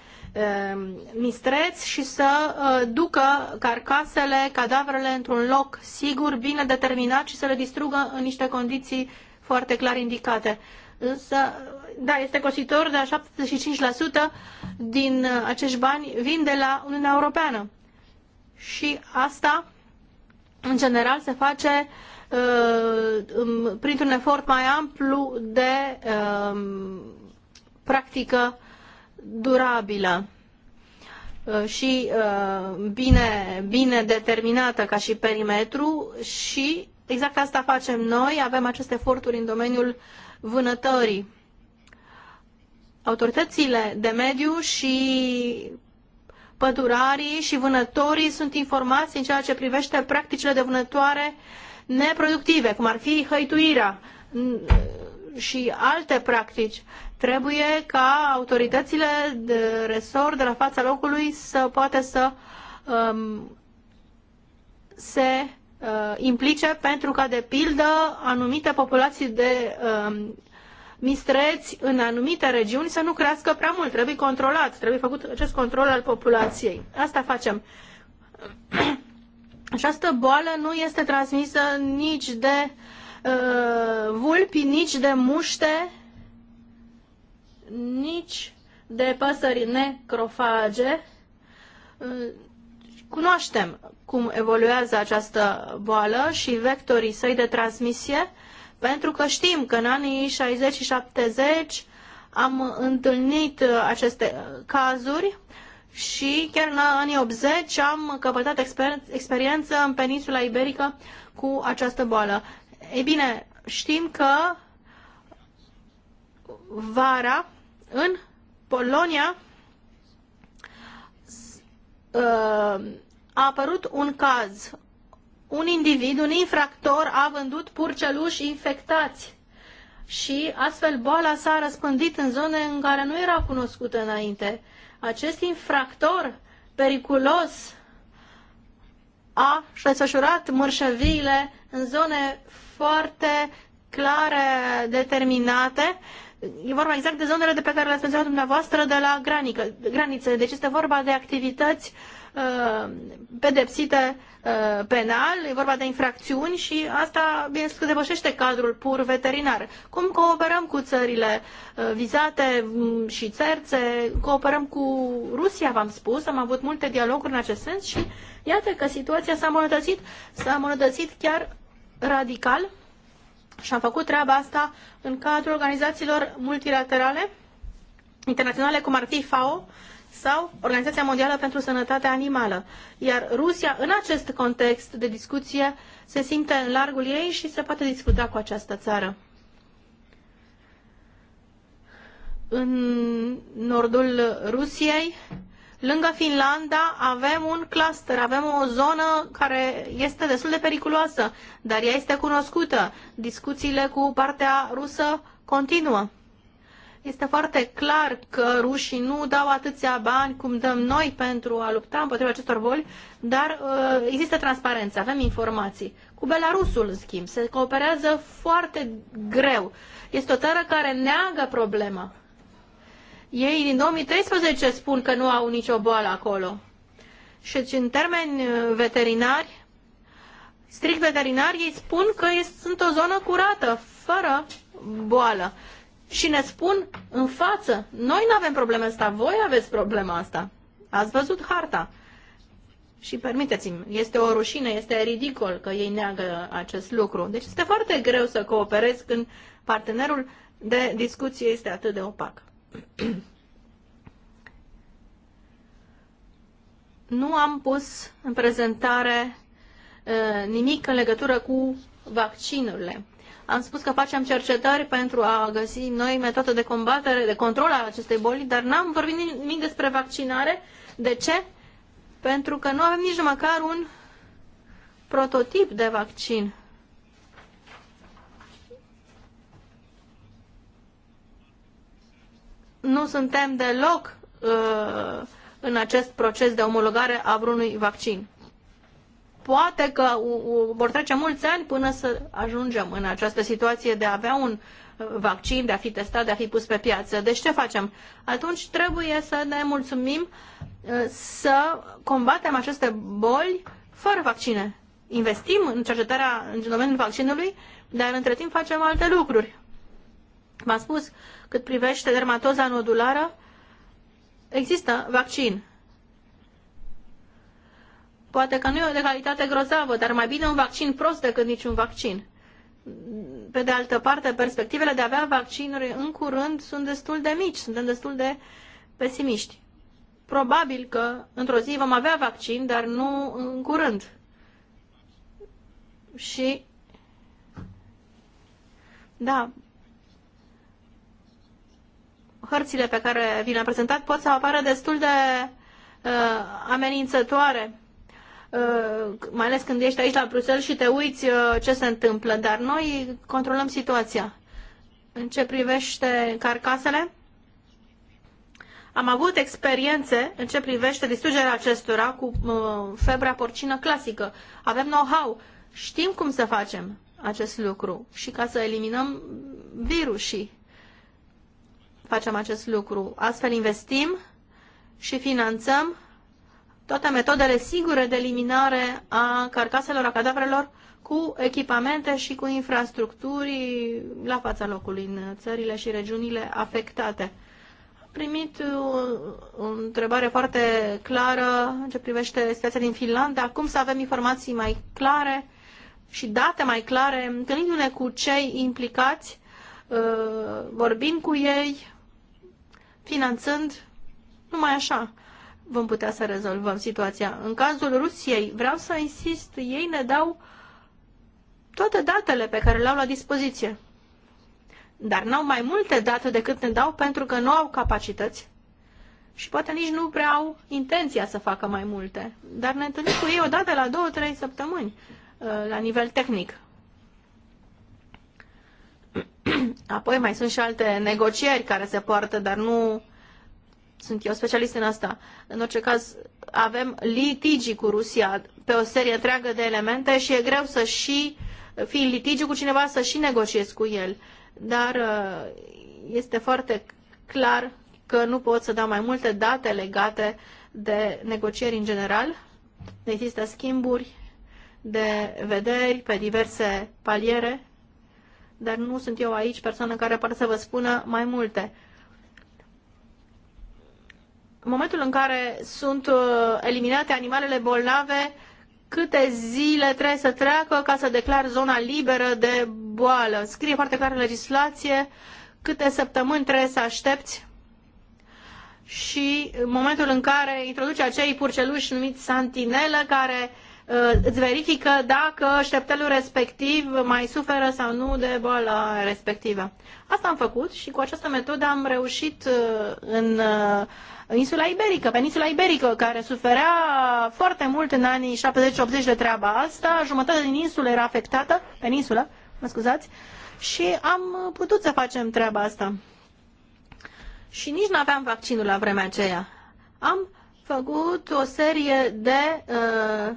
Um, mistreți și să uh, ducă carcasele, cadavrele într-un loc sigur, bine determinat și să le distrugă în niște condiții foarte clar indicate. Însă, da, este cositor de 75% din uh, acești bani vin de la Uniunea Europeană. Și asta, în general, se face uh, um, printr-un efort mai amplu de um, practică durabilă uh, și uh, bine, bine determinată ca și perimetru și exact asta facem noi, avem aceste eforturi în domeniul vânătării. Autoritățile de mediu și pădurarii și vânătorii sunt informați în ceea ce privește practicile de vânătoare neproductive, cum ar fi hăituirea și alte practici Trebuie ca autoritățile de resort de la fața locului să poată să um, se uh, implice pentru ca, de pildă, anumite populații de um, mistreți în anumite regiuni să nu crească prea mult. Trebuie controlat, trebuie făcut acest control al populației. Asta facem. Această boală nu este transmisă nici de uh, vulpi, nici de muște, nici de păsări necrofage. Cunoaștem cum evoluează această boală și vectorii săi de transmisie, pentru că știm că în anii 60 și 70 am întâlnit aceste cazuri și chiar în anii 80 am căpătat exper- experiență în peninsula iberică cu această boală. Ei bine, știm că vara în Polonia uh, a apărut un caz. Un individ, un infractor, a vândut purceluși infectați și astfel boala s-a răspândit în zone în care nu era cunoscută înainte. Acest infractor periculos a desfășurat mărșăviile în zone foarte clare determinate E vorba exact de zonele de pe care le-ați menționat dumneavoastră de la granică, graniță. Deci este vorba de activități uh, pedepsite uh, penal, e vorba de infracțiuni și asta, bineînțeles, că depășește cadrul pur veterinar. Cum cooperăm cu țările uh, vizate mm, și țerțe? Cooperăm cu Rusia, v-am spus, am avut multe dialoguri în acest sens și iată că situația s-a îmbunătățit, s-a îmbunătățit chiar radical și am făcut treaba asta în cadrul organizațiilor multilaterale, internaționale, cum ar fi FAO sau Organizația Mondială pentru Sănătatea Animală. Iar Rusia, în acest context de discuție, se simte în largul ei și se poate discuta cu această țară. În nordul Rusiei, lângă Finlanda avem un cluster, avem o zonă care este destul de periculoasă, dar ea este cunoscută. Discuțiile cu partea rusă continuă. Este foarte clar că rușii nu dau atâția bani cum dăm noi pentru a lupta împotriva acestor boli, dar uh, există transparență, avem informații. Cu Belarusul, în schimb, se cooperează foarte greu. Este o țară care neagă problema ei din 2013 spun că nu au nicio boală acolo. Și în termeni uh, veterinari, strict veterinari, ei spun că sunt o zonă curată, fără boală. Și ne spun în față, noi nu avem problema asta, voi aveți problema asta. Ați văzut harta. Și permiteți-mi, este o rușine, este ridicol că ei neagă acest lucru. Deci este foarte greu să cooperezi când partenerul de discuție este atât de opac nu am pus în prezentare nimic în legătură cu vaccinurile. Am spus că facem cercetări pentru a găsi noi metode de combatere, de control al acestei boli, dar n-am vorbit nimic despre vaccinare. De ce? Pentru că nu avem nici măcar un prototip de vaccin. nu suntem deloc uh, în acest proces de omologare a vreunui vaccin. Poate că uh, vor trece mulți ani până să ajungem în această situație de a avea un uh, vaccin, de a fi testat, de a fi pus pe piață. Deci ce facem? Atunci trebuie să ne mulțumim uh, să combatem aceste boli fără vaccine. Investim în cercetarea în domeniul vaccinului, dar între timp facem alte lucruri. V-am spus, cât privește dermatoza nodulară, există vaccin. Poate că nu e o legalitate grozavă, dar mai bine un vaccin prost decât niciun vaccin. Pe de altă parte, perspectivele de a avea vaccinuri în curând sunt destul de mici, suntem destul de pesimiști. Probabil că într-o zi vom avea vaccin, dar nu în curând. Și da, hărțile pe care vi le-am prezentat pot să apară destul de uh, amenințătoare, uh, mai ales când ești aici la Bruxelles și te uiți uh, ce se întâmplă, dar noi controlăm situația. În ce privește carcasele, am avut experiențe în ce privește distrugerea acestora cu uh, febra porcină clasică. Avem know-how, știm cum să facem acest lucru și ca să eliminăm virusii facem acest lucru. Astfel investim și finanțăm toate metodele sigure de eliminare a carcaselor, a cadavrelor cu echipamente și cu infrastructuri la fața locului în țările și regiunile afectate. Am primit uh, o întrebare foarte clară în ce privește situația din Finlanda. Cum să avem informații mai clare și date mai clare, întâlnindu-ne cu cei implicați, uh, vorbind cu ei, finanțând numai așa vom putea să rezolvăm situația. În cazul Rusiei, vreau să insist, ei ne dau toate datele pe care le-au la dispoziție. Dar n-au mai multe date decât ne dau pentru că nu au capacități și poate nici nu prea au intenția să facă mai multe. Dar ne întâlnim cu ei odată la două, trei săptămâni uh, la nivel tehnic. Apoi mai sunt și alte negocieri care se poartă, dar nu sunt eu specialist în asta. În orice caz, avem litigii cu Rusia pe o serie întreagă de elemente și e greu să și fii în litigi cu cineva, să și negociezi cu el. Dar uh, este foarte clar că nu pot să dau mai multe date legate de negocieri în general. Există schimburi de vederi pe diverse paliere dar nu sunt eu aici persoană care poate să vă spună mai multe. În momentul în care sunt uh, eliminate animalele bolnave, câte zile trebuie să treacă ca să declar zona liberă de boală. Scrie foarte clar în legislație câte săptămâni trebuie să aștepți și în momentul în care introduce acei purceluși numiți santinelă care uh, Uh, îți verifică dacă șteptelul respectiv mai suferă sau nu de boala respectivă. Asta am făcut și cu această metodă am reușit uh, în uh, insula iberică, peninsula iberică, care suferea foarte mult în anii 70-80 de treaba asta, jumătate din insulă era afectată, peninsulă, mă scuzați, și am putut să facem treaba asta. Și nici nu aveam vaccinul la vremea aceea. Am făcut o serie de uh,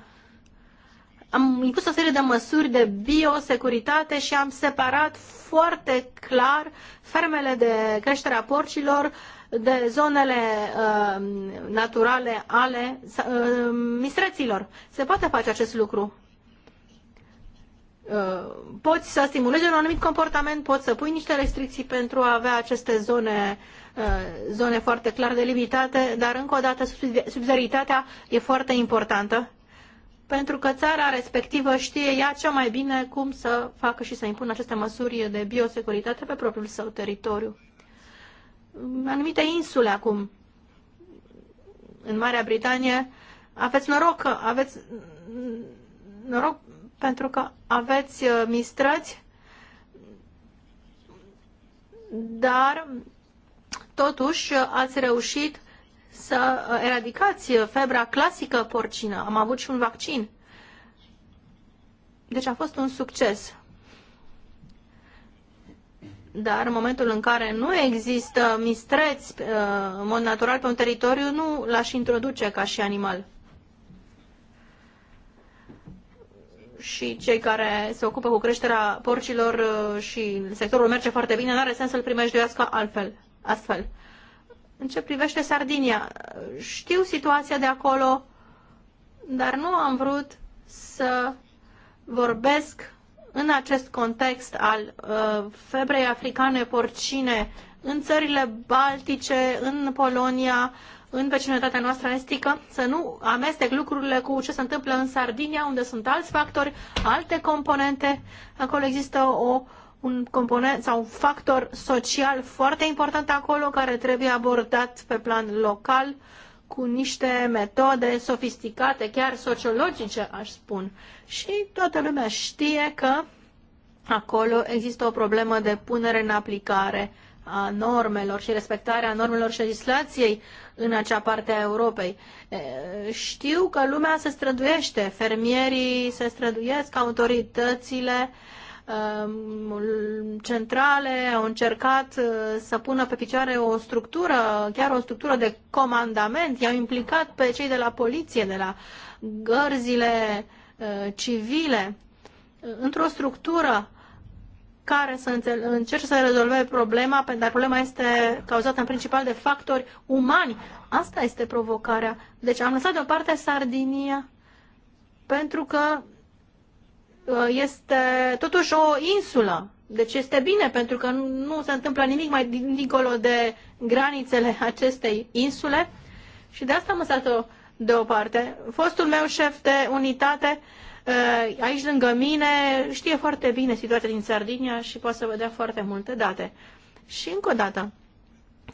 am impus o serie de măsuri de biosecuritate și am separat foarte clar fermele de creștere a porcilor de zonele uh, naturale ale uh, mistreților. Se poate face acest lucru. Uh, poți să stimulezi un anumit comportament, poți să pui niște restricții pentru a avea aceste zone, uh, zone foarte clar delimitate, dar încă o dată subsidiaritatea e foarte importantă pentru că țara respectivă știe ea cea mai bine cum să facă și să impună aceste măsuri de biosecuritate pe propriul său teritoriu. Anumite insule acum, în Marea Britanie, aveți noroc că aveți noroc pentru că aveți uh, mistrăți, dar totuși uh, ați reușit să eradicați febra clasică porcină. Am avut și un vaccin. Deci a fost un succes. Dar în momentul în care nu există mistreți uh, în mod natural pe un teritoriu, nu l-aș introduce ca și animal. și cei care se ocupă cu creșterea porcilor uh, și sectorul merge foarte bine, nu are sens să-l primejduiască altfel, astfel. În ce privește Sardinia, știu situația de acolo, dar nu am vrut să vorbesc în acest context al uh, febrei africane porcine în țările baltice, în Polonia, în vecinătatea noastră estică, să nu amestec lucrurile cu ce se întâmplă în Sardinia, unde sunt alți factori, alte componente. Acolo există o uh, un component sau un factor social foarte important acolo care trebuie abordat pe plan local cu niște metode sofisticate, chiar sociologice, aș spun. Și toată lumea știe că acolo există o problemă de punere în aplicare a normelor și respectarea normelor și legislației în acea parte a Europei. Știu că lumea se străduiește, fermierii se străduiesc, autoritățile centrale au încercat uh, să pună pe picioare o structură, chiar o structură de comandament. I-au implicat pe cei de la poliție, de la gărzile uh, civile, uh, într-o structură care să încerce să rezolve problema, dar problema este cauzată în principal de factori umani. Asta este provocarea. Deci am lăsat deoparte Sardinia pentru că Uh, este totuși o insulă. Deci este bine, pentru că nu se întâmplă nimic mai dincolo de granițele acestei insule. Și de asta am lăsat-o deoparte. Fostul meu șef de unitate uh, aici lângă mine știe foarte bine situația din Sardinia și poate să vedea foarte multe date. Și încă o dată,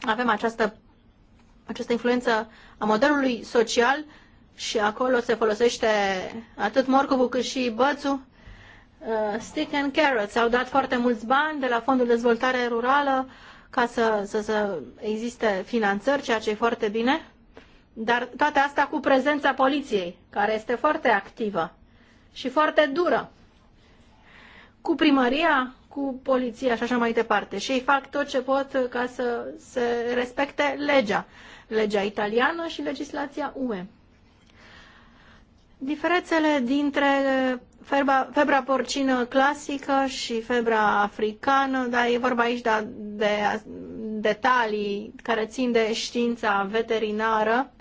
avem această, această influență a modelului social și acolo se folosește atât morcovul cât și bățul Uh, stick and carrots. Au dat foarte mulți bani de la Fondul de Dezvoltare Rurală ca să, să, să existe finanțări, ceea ce e foarte bine, dar toate asta cu prezența poliției, care este foarte activă și foarte dură, cu primăria, cu poliția și așa mai departe. Și ei fac tot ce pot ca să se respecte legea, legea italiană și legislația UE. Diferențele dintre febra, febra porcină clasică și febra africană, dar e vorba aici de, de detalii care țin de știința veterinară.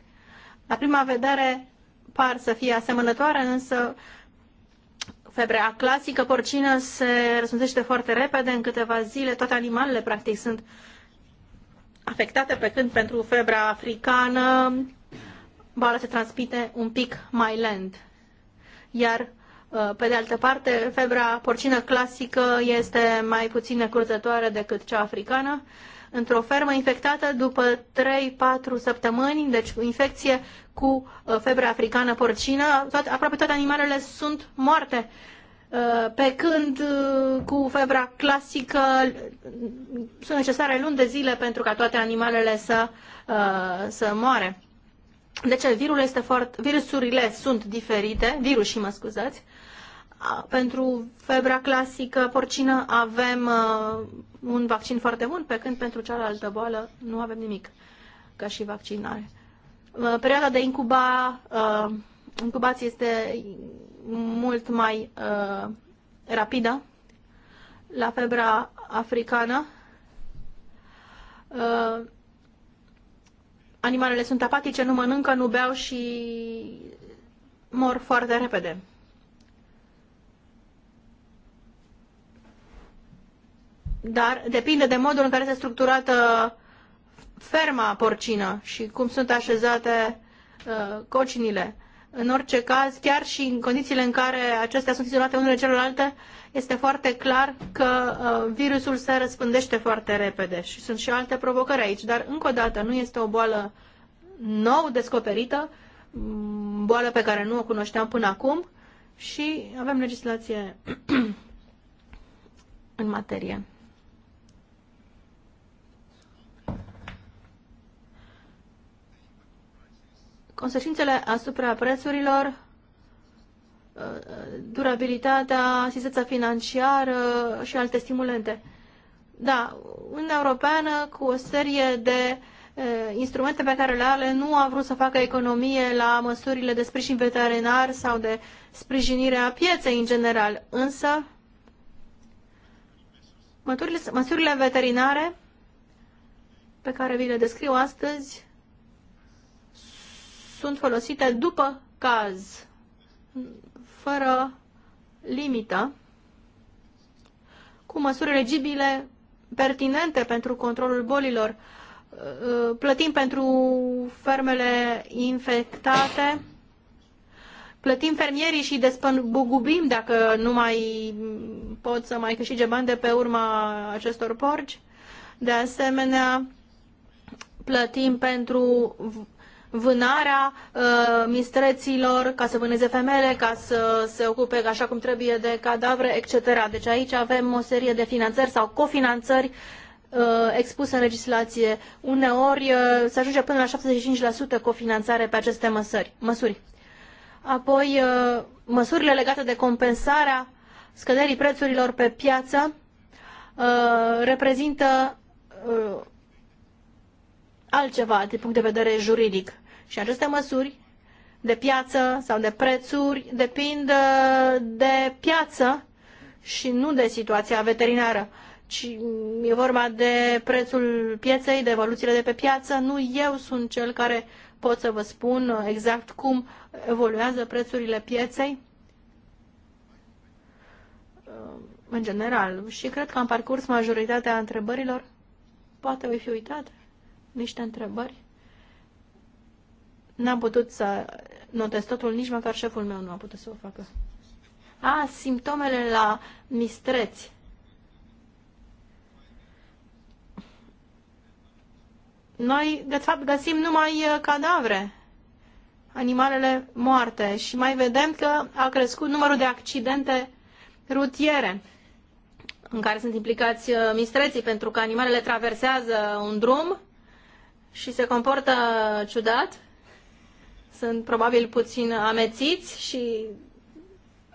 La prima vedere par să fie asemănătoare, însă febra clasică porcină se răspundește foarte repede, în câteva zile toate animalele practic sunt afectate, pe când pentru febra africană boala se transmite un pic mai lent. Iar Uh, pe de altă parte, febra porcină clasică este mai puțin necruzătoare decât cea africană. Într-o fermă infectată, după 3-4 săptămâni, deci infecție cu uh, febra africană porcină, toate, aproape toate animalele sunt moarte. Uh, pe când cu febra clasică sunt necesare luni de zile pentru ca toate animalele să, să moare. Deci virul este foarte, virusurile sunt diferite, virusii mă scuzați, pentru febra clasică porcină avem uh, un vaccin foarte bun, pe când pentru cealaltă boală nu avem nimic ca și vaccinare. Uh, perioada de incuba, uh, incubație este mult mai rapidă la febra africană. Animalele sunt apatice, nu mănâncă, nu beau și mor foarte repede. dar depinde de modul în care este structurată ferma porcină și cum sunt așezate uh, cocinile. În orice caz, chiar și în condițiile în care acestea sunt izolate unele celelalte, este foarte clar că uh, virusul se răspândește foarte repede și sunt și alte provocări aici, dar încă o dată nu este o boală nou descoperită, mm, boală pe care nu o cunoșteam până acum și avem legislație în materie. Consecințele asupra prețurilor, uh, durabilitatea, asistența financiară și alte stimulente. Da, Uniunea Europeană cu o serie de uh, instrumente pe care le are nu a vrut să facă economie la măsurile de sprijin veterinar sau de sprijinire a pieței în general, însă măsurile veterinare pe care vi le descriu astăzi sunt folosite după caz, fără limită, cu măsuri legibile pertinente pentru controlul bolilor. Uh, plătim pentru fermele infectate, plătim fermierii și despăgubim dacă nu mai pot să mai câștige bani de pe urma acestor porci. De asemenea, plătim pentru vânarea uh, mistreților, ca să vâneze femele, ca să se ocupe așa cum trebuie de cadavre, etc. Deci aici avem o serie de finanțări sau cofinanțări uh, expuse în legislație. Uneori uh, se ajunge până la 75% cofinanțare pe aceste măsări, măsuri. Apoi, uh, măsurile legate de compensarea scăderii prețurilor pe piață uh, reprezintă uh, altceva din punct de vedere juridic. Și aceste măsuri de piață sau de prețuri depind uh, de piață și nu de situația veterinară, ci mm, e vorba de prețul pieței, de evoluțiile de pe piață. Nu eu sunt cel care pot să vă spun uh, exact cum evoluează prețurile pieței uh, în general. Și cred că am parcurs majoritatea întrebărilor. Poate voi fi uitate niște întrebări. N-am putut să notez totul, nici măcar șeful meu nu a putut să o facă. A, simptomele la mistreți. Noi, de fapt, găsim numai uh, cadavre, animalele moarte și mai vedem că a crescut numărul de accidente rutiere în care sunt implicați uh, mistreții pentru că animalele traversează un drum și se comportă ciudat. Sunt probabil puțin amețiți și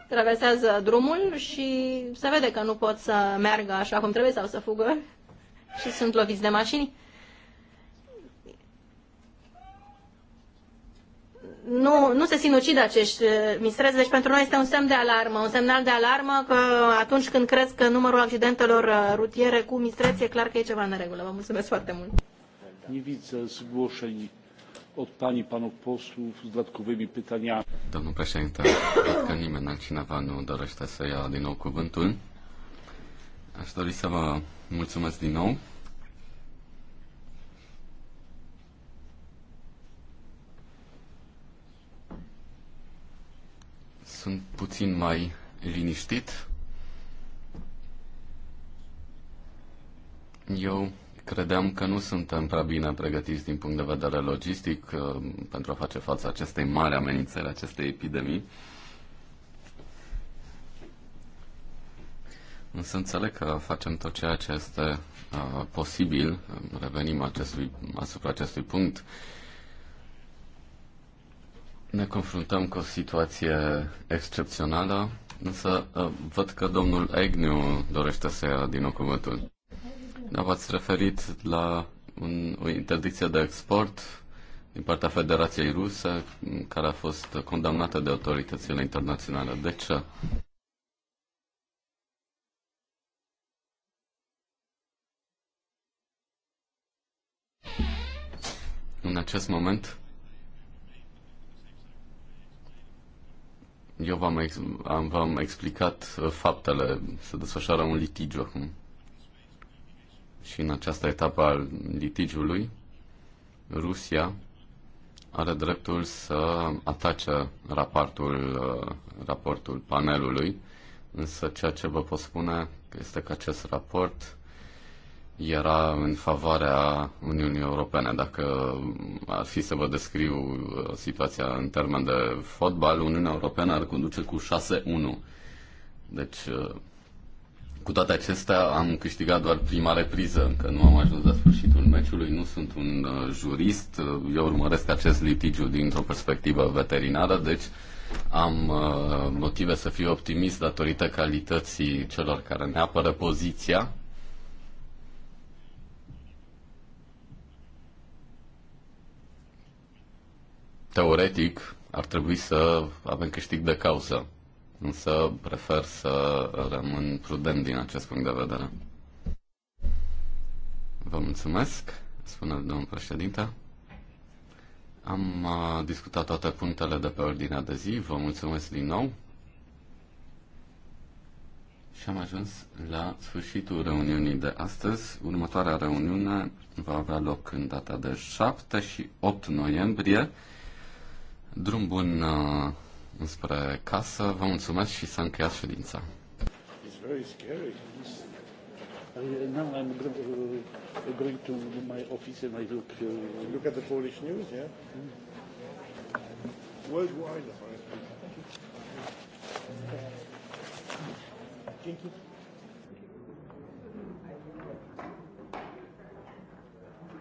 traversează drumul și se vede că nu pot să meargă așa cum trebuie sau să fugă și sunt loviți de mașini. nu, nu se sinucid acești eh, mistrezi, deci pentru noi este un semn de alarmă, un semnal de alarmă că atunci când crezi că numărul accidentelor eh, rutiere cu mistreți, e clar că e ceva în regulă. Vă mulțumesc foarte mult! Nie widzę zgłoszeń od pani, panów posłów z dodatkowymi pytaniami. Domnul președinte, cred că nimeni altcineva nu dorește să ia din nou cuvântul. Aș dori să vă mulțumesc din nou. Sunt puțin mai liniștit. Eu credeam că nu suntem prea bine pregătiți din punct de vedere logistic uh, pentru a face față acestei mari amenințări, acestei epidemii. Însă înțeleg că facem tot ceea ce este uh, posibil. Revenim acestui, asupra acestui punct. Ne confruntăm cu o situație excepțională, însă uh, văd că domnul Egniu dorește să ia din nou cuvântul. V-ați referit la un, o interdicție de export din partea Federației Ruse, care a fost condamnată de autoritățile internaționale. De ce? În acest moment, eu v-am, ex- am, v-am explicat faptele. Se desfășoară un litigiu acum și în această etapă al litigiului, Rusia are dreptul să atace raportul, uh, raportul panelului, însă ceea ce vă pot spune este că acest raport era în favoarea Uniunii Europene. Dacă ar fi să vă descriu uh, situația în termen de fotbal, Uniunea Europeană ar conduce cu 6-1. Deci uh, cu toate acestea, am câștigat doar prima repriză, încă nu am ajuns la sfârșitul meciului, nu sunt un uh, jurist, uh, eu urmăresc acest litigiu dintr-o perspectivă veterinară, deci am uh, motive să fiu optimist datorită calității celor care ne apără poziția. Teoretic, ar trebui să avem câștig de cauză însă prefer să rămân prudent din acest punct de vedere. Vă mulțumesc, spune domnul președinte. Am uh, discutat toate punctele de pe ordinea de zi, vă mulțumesc din nou. Și am ajuns la sfârșitul reuniunii de astăzi. Următoarea reuniune va avea loc în data de 7 și 8 noiembrie. Drum bun uh, înspre casă. Vă mulțumesc și să încheiați ședința. It's very scary. now I'm uh, going to my office and I look. Uh, look at the Polish news, yeah. Mm. Worldwide, Thank you.